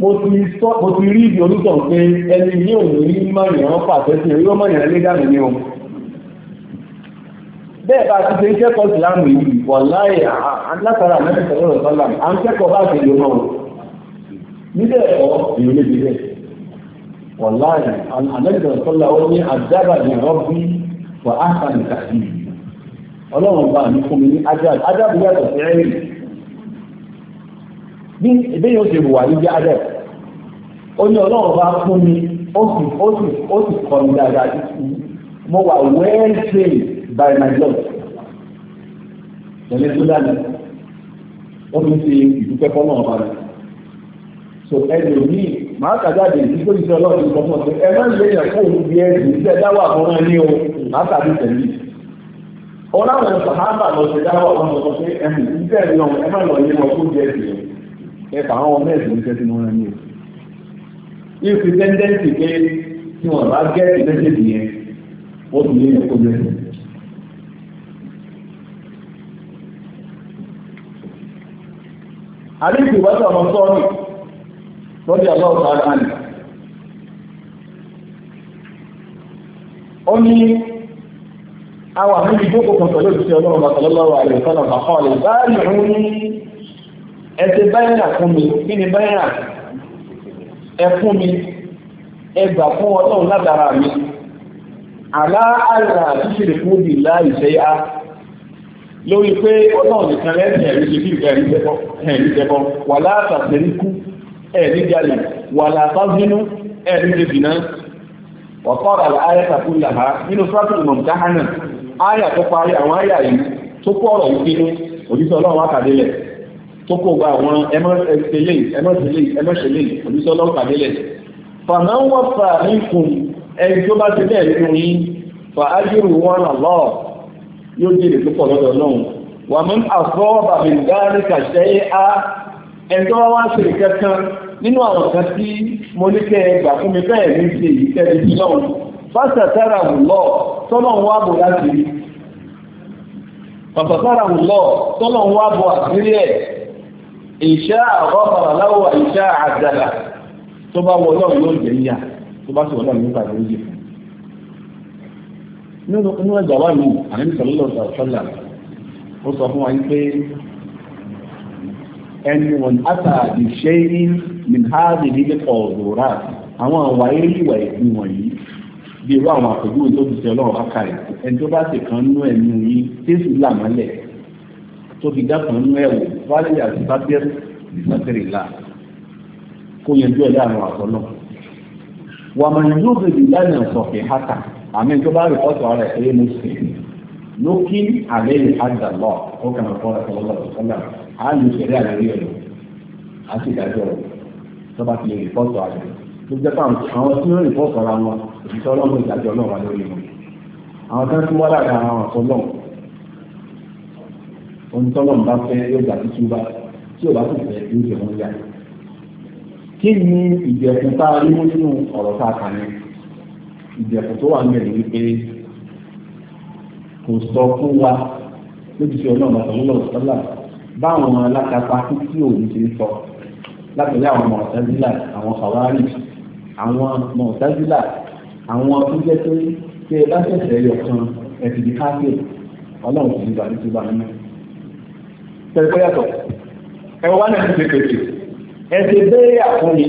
mo ti rí ibi onítọ̀ pé ẹni ní òun ní mọ̀nyàn pàṣẹ sí orí mọ̀nyàn lé dànù ní òun bẹ́ẹ̀ bá ti ṣe ń kẹ́kọ̀ọ́ ìsìlámù yìí wà láì látara àmẹ́sì sọ̀rọ̀ sọ́làmù à ń kẹ́kọ̀ọ́ bá ṣe lè mọ̀ níbẹ̀ ọ̀ èyí lè bẹ̀rẹ̀ wà láì àmẹ́sì sọ̀rọ̀ sọ́làmù ó ní àjábà ní rọ́bí wà á kà ní kàdí ọlọ́run bá mi fún mi ní ajábù ajábù yàtọ̀ sí ẹ̀rì bí ìbéyàn ṣe wà níbi ajábù ó ní ọlọ́run bá fún mi ó sì ó sì ó sì kọ́ mi dáadáa títí mo wà well trained by my lord tẹ̀lé tó dáná ó fi ṣe ìdúpẹ́ fọ́nà ọba rẹ̀ so ẹlòmíì màá kàdáde ìdíkó ìṣe ọlọ́run ìṣọ́ fún ọ̀sẹ̀ ẹ má lè yàn kó òun bí ẹ̀sìn ìṣe dáwà fún ẹ ní o màá kàdé tẹ̀lé ọlọ́run sàhábà lọ sí dáwà fún ọ̀sẹ̀ pé ẹ̀mí ìṣe ẹ̀ lọ ẹ má lọ yẹ wọn kó jẹ́ ẹ̀sìn ẹ̀ fà á wọn mẹ́ẹ̀sìn ìṣe tí wọ́n ní o yóò fi tẹ́ńtẹ́ǹtì pé tí wọ́n bá gẹ́ẹ̀tì mẹ́sẹ̀gì yẹn wọ́n tún lè yẹ kó mẹ́sẹ̀gì. àdéhùn ìwádìí ọmọ sọ́ọ̀nì lọ́dí aláwọ̀ sáà ánì. ó ní àwọn àmì ìjókòó kan pẹ̀lú ìṣẹ́ ọlọ́run àtàlọ́lọ́wọ́ àlèkọ́nà àkọọ́lẹ̀ báyìí ní ẹsẹ̀ báyìí nà fún mi kí ni báyìí nà fún mi ẹ fún mi ẹ gbà fún ọlọ́run ládàra mi àlá àlà àtúnṣe lè fún mi láì ṣe á lórí pé ọlọ́run nìkan lẹ́sìn ẹ̀rí ṣe bí ẹ̀rí jẹ́kọ́ ẹ̀rí jẹ́kọ́ wà látàtẹ̀ ní kú ẹ̀rí jalè wà látàbínú ẹ̀rí jẹ́bìnà ọ̀tọ́ àlà ayé tàkùn làhá nínú sátìlì mọ̀mùtáhánà áyà tó parí àwọn áyà yìí tó kọ́ ọ̀rọ̀ yìí kínú òjíṣẹ́ ọlọ́run wákàdé lẹ̀ tó kó gba àwọn ẹmọ́sẹ̀lẹ̀ ẹmọ́sẹ̀lẹ̀ ẹmọ́sẹ̀lẹ̀ òbísọ́lọ́ kàdélẹ̀ fàmà ń wọ́n fà ní kùn ẹni tó bá ti bẹ́ẹ̀ nínú yín fà á yírù wọn àlọ́ yóò jèrè púpọ̀ lọ́dọ̀ náà wà mú àfọ́ bàbí dárí kàṣẹ́ á ẹni tó wá ṣe kankan nínú àwọn kan tí mo ní kẹ́ ẹ gbà fún mi bẹ́ẹ̀ ní ṣe èyí kẹ́ ẹ ti náà fásitàrà wù lọ tọ́lọ́ ń wá bò láti rí fàtàtàrà wù lọ tọ́lọ́ ń wá bò àṣírí ẹ̀ ìṣá àkọ́kọ̀rọ̀ láwọ̀ ìṣá àdàlà tó bá wọ náà yóò jẹ́ yíyá tó bá sì wọ náà yóò bá yóò jẹ fún un. nínú ẹgbàá wà ní àníbi sọlọ́lọ́ sọ̀tọ́là ó sọ fún wa pé ẹni wọn ata ìṣe ní nìhàdì nílé ọ̀dọ̀rà àwọn àwa eléwà ìpín wọ̀nyí bí irú àwọn àpèjúwe tó ti ṣe ọlọ́run bá kàrí ẹni tó bá sì kan nú ẹ̀mí yín tí èsì tóbi dákun nínú ẹ̀wò fálẹ̀ àti bábẹ́rù ìfàkìrì là kó yẹn tó ẹ̀ láàrin àtọ́ náà. wà á máa yóò bèbè lánà sọ̀kè hàtà àmì tó bá rìpọ́tù ara ẹ̀ pé mo sì lókín àlẹ́ ìhàdà lọ ó kàn án fọ́nà tó lọ́wọ́ sọ́nà á lù sẹ́rí àlẹ́ rí ẹ̀rọ àti ìdájọ́ rẹ̀ tó bá ti lè rìpọ́tù ara rẹ̀ tó jẹ́ pé àwọn tí wọ́n rìpọ́tù ara wọn òṣìṣẹ́ ọlọ́run ìdájọ́ náà wà lórí wọn àwọn tí wọ́n wá láàrin àwọn àtọ́ ohun tọ́lọ̀ ń bá fẹ́ yóò gbà tútù bá tí ò bá sì fẹ́ yóò jẹ wọn yá. kí ni ìjẹ̀kùn tá a rí mú nínú ọ̀rọ̀ tá a kà ní ìjẹ̀kùn tó wà ń wípé kò sọ fún wa lójú sí ọlọ́run àtàlọ́lọ́ ọ̀sọ́là báwọn alákatá títí òní ti ń sọ látọ̀lé àwọn mọ̀ọ́tẹ́sílà àwọn kàwárì àwọn mọ̀ọ́tẹ́sílà àwọn tó jẹ́ ẹ bá ṣẹ̀ṣẹ̀ yọ̀ kan ẹ̀ pẹ̀lú yàtọ̀ ẹ̀wọ̀n wà náà ti pèpè ẹ̀sẹ̀ bẹ́ẹ̀rẹ̀ àfún mi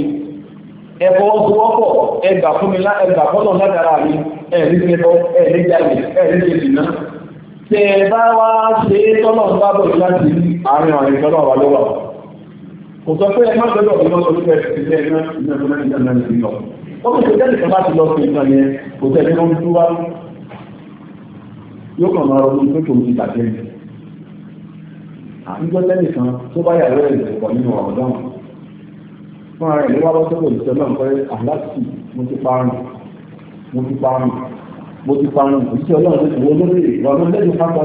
ẹ̀fọ́ ọ̀sọ̀wọ́pọ̀ ẹgbà fún mi ẹgbà fọ́nà látara mi ẹ̀rí ṣẹfọ́ ẹ̀rí jáde ẹ̀rí ṣèṣì náà tẹ̀ bá wá ṣe é tọ́nà ń bá bọ̀ láti àárín àárín tọ́nà wà lọ́wọ́ kò sọ pé ẹ má gbọ́dọ̀ bí wọ́n sọ pé ẹ ti bẹ́ẹ̀ náà ní ọdún mẹ́rin náà ní lọ. wọ́n fi ṣẹ́jẹ́ nìkan bá ti lọ sí ìtàn yẹn kò tẹ̀lé wọn tú wá yóò kàn máa ronú pé kò ní ìgbà tẹ́lẹ̀ àtijọ́ tẹ́lẹ̀ kan tó bá yàrá rẹ̀ lè pọ̀ nínú ọ̀rọ̀ náà fún ara rẹ̀ wá lọ́sọ́dọ̀ òṣìṣẹ́ náà pé aláàtì mo ti parun mo ti parun mo ti parun òṣìṣẹ́ ọlọ́run ti wo lóde ìrọ̀lọ́ lẹ́nu pápá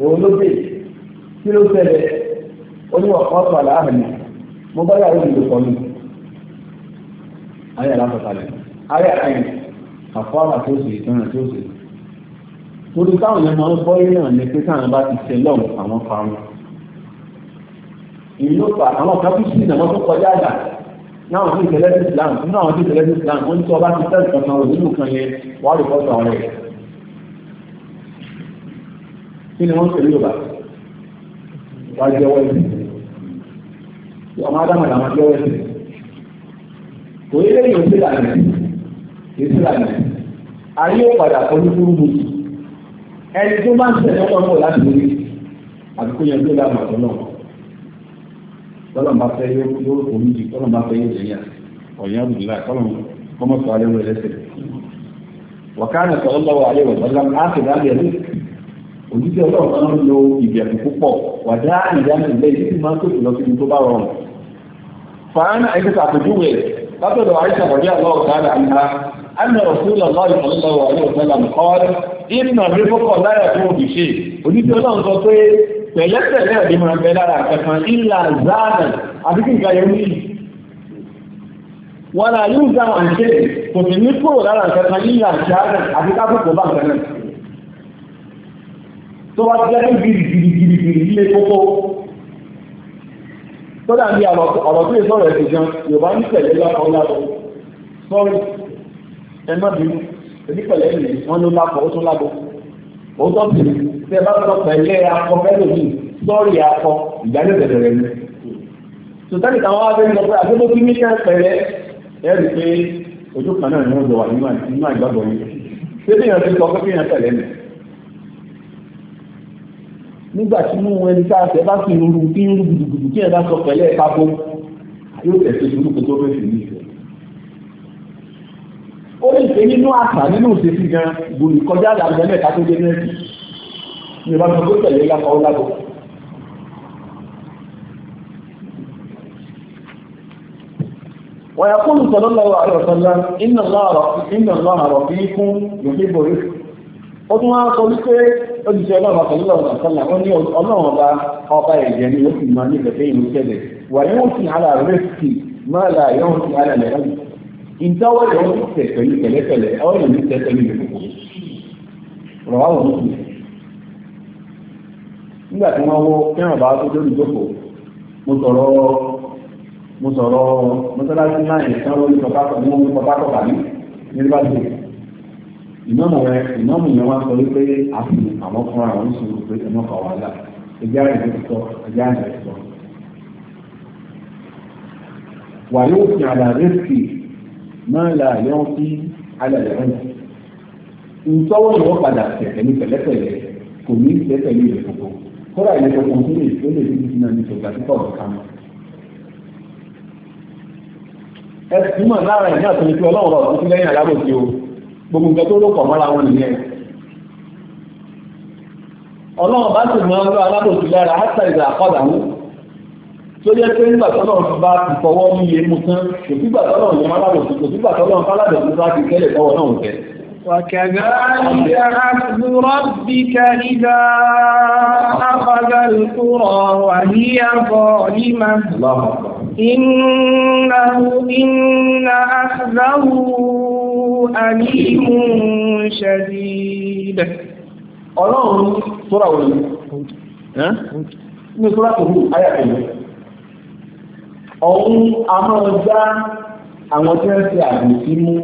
wo lóde kí ló ṣẹlẹ̀ oníwà pọ́pà láàrin mo bá yàrá rẹ̀ lè pọ̀ nù. ayé aláfọ̀kalẹ̀ ayé àyìn àfọ́àrà tó ṣe ìtàn tó ṣe. torí táwọn yẹn máa ń bọ́ yẹn náà ni pé táwọn bá ti ṣe lọ́wọ́ àwọn parun èyí ló fà àwọn kan kú sí ìnáwó tó kọjá àgbà náà ní ìtẹ̀lẹ́ sí Islam nínú àwọn tí ìtẹ̀lẹ́ sí Islam wọ́n ti ọba ti fẹ́ ìkankan òní nìkan yẹn wàá rí fọ́sọ̀ rẹ̀ kí ni wọ́n ń pèlú Yorùbá wàá jẹ́wọ́ ẹ̀sìn ọmọ adámọ̀dá máa jẹ́wọ́ ẹ̀sìn kò yẹ lẹ́yìn òsì lànà èsì lànà ayé padà pọ̀lú fún mi ẹni tó máa ń tẹ̀lé ọmọ láti rí àbíkú yẹn tó dáa màtọ́ náà tọ́lọ̀mà fẹ́ yóò kò ní tọ́lọ̀mà fẹ́ yóò jẹ́yà ọ̀yìn àbùdùlá kọ́mọ̀ sọ alẹ́ wọ ẹlẹ́sẹ̀ wàkánà sọ̀rọ̀lọ́wọ́ alẹ́ wọ̀ sọ́lá láti ráàlì ẹ̀lú òjíṣẹ́ ọlọ́run kan ń lo ìbẹ̀rù púpọ̀ wàdá ìdáhùn ilé ìdí máa ń tòkè lọ síbi tó bá rọrùn fàánà ẹgbẹ́ sàpèjúwe látọ̀dọ̀ àìsàn ọ̀dí àlọ́ọ̀ sáàdà ńlá anna rasul allah sallallahu alaihi wa sallam qala inna rifqa la yakunu bi shay òjíṣẹ́ ọlọ́run sọ pé pẹ̀lẹ́pẹ̀lẹ́ ọ̀dẹ́ máa bẹ lára àkẹ́kàn ìlà záàdà àti kí nǹkan yẹn wíì wọn là yóò gbà wọn ṣe kò sì ní kúrò lára àkẹ́kàn ìlà záàdà àti káfíńkò bá nǹkan náà tó wá jẹ́ pé gírígírígírí ilé kókó tó dàbí ọ̀rọ̀ tó lè sọ̀rọ̀ ẹ̀sìn gan Yorùbá ń tẹ̀lé lápá ọ̀làbọ̀ sọ́rí ẹ má bínú ẹ̀mí pẹ̀lẹ́ ìlú wọn ló lápá ó tún lábọ̀ òótọ́ sì ṣe bá sọ pẹ̀lẹ́ akọ fẹ́lòmí sọ́ọ̀rì akọ ìgbàlẹ̀ bẹ̀rẹ̀ ni. sùtẹ́nì táwọn wá bẹ́ẹ̀ lọ pé àgbébó kí mí kẹ́ pẹ̀lẹ́ ẹ rí i pé ojú kan náà ni wọ́n jọ wà nínú àgbàgbọ́ yìí. ṣé bí èèyàn ti sọ pé kéèyàn pẹ̀lẹ́ nì. nígbà tí mú ẹni tá a fẹ́ bá sì rú kí rú gudugudu kí ẹ bá sọ pẹ̀lẹ́ ẹ̀ pabó yóò tẹ̀sí ìdúró kótó fẹ́ sí ní ìfẹ́ ó lè ṣe nínú àṣà nínú òṣèṣì gan gbòòrò kọjá àdàbẹ̀ mẹ́ta tó dé mẹ́rin ní ìbá tó tẹ̀lé lápá ó lágbo. ويقول صلى الله عليه وسلم إن الله إن الله رفيق يحب الرفق ó tún wá sọ wípé ojúṣe ọlọ́run àtọ̀lọ́ ọ̀sánlá ó ní ọlọ́run ọba ọba ẹ̀jẹ̀ ni ó sì máa ní ìgbẹ̀fẹ́ ìlú tẹ̀lẹ̀ wà yóò sì hàlà rẹ́sì máa là yóò sì hàlà lẹ́yìn ìdáwọ́ yẹn wọ́n ti tẹ̀ pẹ̀lú pẹ̀lẹ́pẹ̀lẹ́ ẹ̀ wọ́n yẹn ti tẹ̀ pẹ̀lú ìdòkòkò rọ̀ wá wọ̀ ní kùn. nígbà tí wọ́n wọ fẹ́ràn bá tó lórí ìdòkò mo sọ̀rọ̀ mo sọ̀rọ̀ mọ́sálásí náà yẹn sanwó ní pọ̀pákọ̀ ní wọ́n ní pọ̀pákọ̀ kàmí ní bá dé. ìmọ̀mù rẹ ìmọ̀mù yẹn wọ́n sọ wípé àfi àwọn fúnra àwọn sùn pé ẹ̀mọ́ kà wá lá ẹ̀jẹ̀ àrẹ̀ ti sọ ẹ̀jẹ̀ àrẹ̀ ti sọ. wà yóò fi àlàyé sí i máa la yọ̀ sí alẹ́ rẹ̀ ntọ́wọ́ ni wọ́n padà tẹ̀tẹ̀ ní pẹ̀lẹ́pẹ̀lẹ́ kò ní í tẹ̀tẹ̀ ní ìlú gbogbo kódà ìlú gbogbo tó lè tó lè dídí náà ní ìjọba tó kọ̀ọ̀kan kan. ẹ túmọ̀ lára ìní àtúnṣe tí ọlọ́run rọ̀ tuntun lẹ́yìn alábòsí o gbogbo nǹkan tó ló pọ̀ mọ́ra wọn nìyẹn. ọlọ́run bá sì máa ń lọ alábòsí lára hátà ìgbà àkọ́dà wọn tó yẹ pé nígbà tọ́lọ̀ bá ti fọwọ́ ní iye mu tán kò sígbà tọ́lọ̀ yẹn alábò kò sígbà tọ́lọ̀ aládò tó bá ti tẹ́lẹ̀ tọ́wọ́ náà tẹ́. وكذلك أخذ ربك إذا أخذ ní sọ́ra tó hù ayà ẹ̀yẹ ọ̀hún a máa dá àwọn tí wọ́n ti àgbò sí mú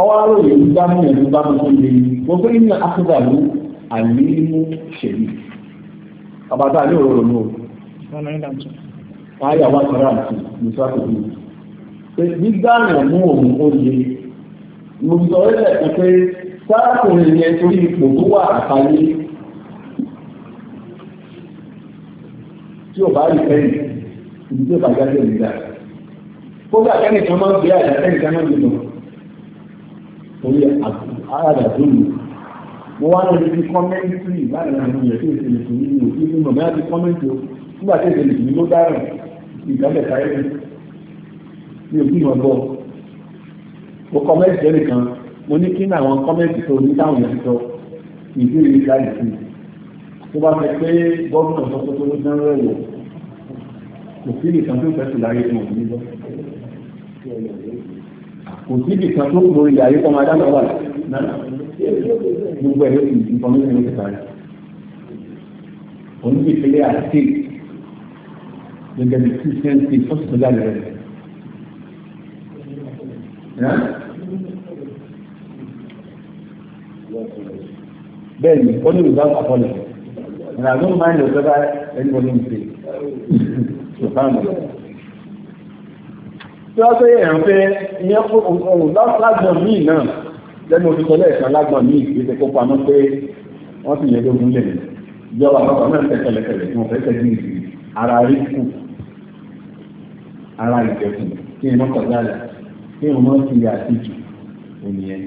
ọwọ́ àròyé ń bá mú ẹ̀rú bá mú tó lé gbogbo ní òróró ní òru. Ayà wa sọ̀rọ̀ àti Mùsàkùnrin. Gbígbà yàn mú òun sáàkùnrin yẹn ibi tó bàjá lè rí dáa kódà kẹ́ni kan máa ń gbé àjà kẹ́ni kan máa ń gbé lọ orí àràdàdúnù mo wá lórí ti kọ́mẹ́ntì láàrin àwọn èèyàn tí èsì lèkùn nínú òfin nínú ọ̀mẹ́ àti kọ́mẹ́ntì o nígbà tí èsì lèkùn ló dáràn mo ní kí ní àwọn kọ́mẹ́ntì tó ní táwọn èèyàn sọ ìdí ìrìn káyé sí i tó bá fẹ́ pé gọ́ọ̀nà sọ́kótó ló dán rẹ̀ wò kò sí nìkan tó fẹ́sùn láyé tó wù ní lọ. kò sí nìkan tó kúrò ilé ayé kọ́mọ adájọ́ wà náà gbogbo ẹ̀ ló ti nǹkan ló ti ló ti parí. onídìífẹ́lẹ́ àti gẹ́gẹ́ bí christian ti fọ́sùn jáde rẹ̀. bẹ́ẹ̀ ni ó ní ìgbà àkọlẹ̀ and I don't mind the weather anybody will say subhanallah tí wọ́n fẹ́ ẹ̀rọ fẹ́ ìyẹn fún ohun lágbọ̀n míì náà lẹ́nu oṣù tọ́lẹ̀ ẹ̀ka lágbọ̀n míì kì í ṣe kó pamọ́ pé wọ́n sì yẹ lógún lẹ̀ ìjọba àpapọ̀ náà fẹ́ tẹ̀lẹ̀tẹ̀lẹ̀ tí wọ́n fẹ́ tẹ̀lé ìdí ara rí kù ara ìjẹkùn kí ni wọ́n kọ̀ dára kí ni wọ́n ti yà sí jù ònìyẹn.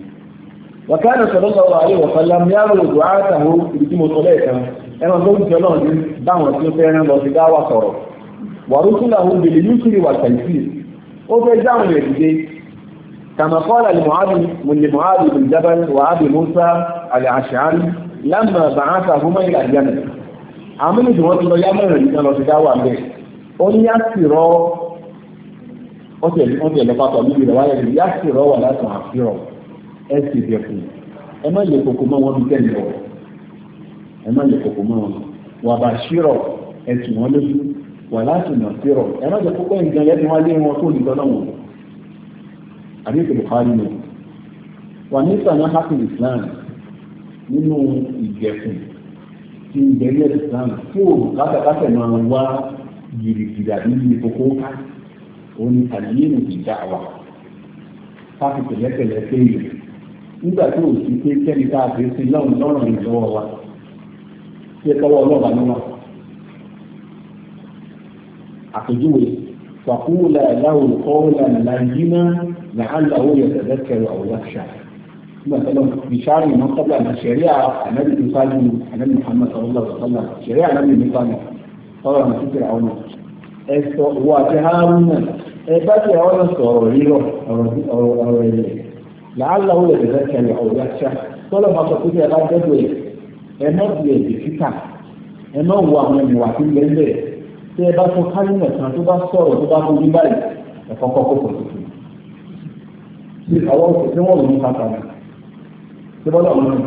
wàkàrà sọ̀rọ̀ sọ̀rọ̀ àyè wọ̀fọ̀lá miárò òdò àtàwọn ibi tí mo sọ lẹ́ẹ̀kan ẹran tó ń jẹ náà ní báwọn tí ó fẹ́ rán wàrúkúlà òun bèlè yúkìrì wà tàìsí ó fẹ́ já àwọn èdè kama qala lèmọ́hábì lèmọ́hábì lèjábàlì wàhábì musa al-ash'ari lámà bàáta húmọ́ ilà jẹ́nà àmúlò tí wọ́n ti lọ yá mẹ́rin nìkan lọ sí dáwà mẹ́ ó ní yá sì rọ ọ̀tẹ̀ lọ́pàá níbi rẹ̀ wáyé yá sì rọ wà láti àfihàn ẹ sì dẹkùn ẹ má lè kókó mọ́ wọn bí tẹ́lẹ̀ ẹ má lè kókó mọ́ wọn wà bá ṣírọ̀ ẹ tù wọ́n lójú wà láti nà sírọ̀ ẹ má jẹ́ púpọ̀ nǹkan lẹ́nu wá lé wọn tó ní lọ́lọ́wọ́ àbí ìpè buhari ni wà ní sànà hapi islam nínú ìjẹ̀kùn ti ń bẹ̀rẹ̀ islam tí ò kátàkátà máa wá gìrìgìrì àbí ní kókó ká òun ni àlìyénu ìjà wa káfí pẹ̀lẹ́pẹ̀lẹ́ péye nígbà tí ò sí pé kẹ́ni ká àti lọ́rùn lọ́rùn ìjọwọ́ wa ṣé tọwọ́ ọlọ́ba ló هتجوز فقولا له قولا لينا لعله يتذكر او يخشى. مثلا في شعر ما قبل ان الشريعه النبي صلى الله عليه محمد صلى الله عليه وسلم الشريعه النبي صلى الله عليه وسلم هو تهاون بس يا ولد صغير لعله يتذكر او يخشى طلب ما تقول يا بعد جدوي انا بدي كتاب انا هو من واحد من بيت tí ẹ bá fún kálínà kan tó bá sọ̀rọ̀ tó bá fojú báyìí ẹ̀kọ́ kọ́kọ́ kò tó tó tí àwọn tí wọ́n lòún ká kàlẹ̀ tí wọ́n lọ́wọ́ náà.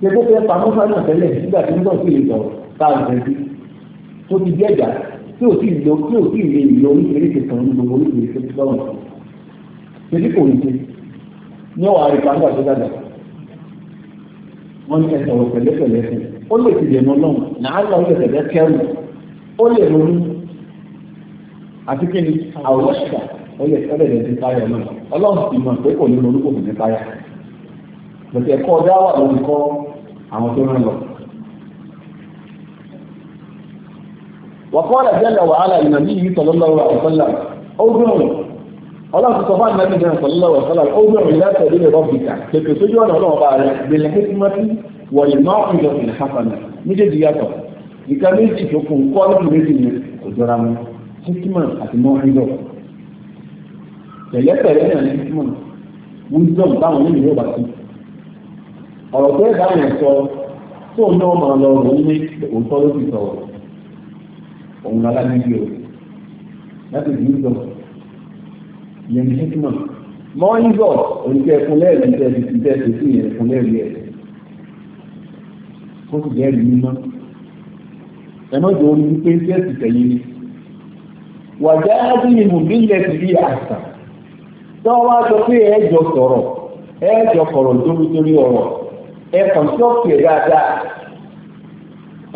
ṣé kó fẹ́ pamọ́ kálínà tẹ́lẹ̀ nígbà tí nígbà tí èyí sọ̀rọ̀ tá a lè rí tó ti bí ẹ̀dá tí ò tí ì lo tí ò tí lè lo oríṣiríṣi kan ní gbogbo oríṣiríṣi tó lọ́wọ́ ṣe tí kò ní ṣe ní ọ̀hún àríkà nígbà tó dàgbà wọ́n ní ẹ̀sọ̀rọ̀ pẹ̀lẹ́pẹ̀lẹ́ fún un ó lè ti dènà náà nàálà ó lè tẹ̀lé kẹ́rù ó lè ronú àti kí ni àwòrán ó lè tẹ́lẹ̀ lè ti táyà náà ọlọ́run ti mọ̀ pé kò ní ronú kò ní ti táyà bẹ̀tẹ̀ ẹ̀kọ́ ọdẹ wà lórí kọ́ àwọn tó rán lọ. wàkọ́ọ̀lá jẹ́ lọ wàhálà ìnàbí yìí sallallahu alaihi wasallam ó dùn ọlọ́run sọ fún àgbẹ̀mí náà sọ̀lọ́wọ́ sọ́lá ó bẹ̀rẹ̀ láti ẹ̀dínlẹ̀ rọ́bìkà pèpè sójú ọ̀nà ọlọ́run bá rẹ̀ bẹ̀rẹ̀ hẹ́tìmọ́tì wọ̀nyí náà ń lọ sí ìhàfàmì méjèèjì yàtọ̀ ìka méjì tó kún kọ́ lókun méjì ni kò jọra mu hẹ́tìmọ̀ àti mọ́rìndọ̀ pẹ̀lẹ́pẹ̀lẹ́ náà ní hẹ́tìmọ̀ wisdom táwọn onímọ̀ yóò bá sí ọ̀rọ̀ tó ẹ̀dá yẹn sọ tó ń náà máa ní òótọ́ ló ìyẹn ní hikima mọ́ ìzọ̀ oníkẹ́ ẹ̀kún lẹ́ẹ̀rí tẹ́ẹ̀sì tẹ́ẹ̀sì sí ìyẹn ẹ̀kún lẹ́ẹ̀rí ẹ̀ kó sì jẹ́ ẹ̀rí mímọ́ ẹ má jọ orí wípé tẹ́ẹ̀sì tẹ̀yìn ni wàjá ádìyẹ mùbílẹ̀ ti bí àṣà tó wá sọ pé ẹ jọ sọ̀rọ̀ ẹ jọ kọ̀rọ̀ nítorí ọ̀rọ̀ ẹ kàn sọ́ọ̀kì ẹ̀ dáadáa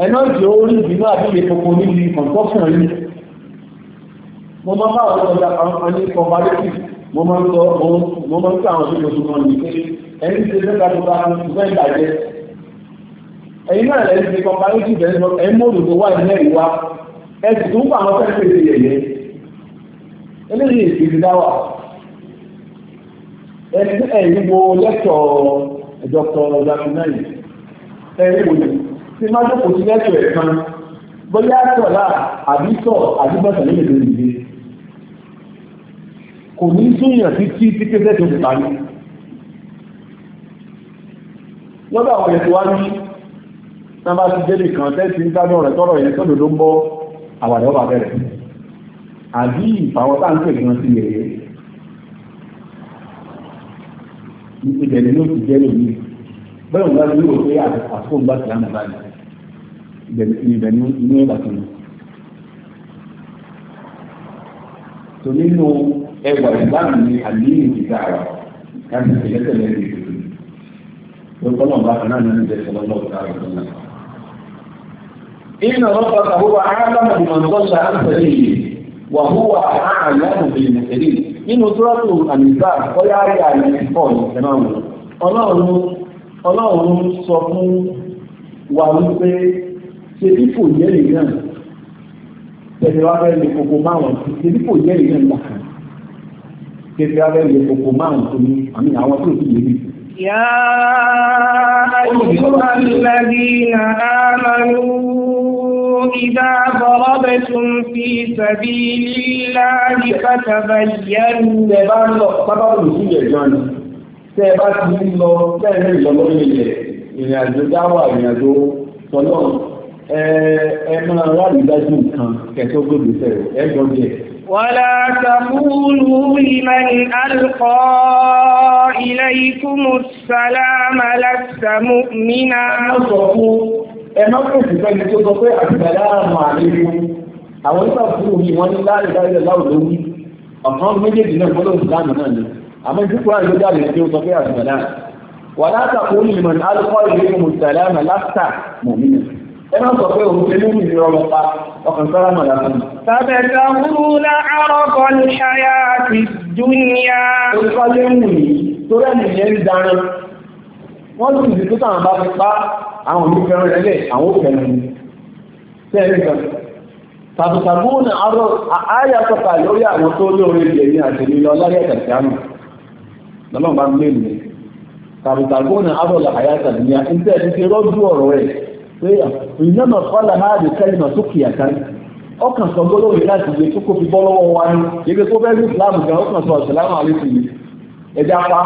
ẹ náà jọ orí ìbínú àbílẹ̀ kọ̀ọ̀kan níbi kọ̀ǹtọ́kùnrin mo máa bá àwọn ọjà kan ní cooperative mo máa ń sọ mo máa ń sọ àwọn ìṣòro kan ní pé ẹni tí ṣe dáadáa tó bá ń bẹ́ẹ̀ dàjẹ́ ẹ̀yin náà lẹ́yìn ti cooperative ẹ̀ sọ ẹ̀ mọ́ òdòdó wà ní ẹ̀rí wa ẹ̀ sì tún fún àwọn fẹ́ẹ́ pèsè yẹ̀yẹ́ eléyìí ìṣèlú dá wà ẹ̀yin wo lẹ́tọ̀ dr jagunnayi ẹ̀yin wo ni tí má jókòó sí lẹ́tọ̀ ẹ̀ kan bóyá tọ̀lá àbí tọ̀ àbí bọ̀tà nílẹ̀ lónìí kò ní súnyàn títí tí kéde tó ti parí lọ́dọ̀ àwọn ètò wá ní nàbà ti délé kan tẹ́sí ń dájọ́ rẹ̀ tọ́rọ̀ yẹn tọ́dọ̀ ló ń bọ́ àwàdà ọba bẹ̀rẹ̀ àbí ìfàwọn tá à ń pè gan sí yẹ̀yẹ́ ìpìlẹ̀ ni yóò ti jẹ́ lómi bẹ́ẹ̀ nígbà tí yóò pé àkókò ńgbà tí a nà báyìí ìbẹ̀ ni inú ẹ̀ bàtà ni. nínú ẹwà ìbámu ní àdéhùn ìdá wa láti tẹ̀lẹ́tẹ̀lẹ́ ní ìlú lọ́kọ́ náà bá kan náà nínú ìjẹ́ sọ̀rọ̀ lọ́wọ́ ká lọ́wọ́ náà. إن ربك هو أعلم بمن ضل عن سبيله وهو أعلم بالمهتدين nínú túrọ́tù àmìgbà bóyá rí àyè pọ̀ ìtẹ́náwó ọlọ́run ọlọ́run sọ fún wa wípé ṣe bí kò yẹ́rìí náà tẹ̀lé wá fẹ́ lè ṣe bí kò yẹ́rìí náà gbà kéde abẹ́ lè koko márùn tó ní àmì àwọn tó ti yébi. Yá ayyuhalladhina amanu idha darabtum fi sabilillahi fatabayyanu. Tẹ́ bá ń lọ pápá kò sí ilẹ̀ gan ni. Tẹ́ bá ti ń lọ tẹ́lẹ̀ ìlọ́lọ́ ilẹ̀ ìrìn àjò dáwà ìrìn àjò tọ́lọ́ ẹ ẹ máa rárá ìdájú nǹkan kẹ̀kẹ́ gbòdò sẹ́yìn ẹ gbọ́dọ̀ ولا تقولوا لمن ألقى إليكم السلام لست مؤمنا àwọn nípa fún mi wọn ní láàrin láàrin láwùjọ wí ọ̀kan méjèèjì náà gbọ́dọ̀ ìsìláàmù náà ni àmọ́ ìdúkùú àìló jáde tí ó sọ pé àgbàlá wà látàkùn ìmọ̀ alùpàá ìlú mùsàlámà láfta mọ̀mínà ẹ má sọ pé òun ṣe nínú ìlú ọmọ pa ọkàn sára mọ̀ lásán. Sàbẹ̀tà wúlá àrọ́kọ̀ ní ṣáyà àti dúníyà. Olùkọ́lé ń wù yìí torí ẹnìyẹn ń dáná. Wọ́n sì ti tó sàn bá ti pa àwọn òbí fẹ́ràn rẹ̀ lẹ̀ àwọn òkèèrè ni. Sẹ́ẹ̀rì kan. Tàbùtàbù ní àárọ̀ àáyá sọ̀kà lórí àwọn tó lóore ìdè ní àtẹ̀lé lọ láyé kàtíánù. Lọ́lọ́run bá pé ìnáma kọ́lá máa lè kẹ́lí mà sókè àtàn ọkàn sọ gbólóhùn yìí láti yẹ kókó fi bọ́ lọ́wọ́ wa ni yẹ kó bẹ́ẹ̀ ní ìsìlámù gan ọkàn sọ ìsìlámù àlékún yìí ẹja pa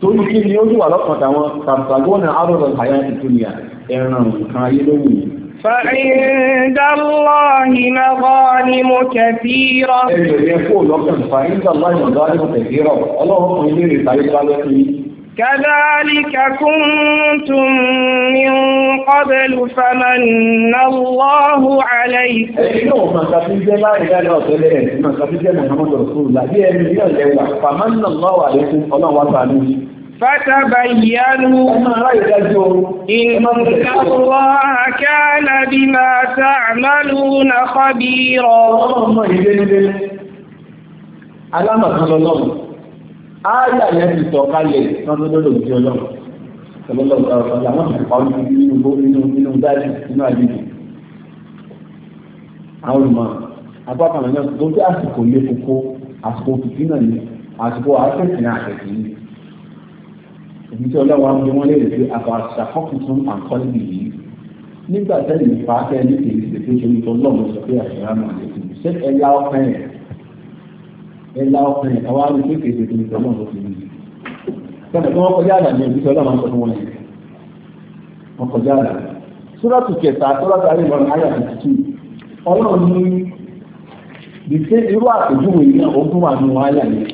torí kí ni ó ní wà lọ́kàn táwọn tàbùtàgọ́nà àròrò àyà ìtúnyà ẹran nǹkan ayé lówù yìí. فعند الله مظالم كثيرة. إيه يقول لك فعند الله مظالم كثيرة. الله هو يدير الطريقة التي كذلك كنتم من قبل فمن الله عليكم فمن الله عليكم فتبينوا إن الله كان بما تعملون خبيرا ááyà yẹn ti sọ kalẹ̀ lọ́dọọdọ́ ìjọ náà lọ́dọọdọ́ ọ̀sán àwọn ti pa ojú nínú nínú nínú dáàbì nínú àdìgbò àwọn olùmọ̀ apákan náà tó bí àsìkò lé koko àsìkò fìfín náà ni àsìkò àtẹ̀sìn àtẹ̀sìn ni èyí tí ọlọ́wọ́ á ń bí wọ́n lè rí pé àbàṣà fọ́kùtún àkọ́lé yìí nígbà tẹ́lẹ̀ nípa tẹ́lẹ̀ ní kèrè ṣètò ìṣòro tó lọ́mọ sọ pé àṣírà ẹ la ọkùnrin ẹ̀ka wá rí pé kèsì tó ní sọ náà ló ti rí. Sọ́dọ̀ tí wọ́n kọjá àlà ní ìbísọ̀ ọlọ́run máa ń sọ fún wọn yẹn. Wọ́n kọjá àlà. Sọ́dọ̀tù kẹta sọ́dọ̀tù àríwọ̀n ayà tuntun. Ọlọ́run ní ìṣe irú àpèjúwe náà ó fún wa nù ayà yẹn.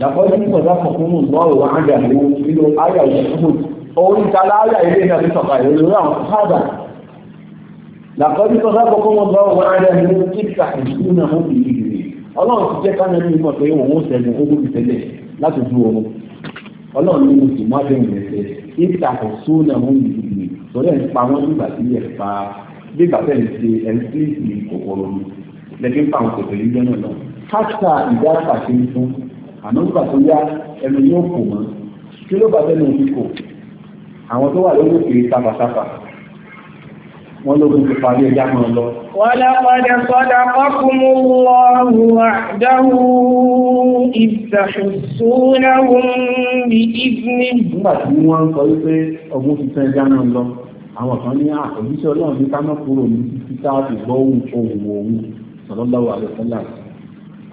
Yàtọ̀ ní sọ̀dọ̀ fọ̀kúnmù lọ́rùn wa ága ìlú nínú ayà òṣèlú. Òun ìtàlá ayà ilé náà ti sọ̀kà ìròyìn àwọn sábà لقد صدقكم الله وعده إذ تحسونه به ọlọ́run ti jẹ́ káná ní ìmọ̀ pé òun ó sẹ́gun ó gbóbi tẹ́lẹ̀ láti ojú oorun ọlọ́run ní mo sì má bẹ́ẹ̀ rẹ̀ sẹ́ ìta kò sóònà mú mi ìdìbò sọ́dọ̀ ń pa wọ́n nígbà tí ẹ̀ pa bíbà bẹ́ẹ̀ ṣe ẹ̀ńtíìsì kòkòrò mi lẹ́gbẹ́ ń pa àwọn kòkòrò yìí lọ́nà náà káṣíkà ìdáàbà ṣe ń fún àmọ́ nígbà tó yá ẹnu yóò kò mọ́ kí ló bá bẹ́ẹ̀ ní òfin kò àwọn tó wà lórí òkè sáfàsáfà wọ́n lókun ti parí ẹjá kan lọ. ولقد صدقكم الله وعده إذ تحسونهم بإذنه. nígbà tí wọ́n ń sọ wípé ọgbọ́n ti tán ẹjá náà lọ àwọn kan ní àkọ́jíṣẹ́ ọlọ́run ní ká má kúrò ní títí tá a ti gbọ́ ohun ohun òun sọlọ́láwọ̀ àlọ́sọ́là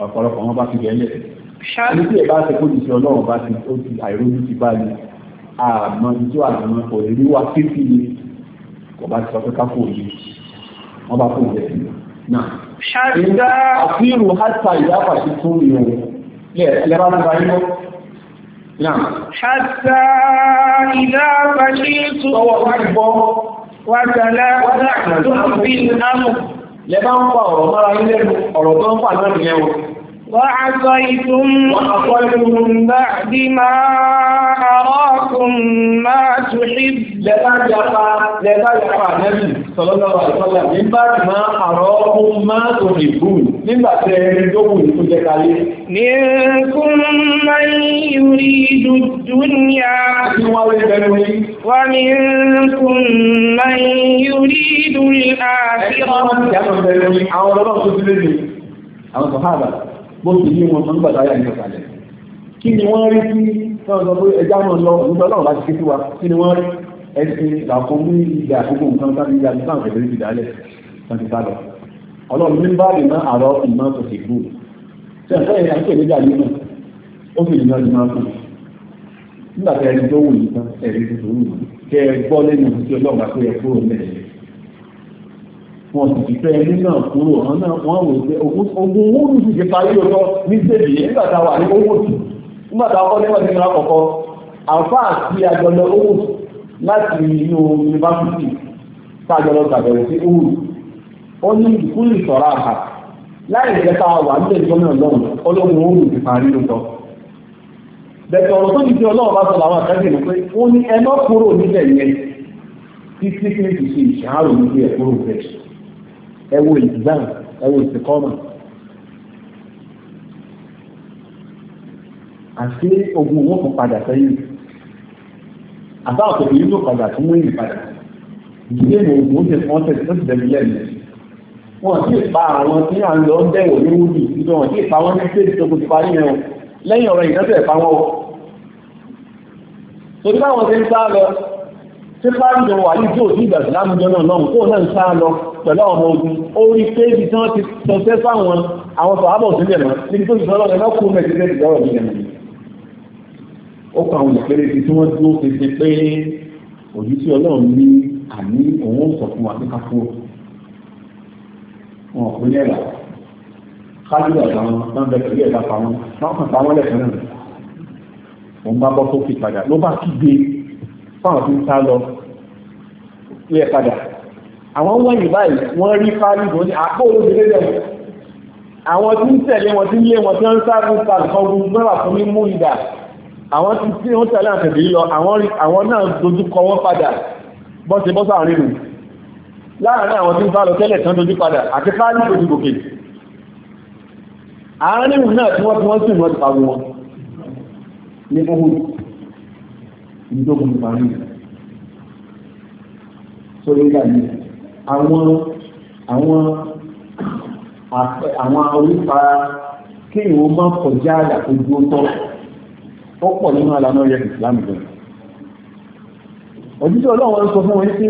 ọ̀pọ̀lọpọ̀ kò bá ti sọ pé káfó òye wọ́n bá fún ìjẹ́ náà. ṣáàtà àfihàn hàtà ìyáfà ti tún ìwò lẹ́bàá náà báyìí lọ. Ṣáàtà ìdáfà ṣe tún ọwọ́ wá gbọ́ wá tẹ̀lé wá bí náà. Lẹ́bàá ń pa ọ̀rọ̀ mọ́ra ilé ọ̀rọ̀ tó ń pa náà nìyẹn wọn. وعصيتم من بعد ما أراكم ما تحب لقد يقع لقد النبي صلى الله عليه وسلم من بعد ما أراكم ما تحبون من بعد تهدون كنت عليه منكم من يريد الدنيا ومنكم من يريد الآخرة. أنا أقول لك أنا bó ti ní wọn sọ́n gbàdá yà ní ọ̀sàlẹ̀ kí ni wọ́n rí sí náà sọ pé ẹja náà lọ òwúrọ̀ náà láti ké sí wa kí ni wọ́n rí ẹsìn làkún ní ìgbà àkókò nǹkan sábì ìgbà nǹkan àgbẹ̀rẹ̀ ti dálẹ̀ wọn ti sábà ọlọ́run ní báàlì náà àrọ ìmọ̀ kò sì gbù tí a àti ìgbà wọn sì ti fẹ́ ẹni náà kúrò wọn náà wọn wò pé ogun owó sì ti parí ọjọ́ ní sèbí yẹn nígbà tá a wà ní owó tù nígbà tá a kọ́ nígbà tí mo rà kọ̀kọ́ àǹfààní àti àjọlọ owó tù láti inú yunifásitì tá a jọlọ gbàgbẹ̀rẹ̀ sí owó ó ní ìkúlù sọ̀rọ̀ àbà láì jẹ́ tá a wà nílé ìjọba náà lọ́wọ́ ọlọ́run owó ti parí ọjọ́ bẹ̀tẹ̀ ọ̀rọ̀ tó ti di ọlọ́run bá sọ làwọn àtẹ́jì ni pé ó ní ẹ má kúrò níbẹ̀ yẹn títí kí ní ti ṣe ìṣàárò níbi ẹ̀kúrò bẹ́ẹ̀ ẹ wo ìdìbàn ẹ wo ìsìnkọ́mà. àti ogun owó kan padà sẹ́yìn àbá òkòtò yìí tó padà tó mú ìrìn padà ìdílé mi ogun oúnjẹ kan tẹ̀sí tó ti dẹ̀bi lẹ́nu wọn sì pa àwọn tí à ń lọ ń bẹ̀wò ní wúdì nígbà wọn sì pa wọn ní stéèdì tó kò ti parí yẹn o lẹ́yìn ọ̀rọ̀ ìdájọ́ ẹ̀ pa wọn o torí báwọn ti ń sá lọ ṣé fáńdọ wà yìí tí ò sí ìgbà ìsìlámù jọ́nà náà kó náà ń sá lọ pẹ̀lú ọmọ ogun ó rí pé ibi tí wọ́n ti sọ̀tẹ́ fáwọn àwọn sọ̀hábọ̀ sílẹ̀ mọ́ níbi tó ti sọ́lọ́ ẹ̀ lọ́kùn mẹ́tẹ́tẹ́ ti dọ́rọ̀ nílẹ̀ mọ́. ó kọ àwọn ìpele tí wọ́n dúró fèsì pé òjú tí ọlọ́run ní àní òun ò sọ fún wa pé káfó wọn kò ní ẹ̀rà kájú àtàwọn náà bẹ pẹ̀lú ẹ̀dá pa wọn náà kàn pa wọn ló yẹ padà àwọn wọ̀nyí báyìí wọ́n rí fárígò ní àpò olóbìnrin lẹ́yìn àwọn tí ń tẹ̀lé wọn tí ń lé wọn tí wọ́n ń sáré ń sáré kan gbogbo mẹ́wà fún ní mú ìdá àwọn tí tí wọ́n tẹ̀lé àtẹ̀lé lọ àwọn náà dojú kọ wọ́n padà bọ́sẹ̀ bọ́sẹ̀ àárín nù láàárín àwọn tí ń sáré tẹ́lẹ̀ tán dojú padà àti fárígò ti gòkè àárín náà tí wọ́n fi wọ́n sì wọ́n ti pariwo wọn ní ohun ìdókòwò pariwo sórí ìgbàlè àwọn àwọn àwọn orípa kéèyàn ó máa kọjá àlà tó dúró tọ́ ó pọ̀ nínú àlànà rẹ̀ ìsìlámù gan. òjíṣẹ́ ọlọ́run sọ fún wọn pé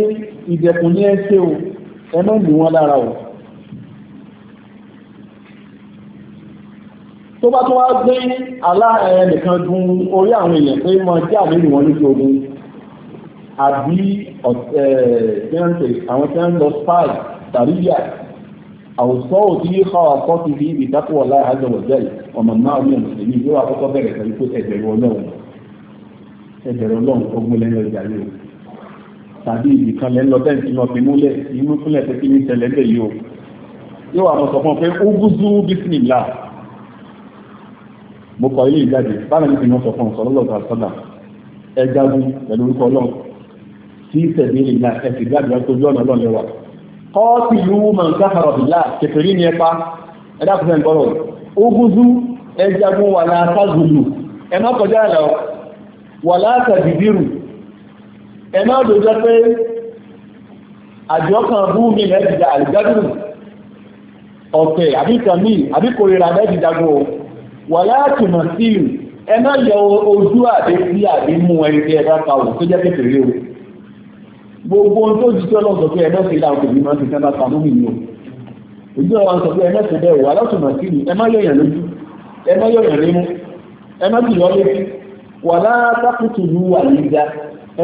ìdẹ̀kùn ní ẹ ṣe o ẹ má lù wọn lára o. tó bá tó wá gbé alá ẹ nìkan dun orí àwọn èèyàn pé mo jẹ́ àlejò wọn lójú ogun àbí àwọn tí wọ́n ń lọ spy sàríyà àwùsọ òtí yìí kọ́ ọkọ́ ti fi ibi ìtàkùn ọ̀la àjọwọ̀jẹ́ ọmọ náà ní mùsùlùmí yóò àkọ́kọ́ bẹ̀rẹ̀ pẹ̀lú pé ẹ̀bẹ̀rẹ̀ ọlọ́run ẹ̀bẹ̀rẹ̀ ọlọ́run ọgbọ́n lẹ́yìn ọjà yìí tàbí ibì kan lẹ́nu lọ bẹ́ẹ̀ tí wọ́n fi múlẹ̀ inú fúnlẹ̀ pé kí ní tẹ̀lé bẹ́ẹ̀ yìí o yóò àwọn sọ fún ọ pé uguzu bisimilá mo kọ ilé ìjáde báyìí ni mo sọ fún ọ sọ lọ́lọ́ sí ìtẹ̀lé ìlà ẹ̀sìn gbàgbà tó jọ́nà lọ́lẹ̀ wa kọ́ọ̀tì ìlú man káfàrọ̀ bìlá kẹfẹ́rí ni ẹpa ẹ̀dá fúnfẹ́ gbọ́rọ̀ ogunzu ẹjagun wà láta zulu ẹ má kọjá àlọ́ wà láta dìdírù ẹ má dòjọ́ pé àjọ kan bú mi lẹ́dìdà àlìjádùn ọ̀tẹ̀ àbí kàmí àbí kòrìrà lẹ́dìdàgbò wà láti sí ẹ má yọ ojú àdé sí àdé mú ẹni gbogbo ohun tó jíjọ́ lọ sọ pé ẹ mẹ́sẹ̀ ìlà òkè mi máa ń fi sábà pa lómi ni wa sọ pé ẹ mẹ́sẹ̀ bẹ́ẹ̀ wà lọ́sùnmọ̀ sí ni ẹ má yọ̀yàn lójú ẹ ẹ má létí wà látàkùtù ẹ má fà ẹ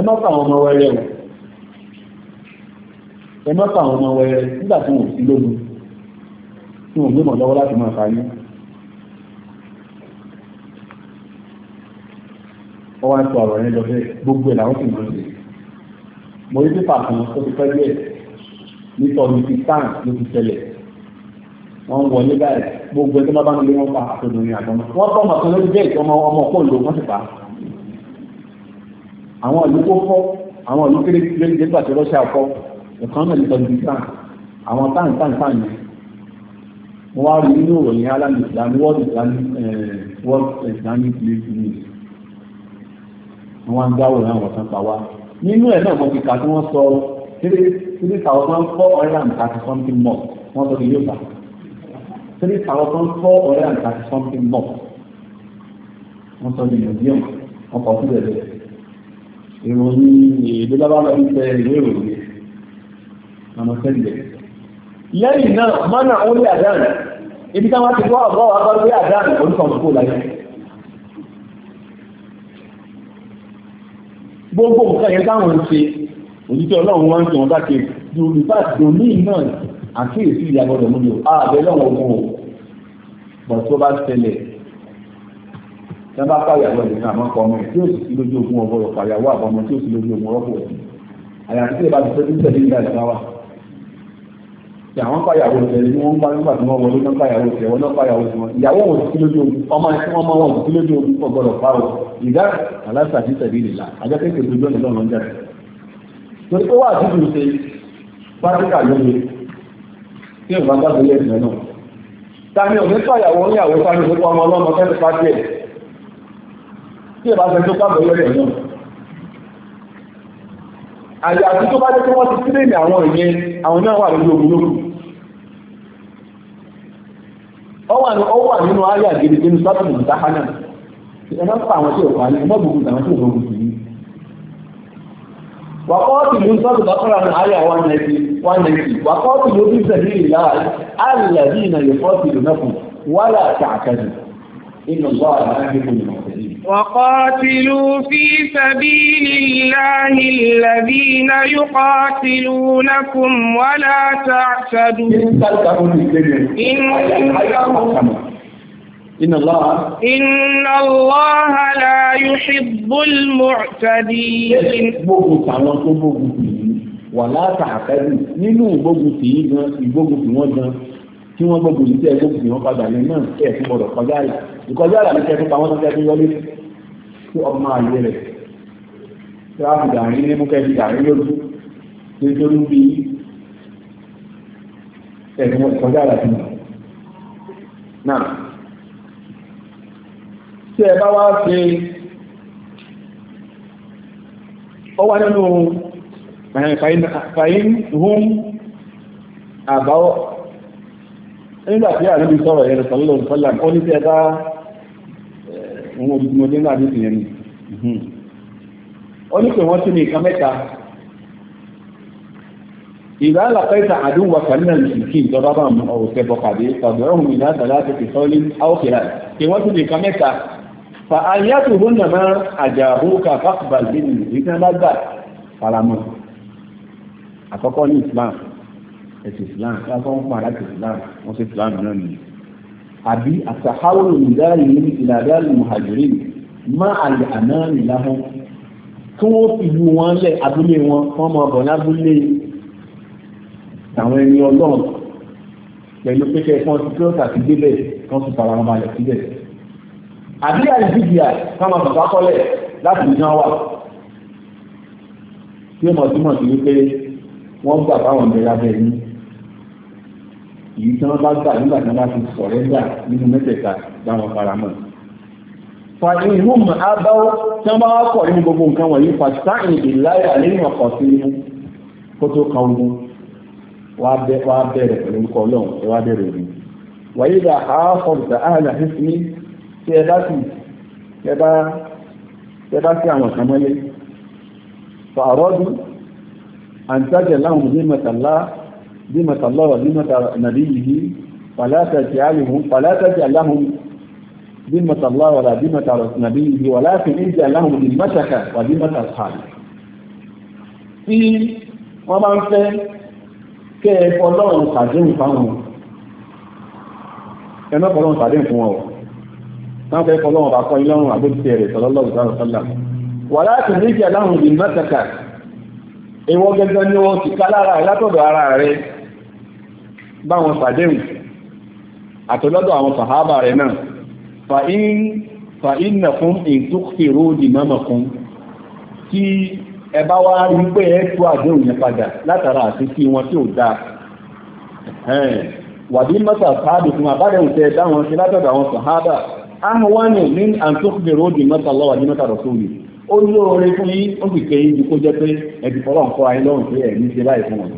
má fà ọmọ wẹrẹ nígbà tí wọn ò sí tí wọn ò gbé mọ̀ lọ́wọ́ láti máa fà yín. ọ̀rọ̀ yẹn lọ mo rí pípà kan tó ti pẹ́ díẹ̀ nítorí ti tán ló ti tẹ̀lẹ̀ wọ́n ń wọlé báyìí gbogbo ẹni bá bá mi lé wọn pa àtòdòrin àtọmọ wọn bá ọmọ kan lórí jẹ́ ìtọ́mọ ọmọ pọ̀ lò wọ́n sì pa àwọn ìlú kó fọ́ àwọn ìlú kéré kéré nígbà tí rọ́ṣà kọ́ ẹ̀kan náà nítorí ti tán àwọn tán tán tán yẹn mo wá rí nínú ìròyìn alam islam world islamic world islamic eh, league news wọ́n wá ń dáwọ̀ náà wọ́n tán pa wá nínú ẹ̀ náà mo fi kà tí wọ́n sọ three three thousand four hundred and thirty something more wọ́n sọ ìlú ìgbà three thousand four hundred and thirty something more wọ́n sọ ìlú ìdíyàn wọ́n sílẹ̀ lẹ̀ ìròyìn èdè lábára ń tẹ ìwé ìròyìn àmọ́ sẹ́lẹ̀. lẹ́yìn náà mọ́nà ó lé àdáni ibi táwọn ti kọ́ àbọ̀ àbá lórí àdáni orúkọ òkú láyé. gbogbo nǹkan yẹn táwọn ń ṣe òjíṣẹ́ ọlọ́run wọn ń ṣe wọn bá ṣe yorùbá dòní náà àkíyèsí ìyàgbọ́dọ̀ mú yòó ààbẹ lọ́wọ́ ogun o bọ̀ tó bá ṣẹlẹ̀ tẹ́ bá pàyàwó ẹ̀ nínú àmọ́ kọ́ ọmọ ẹ̀ tí ó sì sí lójú ogun ọ̀bọ̀rọ̀ pàyàwó àbọ̀mọ tí ó sì lójú ogun ọ̀rọ̀ pọ̀ àyàfi tí ìbá ti fẹ́ àwọn fàyàwó tẹ ní wọn bá nígbà tí wọn wọlé náà fàyàwó tẹ wọn náà fàyàwó tẹ wọn ìyàwó wọn sí lójú omi ọmọ ẹ tí wọn máa wọn sí lójú omi ọgbọdọ pa o ìdá aláṣà ti tẹbi nìlá ajẹkẹkẹ tó jọni lọrùn jẹ torí pé wàá dúdú ṣe pátíkà lóye tí nǹkan bá gbélé ẹsẹ náà tani òní fàyàwó níyàwó sáré fún ọmọ ọlọmọ fẹẹ pàṣẹ tí ìbáṣẹ tó pàgbélé ẹsẹ náà a àti tó bá jẹ́ pé wọ́n ti tírèèmì àwọn ìyẹn àwọn náà wà ogun ọ wà nínú ayé àgbègbè nínú sátìmù ìdáhánà ẹ máa ń pa àwọn tí ò parí ẹ gbogbo àwọn tí ò gbogbo sí i wàkọ́ọ̀tì ló ń sọ́dọ̀ bàkọ́rà ní àyà bí ìlà ìnà lónàkùn wàlà inú وقاتلوا في سبيل الله الذين يقاتلونكم ولا تعتدوا إن الله إن الله لا يحب المعتدين ولا تعتدوا tí wọ́n gbogbo yìí tẹ́ lóṣù wọn padà yẹn náà tẹ́ ẹ̀ fún gbọdọ̀ kọjá rẹ̀ ìkọjá rẹ̀ àti kẹfí pamọ́ tó kẹfí wọlé sí ọmọ àyè rẹ̀ tí wọ́n á fi dàrí ní mú kẹfí dàrí lójú nítorí bí ẹ̀fún ìkọjá rẹ̀ fún náà. tí ẹ bá wá ṣe ọ wá nínú fàyín hún àbáwọ̀ nígbà tí àrùn mi sọ̀rọ̀ yẹn sọ̀rọ̀ lọ́dún sọ́là ó ní tí ẹ bá òun olùdímọ̀ dé náà nídìí yẹn ni hmm. ó ní pé wọ́n tún ní nǹkan mẹ́ta ìdá àlàkẹ́ta àdúgbò kàmínà lùsìkì ìjọba bá mú ọ̀rọ̀kẹ́ bọ̀kàdé tàbí ọ̀hún ìdá àtàlá ti fi sọ́ọ́lì áwòkèrà kí wọ́n tún ní nǹkan mẹ́ta fa ayatu hunna ma ajabu ka faqbal bin ìdí tí bá gbà faramọ́ àkọ́kọ́ ní Islam ẹ̀sìn islam káfọ́n ń padà sí islam wọ́n sí islam náà nìyí. àbí àtàháwòrò ìdárí ní ìlàdárí muhajiri má àlè àná nìláhùn kí wọ́n fi lu wọn lẹ̀ abúlé wọn fọ́n mọ ọ̀bọ̀ lábúlé àwọn ẹni ọlọ́run pẹ̀lú pẹ́kẹ́ kan ti kí ó tà sí débẹ̀ kan sì fara wọn balẹ̀ síbẹ̀. àbí àìsídìí à káwọn bàbá kọ́lẹ̀ láti ìjọ wà tí ó mọ̀ túmọ̀ sí wípé wọ́n gbà báwọn bẹ̀rẹ̀ abẹ́ yín èyí tí wọ́n bá gbà nígbà tí wọ́n bá fi sọ̀rẹ́dà nínú mẹ́tẹ̀ẹ̀ta báwọn faramọ́. fàyín hùm abáwọ́ tí wọ́n bá wá kọ̀ nínú gbogbo nǹkan wọ̀nyí fàṣítáìn ìláyà lẹ́yìn ọkọ̀ sí inú kó tó kan ogun wàá bẹ̀rẹ̀ pẹ̀lú orúkọ ọlọ́run ẹ wá bẹ̀rẹ̀ òní. wàyí dà áfọ̀dà áhàlà fífi tí ẹ bá sì ẹ bá ẹ bá sí àwọn kan mọ́lé fàrọ́dún àǹtájà láwọn onímọ̀tàlá ذمة الله وذمة نبيه فلا تجعلهم فلا تجعل لهم ذمة الله ولا ذمة نبيه ولكن اجعل لهم ذمتك وذمة الخالق. tí wọ́n bá ń fẹ́ kẹ́ ẹ fọlọ́run ṣàdéhùn fáwọn ẹ má fọlọ́run ṣàdéhùn fún wọn o wọ́n fẹ́ fọlọ́run bá kọ́ ilé ọ̀run àgbẹ̀tẹ̀ rẹ̀ sọlọ́lọ́run sọlọ́run sọlọ́run. wàhálà tí níjẹ̀ láwọn ìdí mẹ́tẹ̀ẹ̀kà ìwọ gẹ́gẹ́ ni wọ́n ti ká lára ẹ̀ látọ̀dọ̀ ara rẹ̀ ba sàdéhùn àtọ́lọ́dọ̀ àwọn sàhábà rẹ̀ náà fa iná fún ìtúkìrò ìmọ̀mọ̀ kan tí ẹ wá rí pé ẹ tó àdéhùn yẹn padà látara àti sí wọn tí ò dáa wàbí mọ́tà sáàbì fún abárẹ̀hùn tẹ dáwọn sí látọ̀dọ̀ àwọn sàhábà ahùwánì ní àtúkìrò ìmọ̀tà lọ́wọ́ ní mọ́tà lọ́sùn mi ó lóore fún yín ó sì kẹ́ ju kó jẹ́ pé ẹ̀dùn fọlọ́ ayé lọ́rùn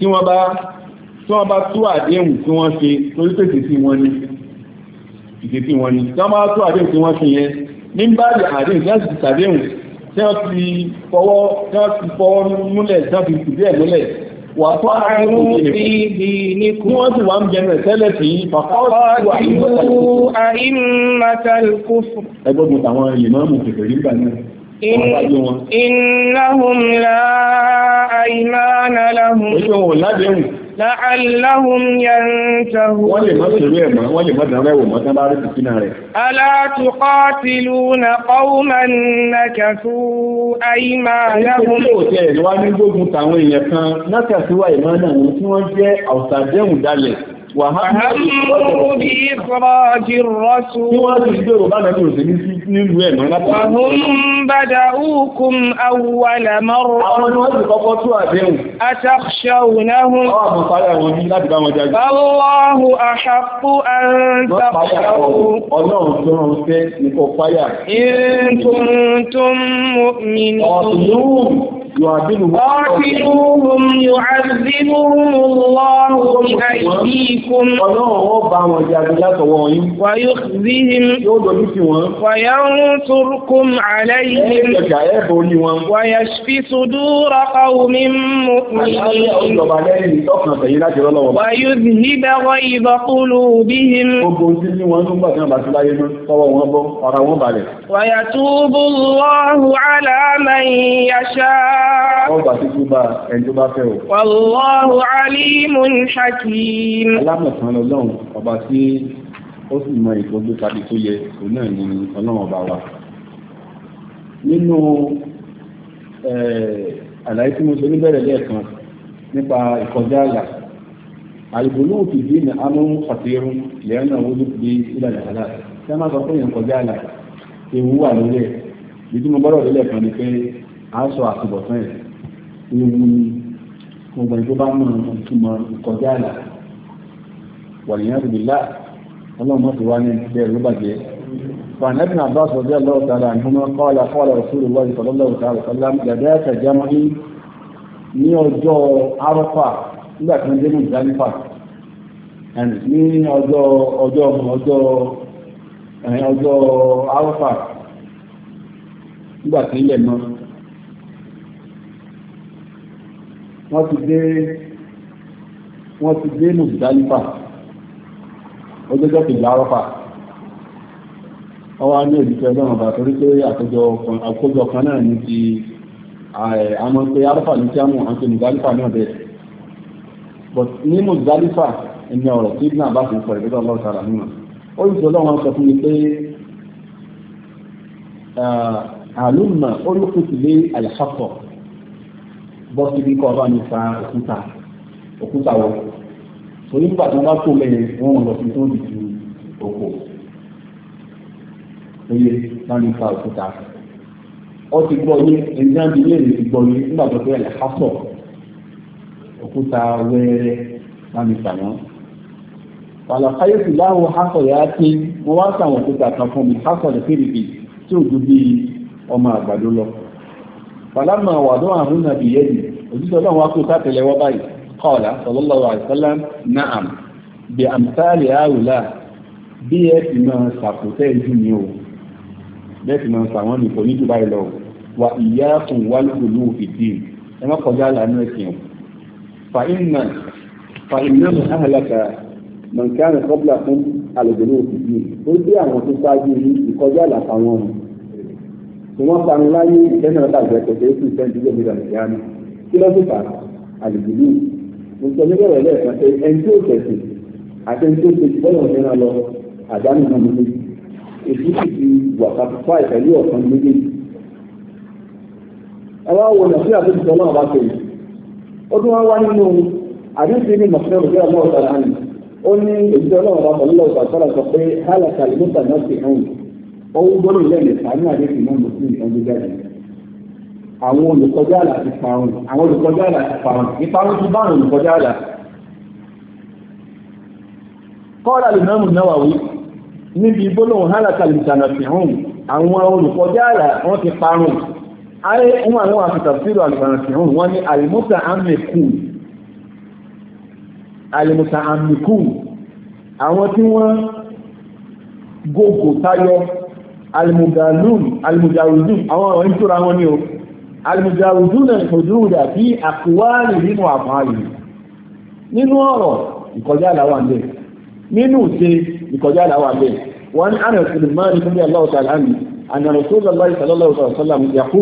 tí wọ́n bá tí wọ́n bá tú àdéhùn tí wọ́n ṣe torí pèsè sí wọn ni ìdètí wọn ni tí wọ́n bá tú àdéhùn tí wọ́n ṣe yẹn ní báyìí àdéhùn tí wọ́n ti tàdéhùn tí wọ́n ti fọwọ́ tí wọ́n ti fọwọ́ múlẹ̀ tí wọ́n ti fìdí ẹ̀ múlẹ̀ wà tó àrùn bí wọ́n ti wà ń tẹ́lẹ̀ sí fàkọ́ọ̀tù àìmọ̀tàlùkù ẹgbẹ́ إنهم لا أيمان لهم لعلهم ينتهون wọ́n lè má ṣerú ẹ̀ wọ́n lè má dánrẹ́ mọ́ tán bá rí fìtínà rẹ̀. ألا تقاتلون قوما نكثوا أيمانهم. ṣé òtí ẹ̀ ni ní gbógun tàwọn èèyàn kan náà kàṣíwá ìmọ̀ náà tí wọ́n jẹ́ àwùsàdéhùn dalẹ̀. وهم بإخراج الرسول وهم بدأوكم أول مرة أتخشونهم فالله أحق أن تخشوه إن كنتم مؤمنين قاتلوهم يعذبهم الله بأيديكم ikún. ọlọ́run ó bá wọn jáde látọwọ́ yín. wà yóò rí him. yóò dojú sí wọn. wà yà ń turkum aláìhí. ẹ jẹjà ẹ borí wọn. wà yà fi sudúrà kàwùmí mú. àyà ó jọba lẹ́yìn ìtọ́kàn tẹ̀yìn láti rọ́lọ́wọ́. wà yóò ní bẹ́wọ́ ìbọn kúlù bí him. gbogbo ohun tí ní wọn nígbà bá ẹni tó bá fẹ́ o. wàllu alimun hakim alámọ̀tán lọ́lọ́run ọba tí ó sì mọ ìgbógbó tàbí tó yẹ òun náà ni ọlọ́run ọba wa nínú àlàyé tí mo ṣe níbẹ̀rẹ̀ lẹ́ẹ̀kan nípa ìkọjá àlà àlùbọ́lù òkìdí ní amóhùn fàtẹ́rù lẹ́yìn náà wọ́n lùkùdí ìlànà àlà tí a máa sọ pé èèyàn kọjá àlà ewu wà lórí ẹ̀ bí tí mo gbọ́dọ̀ lélẹ̀ kan ni pé a sọ àtúbọ̀tán ẹ̀ ewu ni gbogbo ẹni tó bá mọ̀ ìtumọ̀ wàlíyàn ìbílá ọlọ́run mọ́tò wá ní ìṣẹ́ ìlú bàjẹ́. فعن ابن عباس رضي الله تعالى عنهما قال قال رسول الله صلى الله عليه وسلم لذاك جمع ní ọjọ́ arọ́fà nígbà tí wọ́n dé ní ìdánifà ní ọjọ́ ọjọ́ ọjọ́ ọjọ́ arọ́fà nígbà tí ilẹ̀ mọ́ wọ́n ti dé wọ́n ti dé ní ìdánifà ó jẹ́jọ́ kìlá ọ̀fà ọwọ́ ní òdìsẹ́ ọlọ́run bá torí pé àkójọ kan náà ní ti àmọ́ pé alfa ní jámù àti mùsálífà náà bẹ́ẹ̀ but ní mùsálífà ẹni ọ̀rọ̀ tí ibùdó àbá ti sọ ìgbésẹ̀ ọlọ́run sára nínú ó yìí sọ́lọ́ wọn sọ fún mi pé àlùmọ̀ olùkùtìlé àyàfàkọ̀ bọ́sibí kọ́ ọba mi fa òkúta òkúta wọn torí nígbà tí wọ́n bá tó lẹ́yìn wọ́n lọ sí tó dìjú oko oye láti fa òkúta ọ ti gbọ́ yé ẹ̀ńdáàbí yé èyí ti gbọ́ yé nígbà tó fẹ́ ẹ̀ hásọ̀ òkúta wẹ́ẹ́rẹ́ láti fà wọ́n fàlàfáyé sì láwọn hásọ̀ yá pé wọ́n wá sàwọn òkúta kan fún mi hásọ̀ lè fèrè bì tí ò dúdú ọmọ àgbàdo lọ fàlámà wàdó àrùn nàbìyẹ́ni òjíṣẹ́ ọlọ́run wá kó sátẹ̀lẹ́wọ́ báyìí قال صلى الله عليه وسلم نعم بأمثال هؤلاء bí ẹ ti máa ṣàkóso ẹjú ni o bẹ́ẹ̀ ti máa ṣàwọn nìkan ní dubai lọ wa ìyá kùn wá lóòlù òfìdí ẹ má kọjá lànà ẹ̀sìn o fàìmà fàìmà àhàlàkà mọ̀nkánì kọ́bùlà fún àlùbọ̀lù òfìdí ó dé àwọn tó ṣáájú ní ìkọjá àlàfà wọn o tí wọ́n pa ńlá ní ìtẹ́nà bàjẹ́ pẹ̀lú èsì ìtẹ́jú ìjọba ìdàgbàsíyá ni kí ló fi fà àlùbọ̀lù òfìdí gbogbo ọjọ́ bẹ̀rẹ̀ lẹ́ẹ̀kan pé ẹni tí ó tẹ̀sí àti ẹni tí ó tẹ̀sí bọ́lá ọ̀sẹ̀ náà lọ àdánù náà ló méjì èsì sì ti wà kápá ìtẹ̀lé ọ̀kan méjì. ẹ wá wo nàìjíríà tó ti sọ náà bá tẹ̀lé ó tún wá wá nínú àdéhùn ní mọ̀sánà òkè àmọ́ ọ̀tà náà ó ní èdè ọlọ́run bá pẹ̀lú ọ̀tà sọ́ra sọ pé hálàkà ìmúta náà ti hàn ó gbọ́dọ̀ lẹ́yìn sáà ní àdéhùn náà mọ̀ àwọn olùkọjá àlà ti parun àwọn olùkọjá àlà ti parun ìparun ti bá àwọn olùkọjá àlà. kọ́ọ̀lá lùmọ́ọ̀mù Nawawi níbi gbólóhùn hálàkà lùtànà fìhùn àwọn olùkọjá àlà wọn ti parun ayé wọn àwọn àfitàfíìrò àlùtànà fìhùn wọn ni àlùmọ́tà àmẹ́kù àlùmọ́tà àmẹ́kù àwọn tí wọ́n gògò tayọ alimugalun alimugalun àwọn ọ̀rọ̀ ń tóra wọn ni o alùjáwùdúnà ìfòdúrúdà bí àkúwárì nínú àfáàlì nínú ọ̀rọ̀ ìkọjá àláwà ń bẹ̀ nínú ìṣe ìkọjá àláwà ń bẹ̀ wọ́n ní àrẹ sùlùmánì fún bí aláwọ̀ sàlá mi ànàrọ̀ tó lọ́lá ìsàlọ́lọ́ ìsàlọ́lá mi yàkú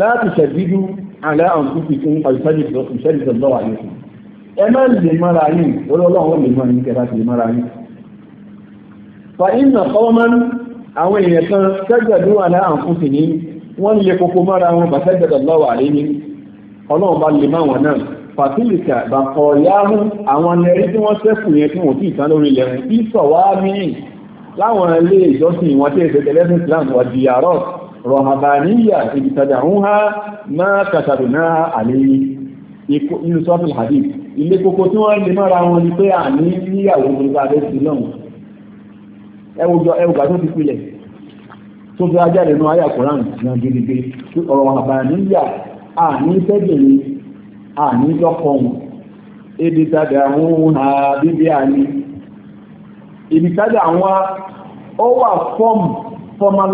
láti ṣẹ̀dídú àlẹ́ àwọn tó fi fún ìṣẹ́lẹ̀ ìṣẹ́lẹ̀ ẹ má lè mara yín olólùwọ́n lè mara yín kẹ́ bá ti lè mara yín. fa iná kọ́mọ́n àwọn èèyàn kan sẹ́gbẹ̀dúwà náà àǹfọ̀sì ní wọ́n lè koko mọ́ra wọn bàtẹ́ gbẹ̀dọ̀ lọ́wọ́ àríyí ọlọ́run bá lè máwọn náà fàtílìkà bàkọ̀ yáhùn àwọn tí wọ́n sẹ́kù yẹn tí wọ́n ti ìtàn lórí ilẹ̀ wọn kí sọ wá míì láwọn ilé ìjọsìn wọn tí èsè Islam wà di àárọ̀ rọ̀hàbàníyà ìbìtajà ń há kàtàdù náà inú ilé koko tí wọ́n lè mọ́ra wọn ni pé àní níyàwó gbogbo tó fi ajáde nínú ayé àkùrán náà gidigbe pé ọ̀rọ̀ àbáyà níyà àní fẹ́bìnrin àní lọ́kọ̀ọ̀hún ebi tàbí àwọn ohun àbíbí àní ibi tàbí àwọn ó wà fọ́ọ̀mù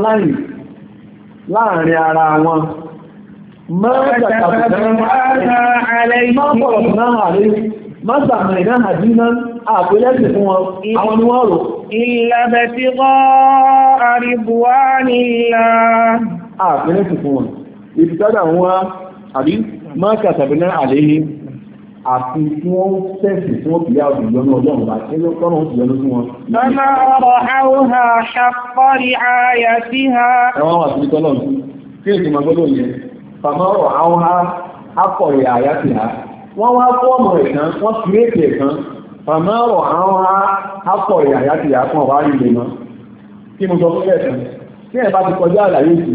láàrin ara wọn mọ́tàkàtà náà àlẹ́ Mọ́sà Mẹ́rin Àdínà àpẹẹlẹ́sì fún wọn, àwọn ni wọ́n rò. Ìlẹ̀bẹ̀ ti rọ́ àríbùwá ní ilá. Àpẹẹlẹ́sì fún wọn. Ìfìtádà wọn àbí Mọ́sà Sàbínà Àléhí àti tí wọ́n sẹ́sì tí wọ́n fìyà òdì ọlọ́run bá tí ó tọ́nà òdì yọnu fún wọn. Ẹ̀wọ̀n wà sí tọ́lọ̀ kí èsì máa gbọ́dọ̀ yẹn. Bàmọ́ ọ̀rọ̀ àwòhà akọ̀rẹ̀ ààyà sí ha wọ́n wá fọ́ọ̀mù ẹ̀kan wọ́n fi ètè ẹ̀kan màmá ọ̀rọ̀ àwọn apọ̀ ìyàyà ti yà kan wá ilé mọ́ kí mo sọ fún ẹ̀kan tí ẹ̀ bá ti kọjá àlàyé sí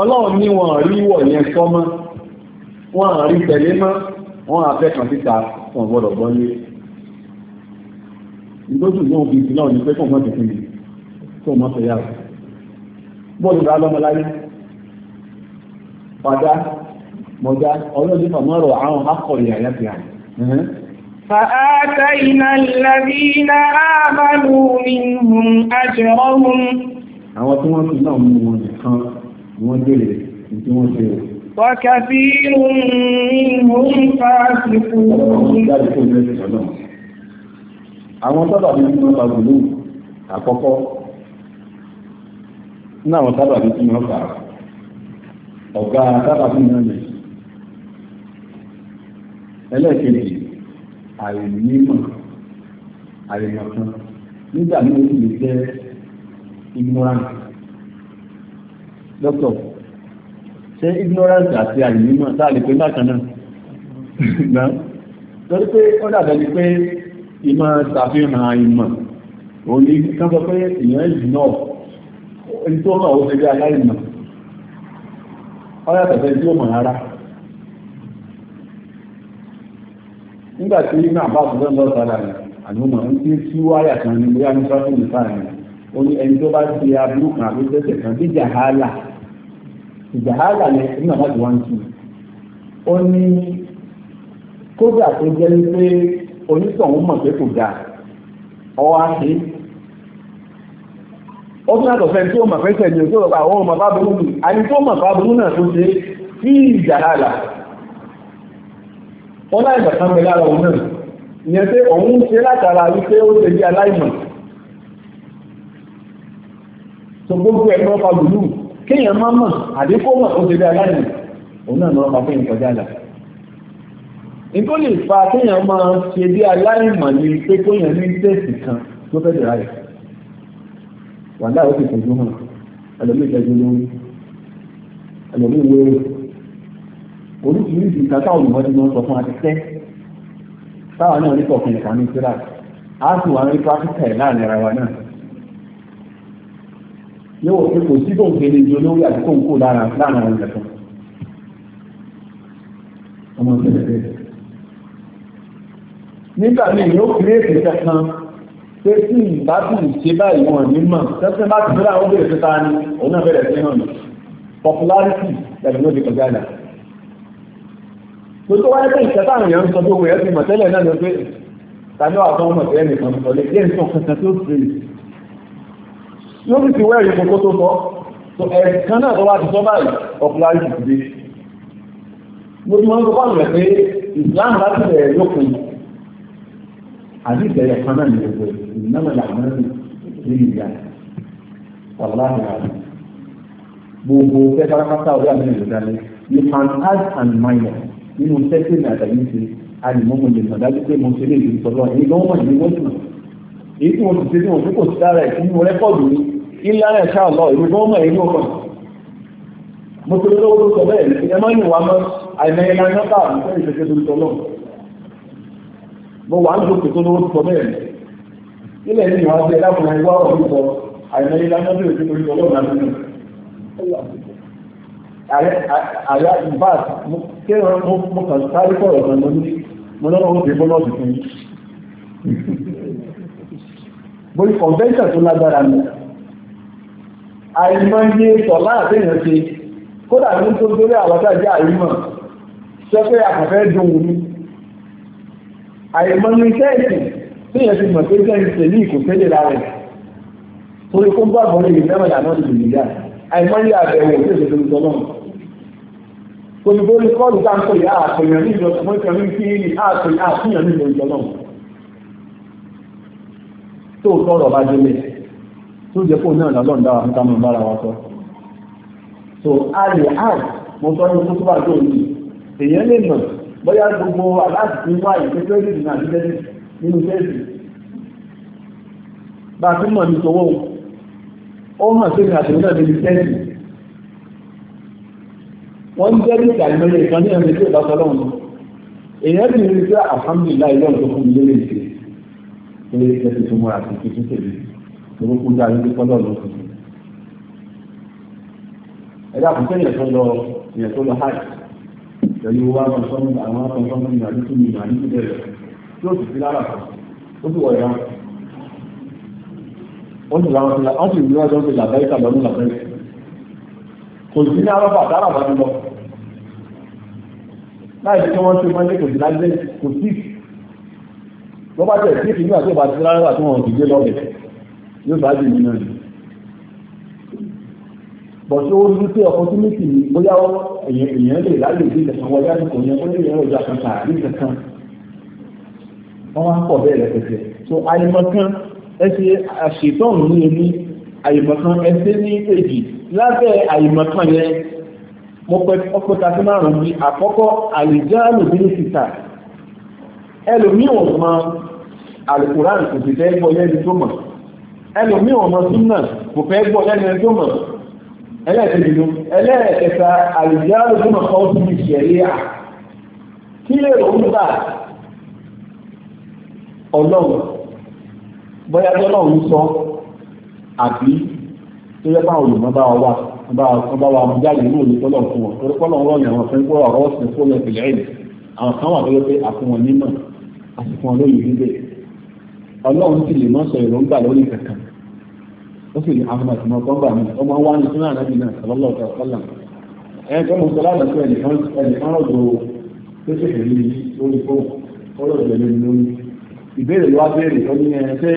ọlọ́run ní wọn rí wọ̀ yẹn sọ mọ́ wọn rí tẹ̀lé mọ́ wọn afẹ́kàn síta wọn gbọ́dọ̀ gbọ́ lé ìdójú náà bí ìpínlẹ̀ ọ̀nà pé kò mọ̀ tẹ̀sí mi kò mọ̀ tẹ̀yà bọ́ọ̀lù bá lọ́mọ láyé padà mọ̀já ọlọ́dún mọ̀mọ́ rọ̀ àwọn akọ̀rì àyàfi hàn. فآتينا الذين آمنوا منهم أجرهم àwọn tí wọ́n fi náà mú wọn nìkan wọ́n jèrè tí wọ́n ṣe o. wákàtí ìhùn fásitì. àwọn sábà bíi àwọn sábà ẹlẹ́ẹ̀kejì àìnímọ̀ àìmọ̀kan nígbà náà ó lè jẹ́ ignorant doctor ṣé ignorant àti àìnímọ̀ tá a lè pè bákan náà gbọ́n torí pé ó dàbẹ̀ ni pé ìmọ̀ ṣàfihàn àìmọ̀ òun ni kán sọ pé èèyàn yìí náà ẹni tó mọ̀ ó ṣe bí aláìmọ̀ ó yàtọ̀ tí ó mọ̀ rárá. nígbà tí ibn abbas ló ń lọ sára rẹ̀ àlùmọ̀ ń tí sí wáyà kan ní bóyá nípa fún ìfà rẹ̀ ó ní ẹni tó bá ti aburú kan àbí tẹ́sẹ̀ kan bí jàhálà jàhálà ni ibn abbas wá ń tù ó ní kódà tó jẹ́ pé onítọ̀hún mọ̀ pé kò dáa ọwọ́ á ṣe é ó tún àtọ̀fẹ́ tí ó mọ̀ fẹ́ tẹ̀lé òṣèlú àwọn ọmọ bá burú ni àyè tó mọ̀ bá burú náà tó ṣe é sí ó láìsàn kan bẹ lára òun náà ìyẹn pé òun ṣe látara wípé ó ṣe bí aláìmọ̀ tó gbogbo ẹ̀ lọ́pàá gbùlù kéèyàn má mọ̀ àdínkù mọ̀ ó ṣe bí aláìmọ̀ òun náà lọ́pàá fún ìkọjá là nǹkan lè fa kéèyàn máa ṣe bí aláìmọ̀ ni pé kéèyàn ní tẹ̀sì kan tó fẹ́ dìrà rẹ̀ wàhálà ó sì fojú hàn ẹlòmíì tẹ́jú lórí ẹlòmíì wéwèé oríṣiríṣi ìka táwọn olùmọ̀ ti máa ń sọ fún akẹ́kẹ́ táwọn náà ní kọ̀ọ̀kan ìka ní síra á sì wà ní pásítà ẹ̀ láàrin ara wa náà yóò wọ́n pé kò sí kò ń gbé ní ju olórí àti kò ń kó lára láàrin àwọn ìjọba ọmọ ìṣẹ̀lẹ̀ bẹ́ẹ̀ nígbà míì yóò kéré ètò kankan pé tí ìbá tún ṣe báyìí wọn ní mọ̀ tẹ́sán bá ti bẹ́rẹ̀ àwọn bẹ̀rẹ̀ tó ni òun náà bẹ̀rẹ̀ sí hàn popularity ẹ̀dùn ló di kọjá náà tó tó wáyé pé ìṣẹ́ táwọn èèyàn ń sọ tó wọ́n yẹn ti mọ̀ tẹ́lẹ̀ náà ló pé tàbí àwọn ọmọ ìṣẹ́ nìkan sọ lé díẹ̀ nìkan kankan tó ṣe lórí ti wẹ́ẹ̀rí kókó tó sọ tó ẹ̀ẹ̀kan náà tó wá ti sọ báyìí popularity ti dé mo ti mọ nípa pàmò rẹ̀ pé Islam láti rẹ̀ lókun àti ìbẹ̀rẹ̀ kan náà ní gbogbo ìnáwó làwọn ní ìyá you can add and minus nínú tẹ́sí ní àtàyè ṣe alìmọ́mọ́ lè mọ̀ dájú pé mo ṣe lè dùn sọ́lọ́ èyí ló wọ̀nyí wọ́n tù èyí tí wọ́n ti ṣe ní òun tí kò sí lára ẹ̀ nínú rẹ́kọ̀dù ni ilé ara ẹ̀ṣá ọ̀lọ́ èmi gan mọ̀ èmi ọkàn mo ti lówó tó sọ bẹ́ẹ̀ ni ẹ má ní wàá mọ́ àìmọye náà nọ́tà nípa ìṣẹ̀ṣẹ̀ tó ń sọ lọ mo wà á lò pé tó lówó tó sọ bẹ́ẹ̀ ni ilé ní ìwà ṣe lákùnrin wá ọ̀rọ̀ mi sọ àìmọye náà nọ́tà ìṣẹ̀ṣẹ̀ tó ń sọ lọ́ọ̀ náà nínú ààrẹ ààrẹ ìbáàsì ṣé mo kàn sáré fọ̀rọ̀ kan lọ ní mo lọ́wọ́ ó dé bọ́lọ́ọ̀dù fún yín. bóyá convention tó lágbára mi àìmọye sọ̀lá àtẹ̀yàn ṣe kódà ní tó torí àwọ̀tá jẹ́ àìmọ̀ sọ pé àkàfẹ́ dùn ún ní àìmọye iṣẹ́ ìsìn tí èèyàn ti mọ̀ pé jẹ́ ìṣèlú ìkòkèlè lára rẹ̀ torí kó ń bá àbọ̀lẹ̀ ìrìnlẹ́wọ̀n àná ìdìbò ìyá àìmọye àbẹ̀wò tó ṣe tuntun náà òyìnbó ní kọ́ọ̀lù tá à ń pè yá àpèyàn ní ìjọ ṣùgbọ́n ìkànnì ń fi ní àpèyàn àpèyàn ní ìjọ ìjọ náà tó tọrọ bá délé tó jẹ kó náà lọ́dọ̀ ń dára fún táwọn ìbára wa sọ. so a lè hàn mo sọ ní kótó bá tó yìí èèyàn lè nà bóyá gbogbo aláàtì ti wá ìpínlẹ̀ èdè náà ní tẹ́lẹ̀ nínú tẹ́lẹ̀ bá a ti mọ̀ ní sọ́wọ́ ó hàn sí ìrìnàjò náà níbi tẹ́lẹ̀ wọ́n ń jẹ́ níta ìmọ̀lẹ̀ ìkan ní ẹni tó lọ́sọ lọ́wọ́ ni èèyàn ti rí sí alhamdulillah ìlọ́run tó fún mi lélẹ̀ ìṣe lórí ìṣe ti fún mọ́ra àti tuntun tèmi lórí kú dáa lórí kọ́lọ́ lọ sí i. ẹ̀dá àkùnfẹ́ yẹn tó lọ yẹn tó lọ hajj pẹ̀lú wa kọ̀ọ̀sọ́nù àwọn akọ̀ọ̀sọ́nù ìgbà tó tún ìgbà ní ìbẹ̀rẹ̀ tí ó sì fi lára kan ó sì wọ̀ ẹ̀rọ ó sì láwọn ti wíwájú ó sì làbẹ́ ìtàlọ́nù kò sí ní arọ́bà dára wà lọ láì fi kí wọ́n ṣe mọ́lẹ́ kò sí lágbẹ́ kò sí wọ́n bá tẹ̀ sí ìfìgbà tó bá ti rárá tó wọn dìde lọ́bẹ̀ yóò bá dì nínú rẹ̀ bọ̀ tí ó rú pé opportunity ni bóyá èèyàn lè láyè bí ìtẹ̀sán wọlé àsìkò yẹn kó lè yẹn ọjà kan tààrí kankan wọ́n wá pọ̀ bẹ́ẹ̀ rẹpẹtẹ so àyèmọ̀kan ẹ ṣe àṣetọ́ọ̀nù ní ẹni àyèmọ̀kan ẹ ṣe ní èjì lábẹ́ àyèmọ̀kan yẹn mo pẹ ọpọ tàbí márùn bíi àkọ́kọ́ àlìjáàlù nínú sísà ẹlòmíì ò mọ alukuran kò sì fẹ́ gbọ́ lẹ́nu tó mọ̀ ẹlòmíì ò mọ súnà kò fẹ́ gbọ́ lẹ́nu tó mọ̀ ẹlẹ́ẹ̀kejìlú ẹlẹ́ẹ̀kẹta àlìjáàlù tó mọ̀ kọ́ sí ìṣẹ̀lẹ̀ à kí lè rò ń bà ọlọ́run bóyá tọ́lọ́run sọ àbí tó yẹ báwọn olùmọ́ bá wa wà ọba wa mú jáde nínú òní tọ́lọ̀ fún wọn torí pọ́lọ̀ ń rọ̀yìn àwọn fẹ́ kó ọ̀rọ̀ ọ̀sìn fún ọmọ ìpìlẹ̀ ẹ̀dì àwọn kan wà tó yẹ pé àfún wọn nímọ̀ àti fún wọn lóye níbẹ̀ ọlọ́run sì lè má sọ èròǹgbà lórí kankan ó sì lè àwọn àtìmọ̀ kan bà mí ọmọ wa ní súnà ànábì náà sọlọ́lọ́ ọ̀tọ̀ sọ́là ẹ̀ tó mú sọlá ìbéèrè ló wá béèrè ó ní ẹ̀ ṣé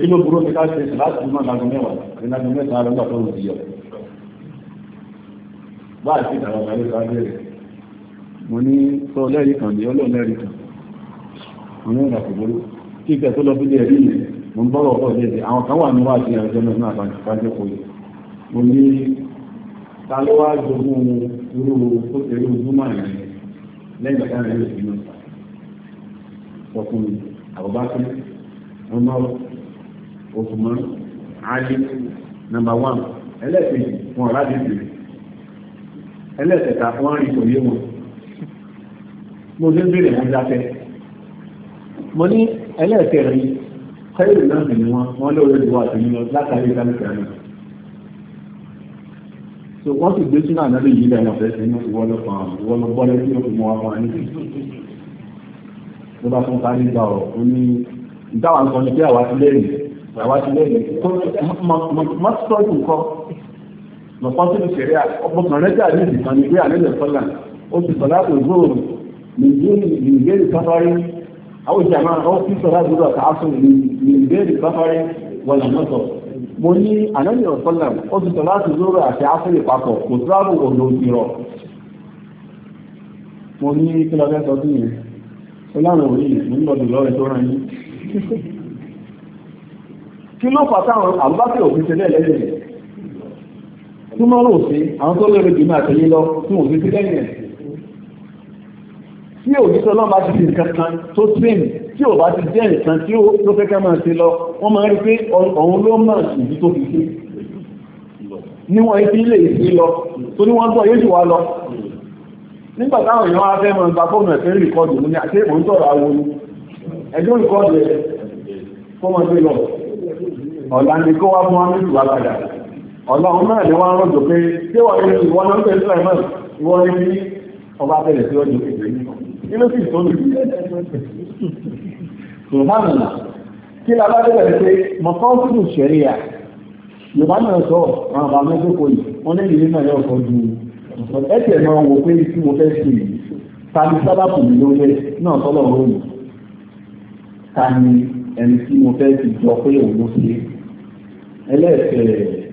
kí ló burú mi ká ṣe láti mú àgbàgbọ́ mẹ́wàá àti lágbọ́ mẹ́ta lọ́gbà tó rò sí yọ̀ bá àti ìdàwọn ọmọ ẹlẹ́ta bẹ̀rẹ̀ mo ní sọ lẹ́rìí kan ní ọlọ́run lẹ́rìí kan mo ní ìrìnàkò gbóró kí ìfẹ́ tó lọ sí ilé ẹ̀rí yẹn mo ń bọ́rọ̀ ọ̀pọ̀ ìdẹ́ẹ̀dẹ́ àwọn kan wà níwá àti ẹ̀rọ náà náà àti ìfájẹ́ kò yẹ mo ní ta ló wá jogún irú tó tẹ̀lé ojúmọ́ lẹ́yìn ìgbà táwọn ẹ̀rọ ìbínú ẹlẹ́ẹ̀kẹta wọ́n rìn kò yé wọn mo lé bèrè wọn dákẹ́ mo ní ẹlẹ́ẹ̀kẹrin kẹ́rù náà sì ni wọn wọn lóore ìwọ àti yíyan látàrí ìdánilẹ́kẹ̀ẹ́ náà so wọ́n sì gbé sínú àná lè yí lẹ́nu ọ̀fẹ́ sí inú ìwọ́lọ́pàá ìwọ́lọ́gbọ́lẹ́ tí ó fi mọ́ wọn fún wa níbi ló bá tún sáré gbà ọ ó ní ìdáwà nǹkan ni pé àwa ti lẹ́yìn àwa ti lẹ́yìn mọ́tò nǹkan lọ́pọ̀ tó ti ṣẹ̀rí ní pé àlejò sọ́là ó ti sọ̀lá tó zóòrò nìgbèrè sáfárí àwọn ìjàmá ó fi sọ̀lá zóòrò àtàásùn nìgbèrè sáfárí wọ̀nà mọ́tọ̀ mo ní àlejò sọ́là ó ti sọ̀lá tó zóòrò àti áfírí kò òdò ìrọ̀ mo ní kí lọ fẹ́ sọ sí yẹn ó láwọn òní mo lọ́dún tó rán yín kí ló fà táwọn túmọ̀ rò sí àwọn tó lérò jù máa tẹ̀lé lọ tí wọ́n sí lẹ́yìn ẹ̀. tí òjíṣẹ́ ọlọ́run bá ti di nǹkan kan tó tẹ́ẹ̀mù tí ò bá ti jẹ́ nǹkan tí ó fẹ́ ká máa ṣe lọ wọ́n máa rí pé ọ̀hún ló máa ìdí tó fi sí. níwọ̀n etí ilé ìsí lọ tó ní wọ́n gbọ́ yóò jù wá lọ. nígbà táwọn èèyàn wá fẹ́ máa gba fóònù ẹ̀fẹ́ rìkọ́dù ní àti èkó tọ̀rọ̀ awo ni ẹjọ́ rìkọ́dù kó ni kó wá fún wa méjì wá padà ọlọ́run náà ni wọ́n rọ̀jò pé ṣé wọ́n ní ìwọ náà ń pè sílẹ̀ náà ìwọ ní bí ọba bẹ̀rẹ̀ sí ọjọ́ ìgbé nínú sì tó lù. Sùhánù kí la bá débẹ̀ pé mọ̀kọ́sùn ṣẹ̀ríà Yorùbá náà sọ àwọn àbá mẹ́tòkò yìí wọ́n ní ìrírí náà yóò kọjú ẹ náà wò pé tí mo fẹ́ ṣe yìí tani sábàpù mi ló yẹ náà tọ́lọ̀ lónìí tani ẹni tí mo fẹ́ ti jọ pé òun ló ṣe ẹlẹ́ẹ̀kẹ́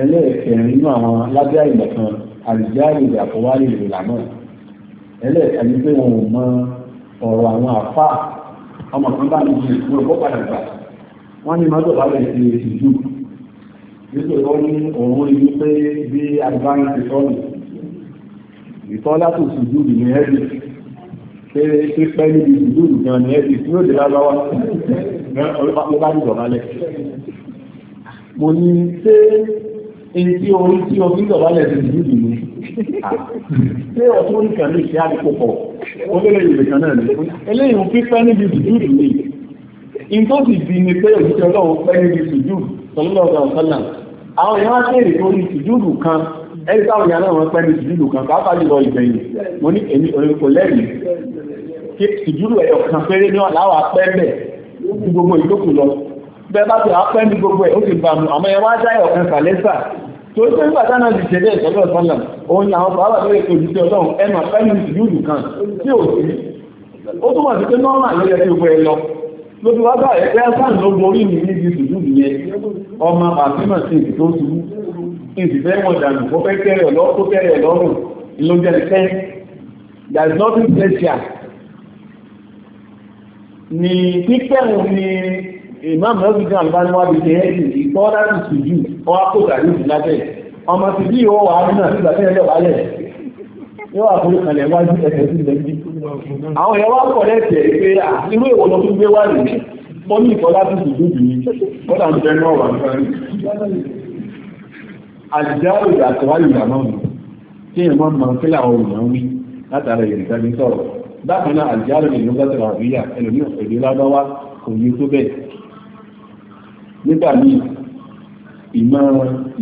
ẹlẹ́ẹ̀kẹrin nínú àwọn lábẹ́ àìmọ̀ kan àlùjáàlì àfọwálì ìlànà ẹlẹ́ẹ̀kẹrin pé wọn ò mọ ọ̀rọ̀ àwọn àfà ọmọ kan bá mi jìn kúrò kó padà gbà wọ́n ní mọ́tò bá bẹ̀rẹ̀ sí ìṣíjú nítorí wọ́n ní òun rí pé bí adivani ti sọ́ọ̀nù ìtọ́lá tó ṣùjú ní ẹ́bì pé pípẹ́ níbi ṣùjú nìkan ní ẹ́bì tí ó dé lágbáwá ní ọlọ́pàá ló bá ní ìjọba mo ní ṣé ntí orí tí o fi dọ̀bálẹ̀ ti dìbò dìbò ṣé ọtún orí kan lè ṣe àdìpọ̀pọ̀ olóyè ìlú kan náà ni eléyìí ń pípẹ́ níbi dìbò dìbò ìtòsí di ni pé òṣìṣẹ́ ọlọ́run pẹ́ níbi dìbò sọlọ́dọ̀ ọ̀gá ọ̀sánà àwọn èèyàn wá kéèrè tó ní dìbò kan ẹni táwọn èèyàn náà wọ́n pẹ́ níbi dìbò kan pàápàá jùlọ ìgbẹ̀yìn mo ní èmi kò lẹ́yìn dìbò ẹ̀yọ̀ kan péré ní ọ̀làwà pẹ́ bẹ̀ gbogbo ìdókòó lọ bẹ́ẹ̀ bá ti apẹ́ ní gbogbo ẹ̀ ó ti bàmù àmọ́ ẹ wá dáyọ̀ kan sàlẹ́sà tó tó nígbà táwọn ti ṣẹlẹ̀ ìṣẹ́lẹ̀ ọ̀sánlẹ̀ òun ni àwọn bàbá tó lè tó ojúṣe ọlọ́run ẹnu apẹ́ ní ìlú kan tí ò sí ó túmọ̀ sí pé nọ́ọ̀mà ló yẹ kí gbogbo ẹ lọ lóbi wá báyẹ̀ pé ẹ̀sán ló borí mi níbi ìṣùdú nìyẹn ọmọ àtìmọ̀ sí ìdí tó ṣubú ìdí fẹ́ wọn dànù kó fẹ́ kẹ́rẹ̀ lọ kó kẹ́rẹ̀ lọ́rùn ló jẹ́ ìfẹ́ there is nothing special ni pípẹ́rùn ni imam elvin albani wá bí ṣe ẹ́sì ìtọ́ láti sùjú wọn á kó tàbí òsì lábẹ́ ọmọ ti bí ìwọ wà nínú àti ìgbàsẹ́ ẹ̀jọ̀ wálẹ̀ yóò wà fún ìkànnì wájú ẹsẹ̀ sí ilẹ̀ bí. àwọn èèyàn wá ń kọ̀ lẹ́sẹ̀ pé irú èwo ló tún gbé wá rèé mo ní ìtọ́ láti sùjú bì í kọ́dà ń bẹnu ọ̀rọ̀ àdìjáwò àtẹ̀wáyò ìyàmọ́ mi tí èèmọ́ mọ̀ kílà ọ̀rùn náà wí látara ìrìnkà ní sọ̀rọ̀ bákan náà àdìjáwò ìlú gbàtàrà àríyá ẹlòmíràn èdè kò ní tó bẹ́ẹ̀ nígbà míì ìmọ̀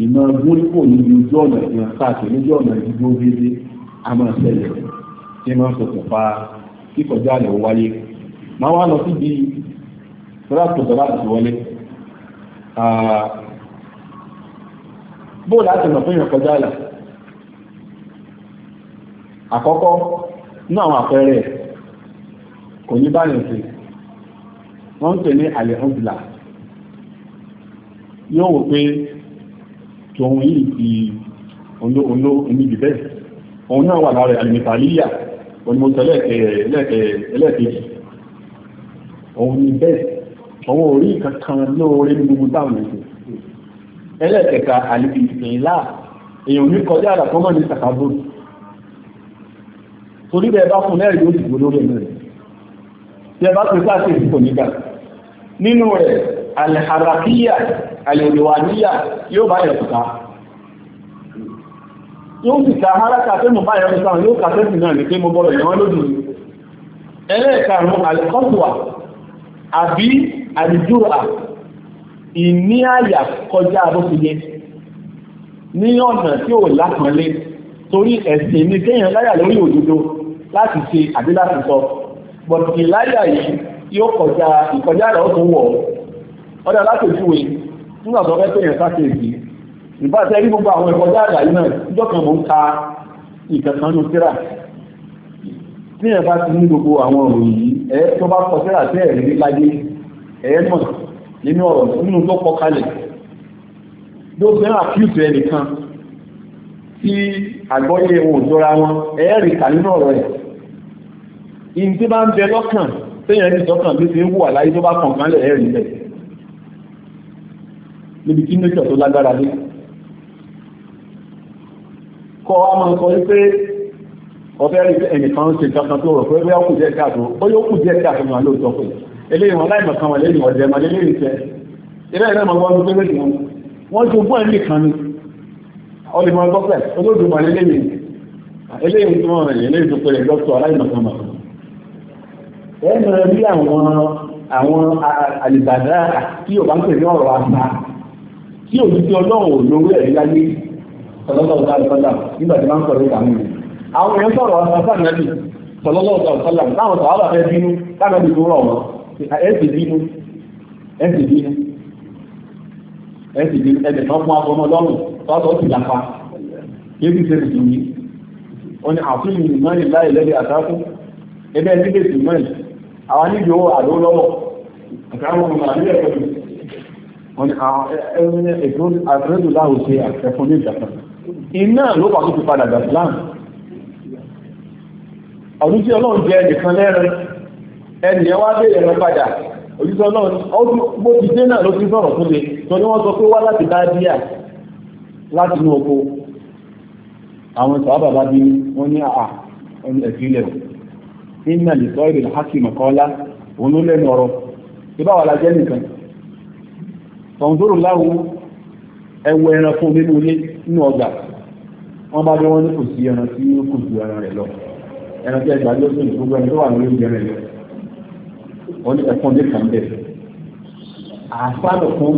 ìmọ̀ gúrípò ní ojú ọ̀nà ìmọ̀ káàkiri lójú ọ̀nà ìdúró dédé a máa ṣẹlẹ̀ tí máa ṣokùnfà kíkọjá rẹ̀ wáyé máa wá lọ síbi tíráàtò tó láti wọlé bóòlù láti mọ̀ fún ìrìnkọjá rẹ̀ àkọ́kọ́ náà àwọn àpẹẹrẹ kò ní báyìí sí wọ́n ń pè ní àlẹ́ ọ̀gbìlà yóò wò pé tòun yìí ti oníbi bẹ́ẹ̀ òun náà wà lára àlìmìtàlíyà onímọ̀tò ẹlẹ́ẹ̀kejì òun ni bẹ́ẹ̀ òun ò rí kankan lóore ní gbogbo táwọn ẹ̀sìn ẹlẹ́ẹ̀kẹta àlìmìtìlá èèyàn ní kọjá àrà tó mọ̀ ní sàkábòrò torí bẹ́ẹ̀ bá fún lẹ́rìí ó sì gbó lórí ẹ̀mí rẹ̀ tí ẹ bá pèsè àti ìsìnkò nígbà nínú rẹ̀ aliharakiya alihariwaniya yóò bá yẹ̀ tuta yóò sì ta haraka pé mo bá yẹ̀ tuta yóò kà sẹ́sì náà ní pé mo bọ̀rọ̀ ìwọ́n lójú ẹlẹ́ẹ̀karùn-ún alikọ́tùwà àbí alìjúra ìní àyà kọjá abókúyẹ ní ọ̀nà tí ò lápọ̀nlé torí ẹ̀sìn ní kéèyàn láyà lórí òdodo láti ṣe àbí láti sọ bọ̀tì láyà yìí yóò kọjá ìkọjá rẹ̀ ó tún wọ̀ ọ́ ọ̀dà látòjúwe nígbà tó fẹ́ pé yẹn sákèjì ìbátẹ́ rí gbogbo àwọn ẹ̀kọ́ jáde àyè náà níjọ́ kan mò ń ka ìkankan nù síra tí yẹn bá ti ní gbogbo àwọn ọ̀rọ̀ yìí ẹ̀ tó bá kọ síra tẹ́ ẹ̀rí ní láyé ẹ̀ mọ̀ nínú ọ̀rọ̀ nínú tó kọ kalẹ̀ bí ó fẹ́ràn àkíyèsí ẹnìkan tí àgbọ́yé wọn ò jọra wọn ẹ̀ rí kà nínú ọ̀rọ̀ ẹ̀ ìyìn tí bá ń bẹ lọ́kàn téèyàn ní sọ́kàn bí ti ń wù àlàyé tó bá kàn kálẹ̀ ẹ̀ rí bẹ́ẹ̀ níbi tí nature tó lágbára dé kọ́ a máa sọ wípé ọ̀fẹ́ rí ẹnìkan ń ṣe kankan tó rọ̀ pé bóyá ó kù díẹ̀ káàtó ó yóò kù díẹ̀ káàtó máa lóòótọ́ pé eléyìí wọn láì mọ̀kan wọn lẹ́yìn ọ̀jẹ̀ máa lẹ́yìn ìṣẹ́ ilé ìrẹ́ máa wọ́n pé lẹ́yìn wọn wọ́n ju ogún ẹ̀mí kan ni ọlùmọ̀ gọ́pẹ̀ olóògùn máa lẹ́yìn eléyìí tó wọ́n rẹ̀ eléyìí tó pé rẹ̀ dọ́kítọ̀ aláìmọ̀kan mọ̀ ẹ̀ mọ̀ rí àwọn àwọn àlìbàdà tí ò bá ń pè ní ọ̀rọ̀ àṣà tí òjijì ọlọ́run ò lórí ẹ̀ láyé sọlọ́lọ́ọ̀tà ọ̀sọ́là nígbà tí wọ́n ń sọ̀rọ̀ ìdààmú rẹ̀. àwọn èèyàn sọ̀rọ̀ ọ̀sán nàbì sọlọ́lọ́ọ̀tà ọ̀sọ́là láwọn sọ̀rọ̀ bínú tó rọ̀ wọ́n bínú àwọn wọ́n ní àwọn ah, ètò àtúrẹ́dùlá ò ṣe àtẹ̀fún ní ìgbà kan iná ló wà tó fi padà gbà Islam ọdún tí ọlọ́run jẹ ẹnìkan lẹ́rìn ẹnì yẹn wá béèrè rẹ padà òjíṣẹ́ ọlọ́run ọdún bó ti dé náà ló fi sọ̀rọ̀ fún mi tó ní wọ́n sọ pé wá láti dáadíà láti inú oko àwọn sàábà bá bí wọ́n ní àà ah, ah, ẹni ẹ̀fí ilẹ̀ nínú àlìsọ́ ìrìn hákì mọ̀kọ́lá òun ló lẹ́nu ọ̀rọ̀ ìbáwọ̀ la jẹ́ nìkan tọ̀ǹdóró láwo ẹwọ ẹranko nínú ilé nínú ọgbà wọ́n bá dé wọ́n ní kò sí ẹran tí ó kù ju ẹran rẹ̀ lọ ẹran tí ẹgbàá lóṣù ní gbogbo ẹni tó wà ní oúnjẹ rẹ̀ lọ wọ́n ní ẹ̀fọn dé kàn bẹ́ẹ̀ àfáàlù fún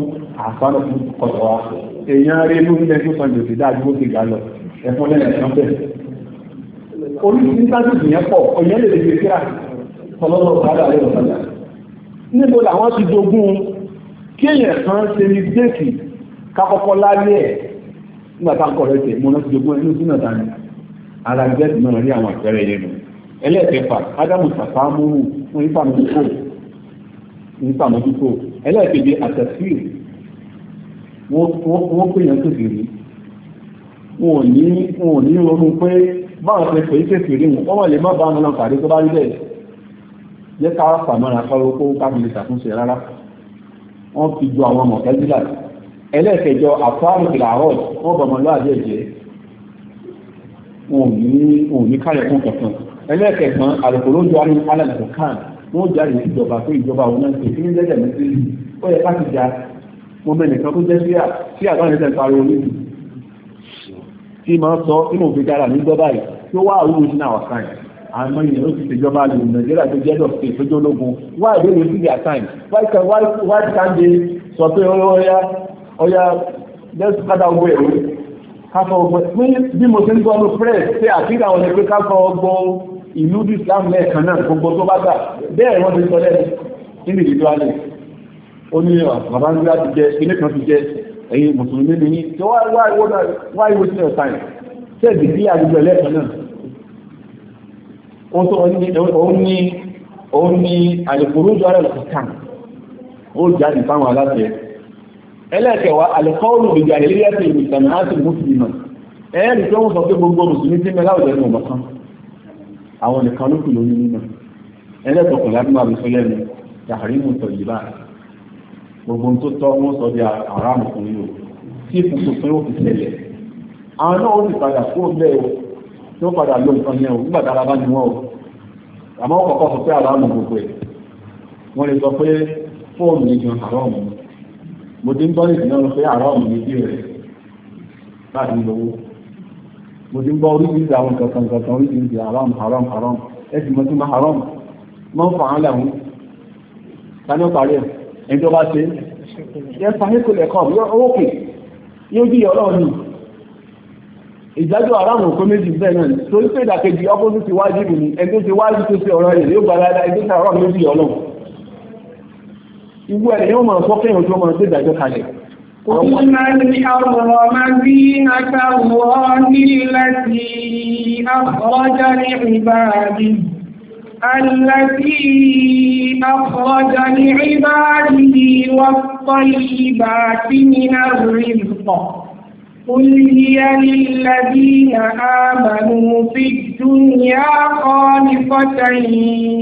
àfáàlù fún kọ̀tọ̀ wa èèyàn rí inú ilé tó sọ jòsì dáa ó ti gà lọ ẹ̀fọn lẹ́yìn kàn bẹ́ẹ̀ oríṣiríṣi sáàtìsì yẹn pọ̀ lè lè fi kíra tọ́lọ́lọ́ níbo làwọn ti dogun kí èèyàn kan ṣe ní déètì kákọ́kọ́ láyé ẹ̀ nígbà tá a kọ̀ rẹ̀ tẹ̀ mọ́ náà ti dogun ẹni sínú ọ̀tá ni ara déètì náà rí àwọn àpẹẹrẹ yẹn nù ẹlẹ́ẹ̀kẹfà ádámù sàfáàmúhù fún ìfàmójúkò ìfàmójúkò ẹlẹ́ẹ̀kẹjẹ àtẹ̀síì wọ́n pèèyàn tètè rí wọn ò ní wọn ò ní ronú pé báwọn ṣe pè é tètè rí wọn wọ́n lè má bá wọn lọ pàdé tó bá rí bẹ́ẹ̀ jẹ́ ká fàmọ́ra kọ́ ló kó kábílẹ̀ wọ́n fi ju àwọn mọ̀tẹ́sílà ẹlẹ́ẹ̀kẹjọ àfáàrù ìlàrọ̀ wọ́n bọ̀mọ̀ lóàjẹ́ jẹ́ wọn ò ní kárẹ̀ fún kankan ẹlẹ́ẹ̀kẹgbọ́n àlùkòrò ń darí alàgbò kan wọ́n jáde ìjọba pé ìjọba òun náà ṣe kí ní lẹ́sẹ̀ méjì yìí ó yẹ káti ja mo mẹ nìkan tó jẹ́ sí à sí àgbọ̀n ẹ̀sẹ̀ pariwo níbi tí máa sọ inú òfin dára ní gbọ́ báyìí tí ó wá àrùn ìṣúná àwọn kan yìí àmọ́ ìyẹn ló ti ṣèjọba lò nàìjíríà tó jẹ́ dọ̀tí ìtọ́jú ológun why they dey see their time why can why why can they sọ pé ọyá oh, oh, ọyá oh, let's kádà ogbó ẹ̀rọ káfọ ogbó pé bí mo ṣe ń gbọ́ ní press ṣe àfihàn àwọn ẹgbẹ́ káfọ ogbó ìlú islam lẹ́ẹ̀kan náà gbogbo tó bá gbà bẹ́ẹ̀ wọ́n ti sọ lẹ́nu níbi ìdíjọ́ alẹ́ ó ní ah, bàbá ń gbá ti jẹ ilé kan ti jẹ ẹ̀yin mùsùlùmí ni yín so why why why waste your time ṣé ìdí àgbègbè lẹ́ẹ̀kan náà ohun tó òun ní òun ní àlùkùrújù ara ìkàkàn ó jáde fáwọn aláṣẹ ẹlẹ́kẹ̀wá àlùkọ́ọ̀lù ìjà ìlérí ẹ̀sìn ìmìtàn àti mùsùlùmí ẹ̀ẹ́rì tí wọ́n sọ pé gbogbo mùsùlùmí tí mẹ́lá òjò ẹ̀sìn ọ̀gbọ̀n kan àwọn nìkan ló kù lórí nínú ẹlẹ́kọ̀ọ̀kọ̀ láti máa fi sọ lẹ́nu yàrá ìmùtọ̀ náà ó sì padà kó bẹ́ẹ̀ tí wọ́n padà lo nǹkan yẹn o nígbà tára bá ní wọ́n o àmọ́ kọ̀ọ̀kan sọ pé àlámù gbogbo ẹ̀ wọ́n lè sọ pé fóònù ní gan àárọ̀ mi mo ti ń gbọ́ nìkan náà pé àárọ̀ mi ní bí rẹ̀ láti lówó mo ti ń gbọ́ oríṣiríṣi àwọn kankan kankan oríṣiríṣi haram haram haram ẹ sì mọ sí ma haram mọ́ fà án làwọn tani ó ẹ̀ ẹni tó bá ṣe é ẹ fà á kó lẹ́kọ̀ọ́ ìdájọ́ aráàmù kó méjì bẹ́ẹ̀ náà torí pé ìdàkejì opposite ti wájú mi ni ti wájú tó ṣe ọ̀rọ̀ rẹ̀ yóò gba lára ẹni tó ṣàrọ̀ méjì ọlọ́ ìwú ẹ̀ yóò máa sọ kéèyàn tó máa ṣe ìdájọ́ kalẹ̀. Òmùnàlì àwòrán bí nàkà wọ́n nílẹ̀ sí àkọ́jà ní ìbáàdì. التي أخرج لعباده والطيبات من قل هي للذين آمنوا في الدنيا خالصة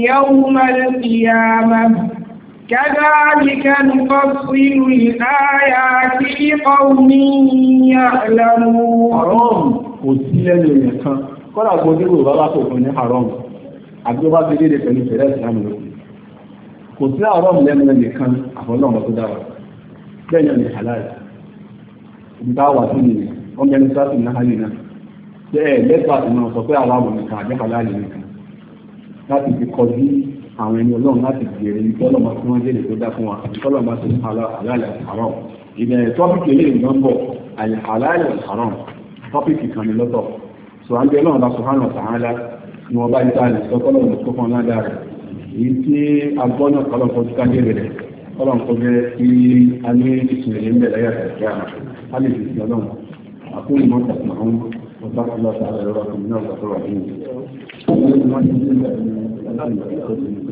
يوم القيامة كذلك نفصل الآيات لقوم يعلمون حرام kò sí lẹ́nu èèyàn kan kọ́lá gbọ́dọ̀ ìwé bàbá tó fún ní haram àbí ọba tó dédé pẹ̀lú ìfẹ́lẹ́ ìsìlámù lókè kò sí haram lẹ́nu èèyàn kan àfọlọ́mọ tó dára bẹ́ẹ̀ ni halal nígbà wà sí ni wọ́n bẹ́ẹ̀ ní sáàtì náà lè náà ṣé ẹ lẹ́tọ̀ àti náà sọ pé àwa àwọn nìkan àjẹ́kọ̀ láàyè nìkan láti fi kọjú àwọn ẹni ọlọ́run láti bèrè ní tọ́lọ̀ máa fi wọ́n jẹ́lẹ̀ tó dá fún wa tọ́lọ̀ máa fi àlàyé àrọ̀ ìbẹ̀rẹ̀ tọ́pìkì eléyìí ló ń bọ̀ àlàyé àrọ̀ tọ́pìkì kan lọ́tọ̀ sọ ọlọ́run bá sọ hánà ni wọ́n bá ta àlẹ́ sọ́kọ́lọ́ ọ̀nà tó hali fi fi ọlọ́run àkóyè mọ́ tàbí àwọn ọba tó lọ́ta rẹ̀ rọ́ọ̀kì náà gbàtọ́rọ̀ fún mi.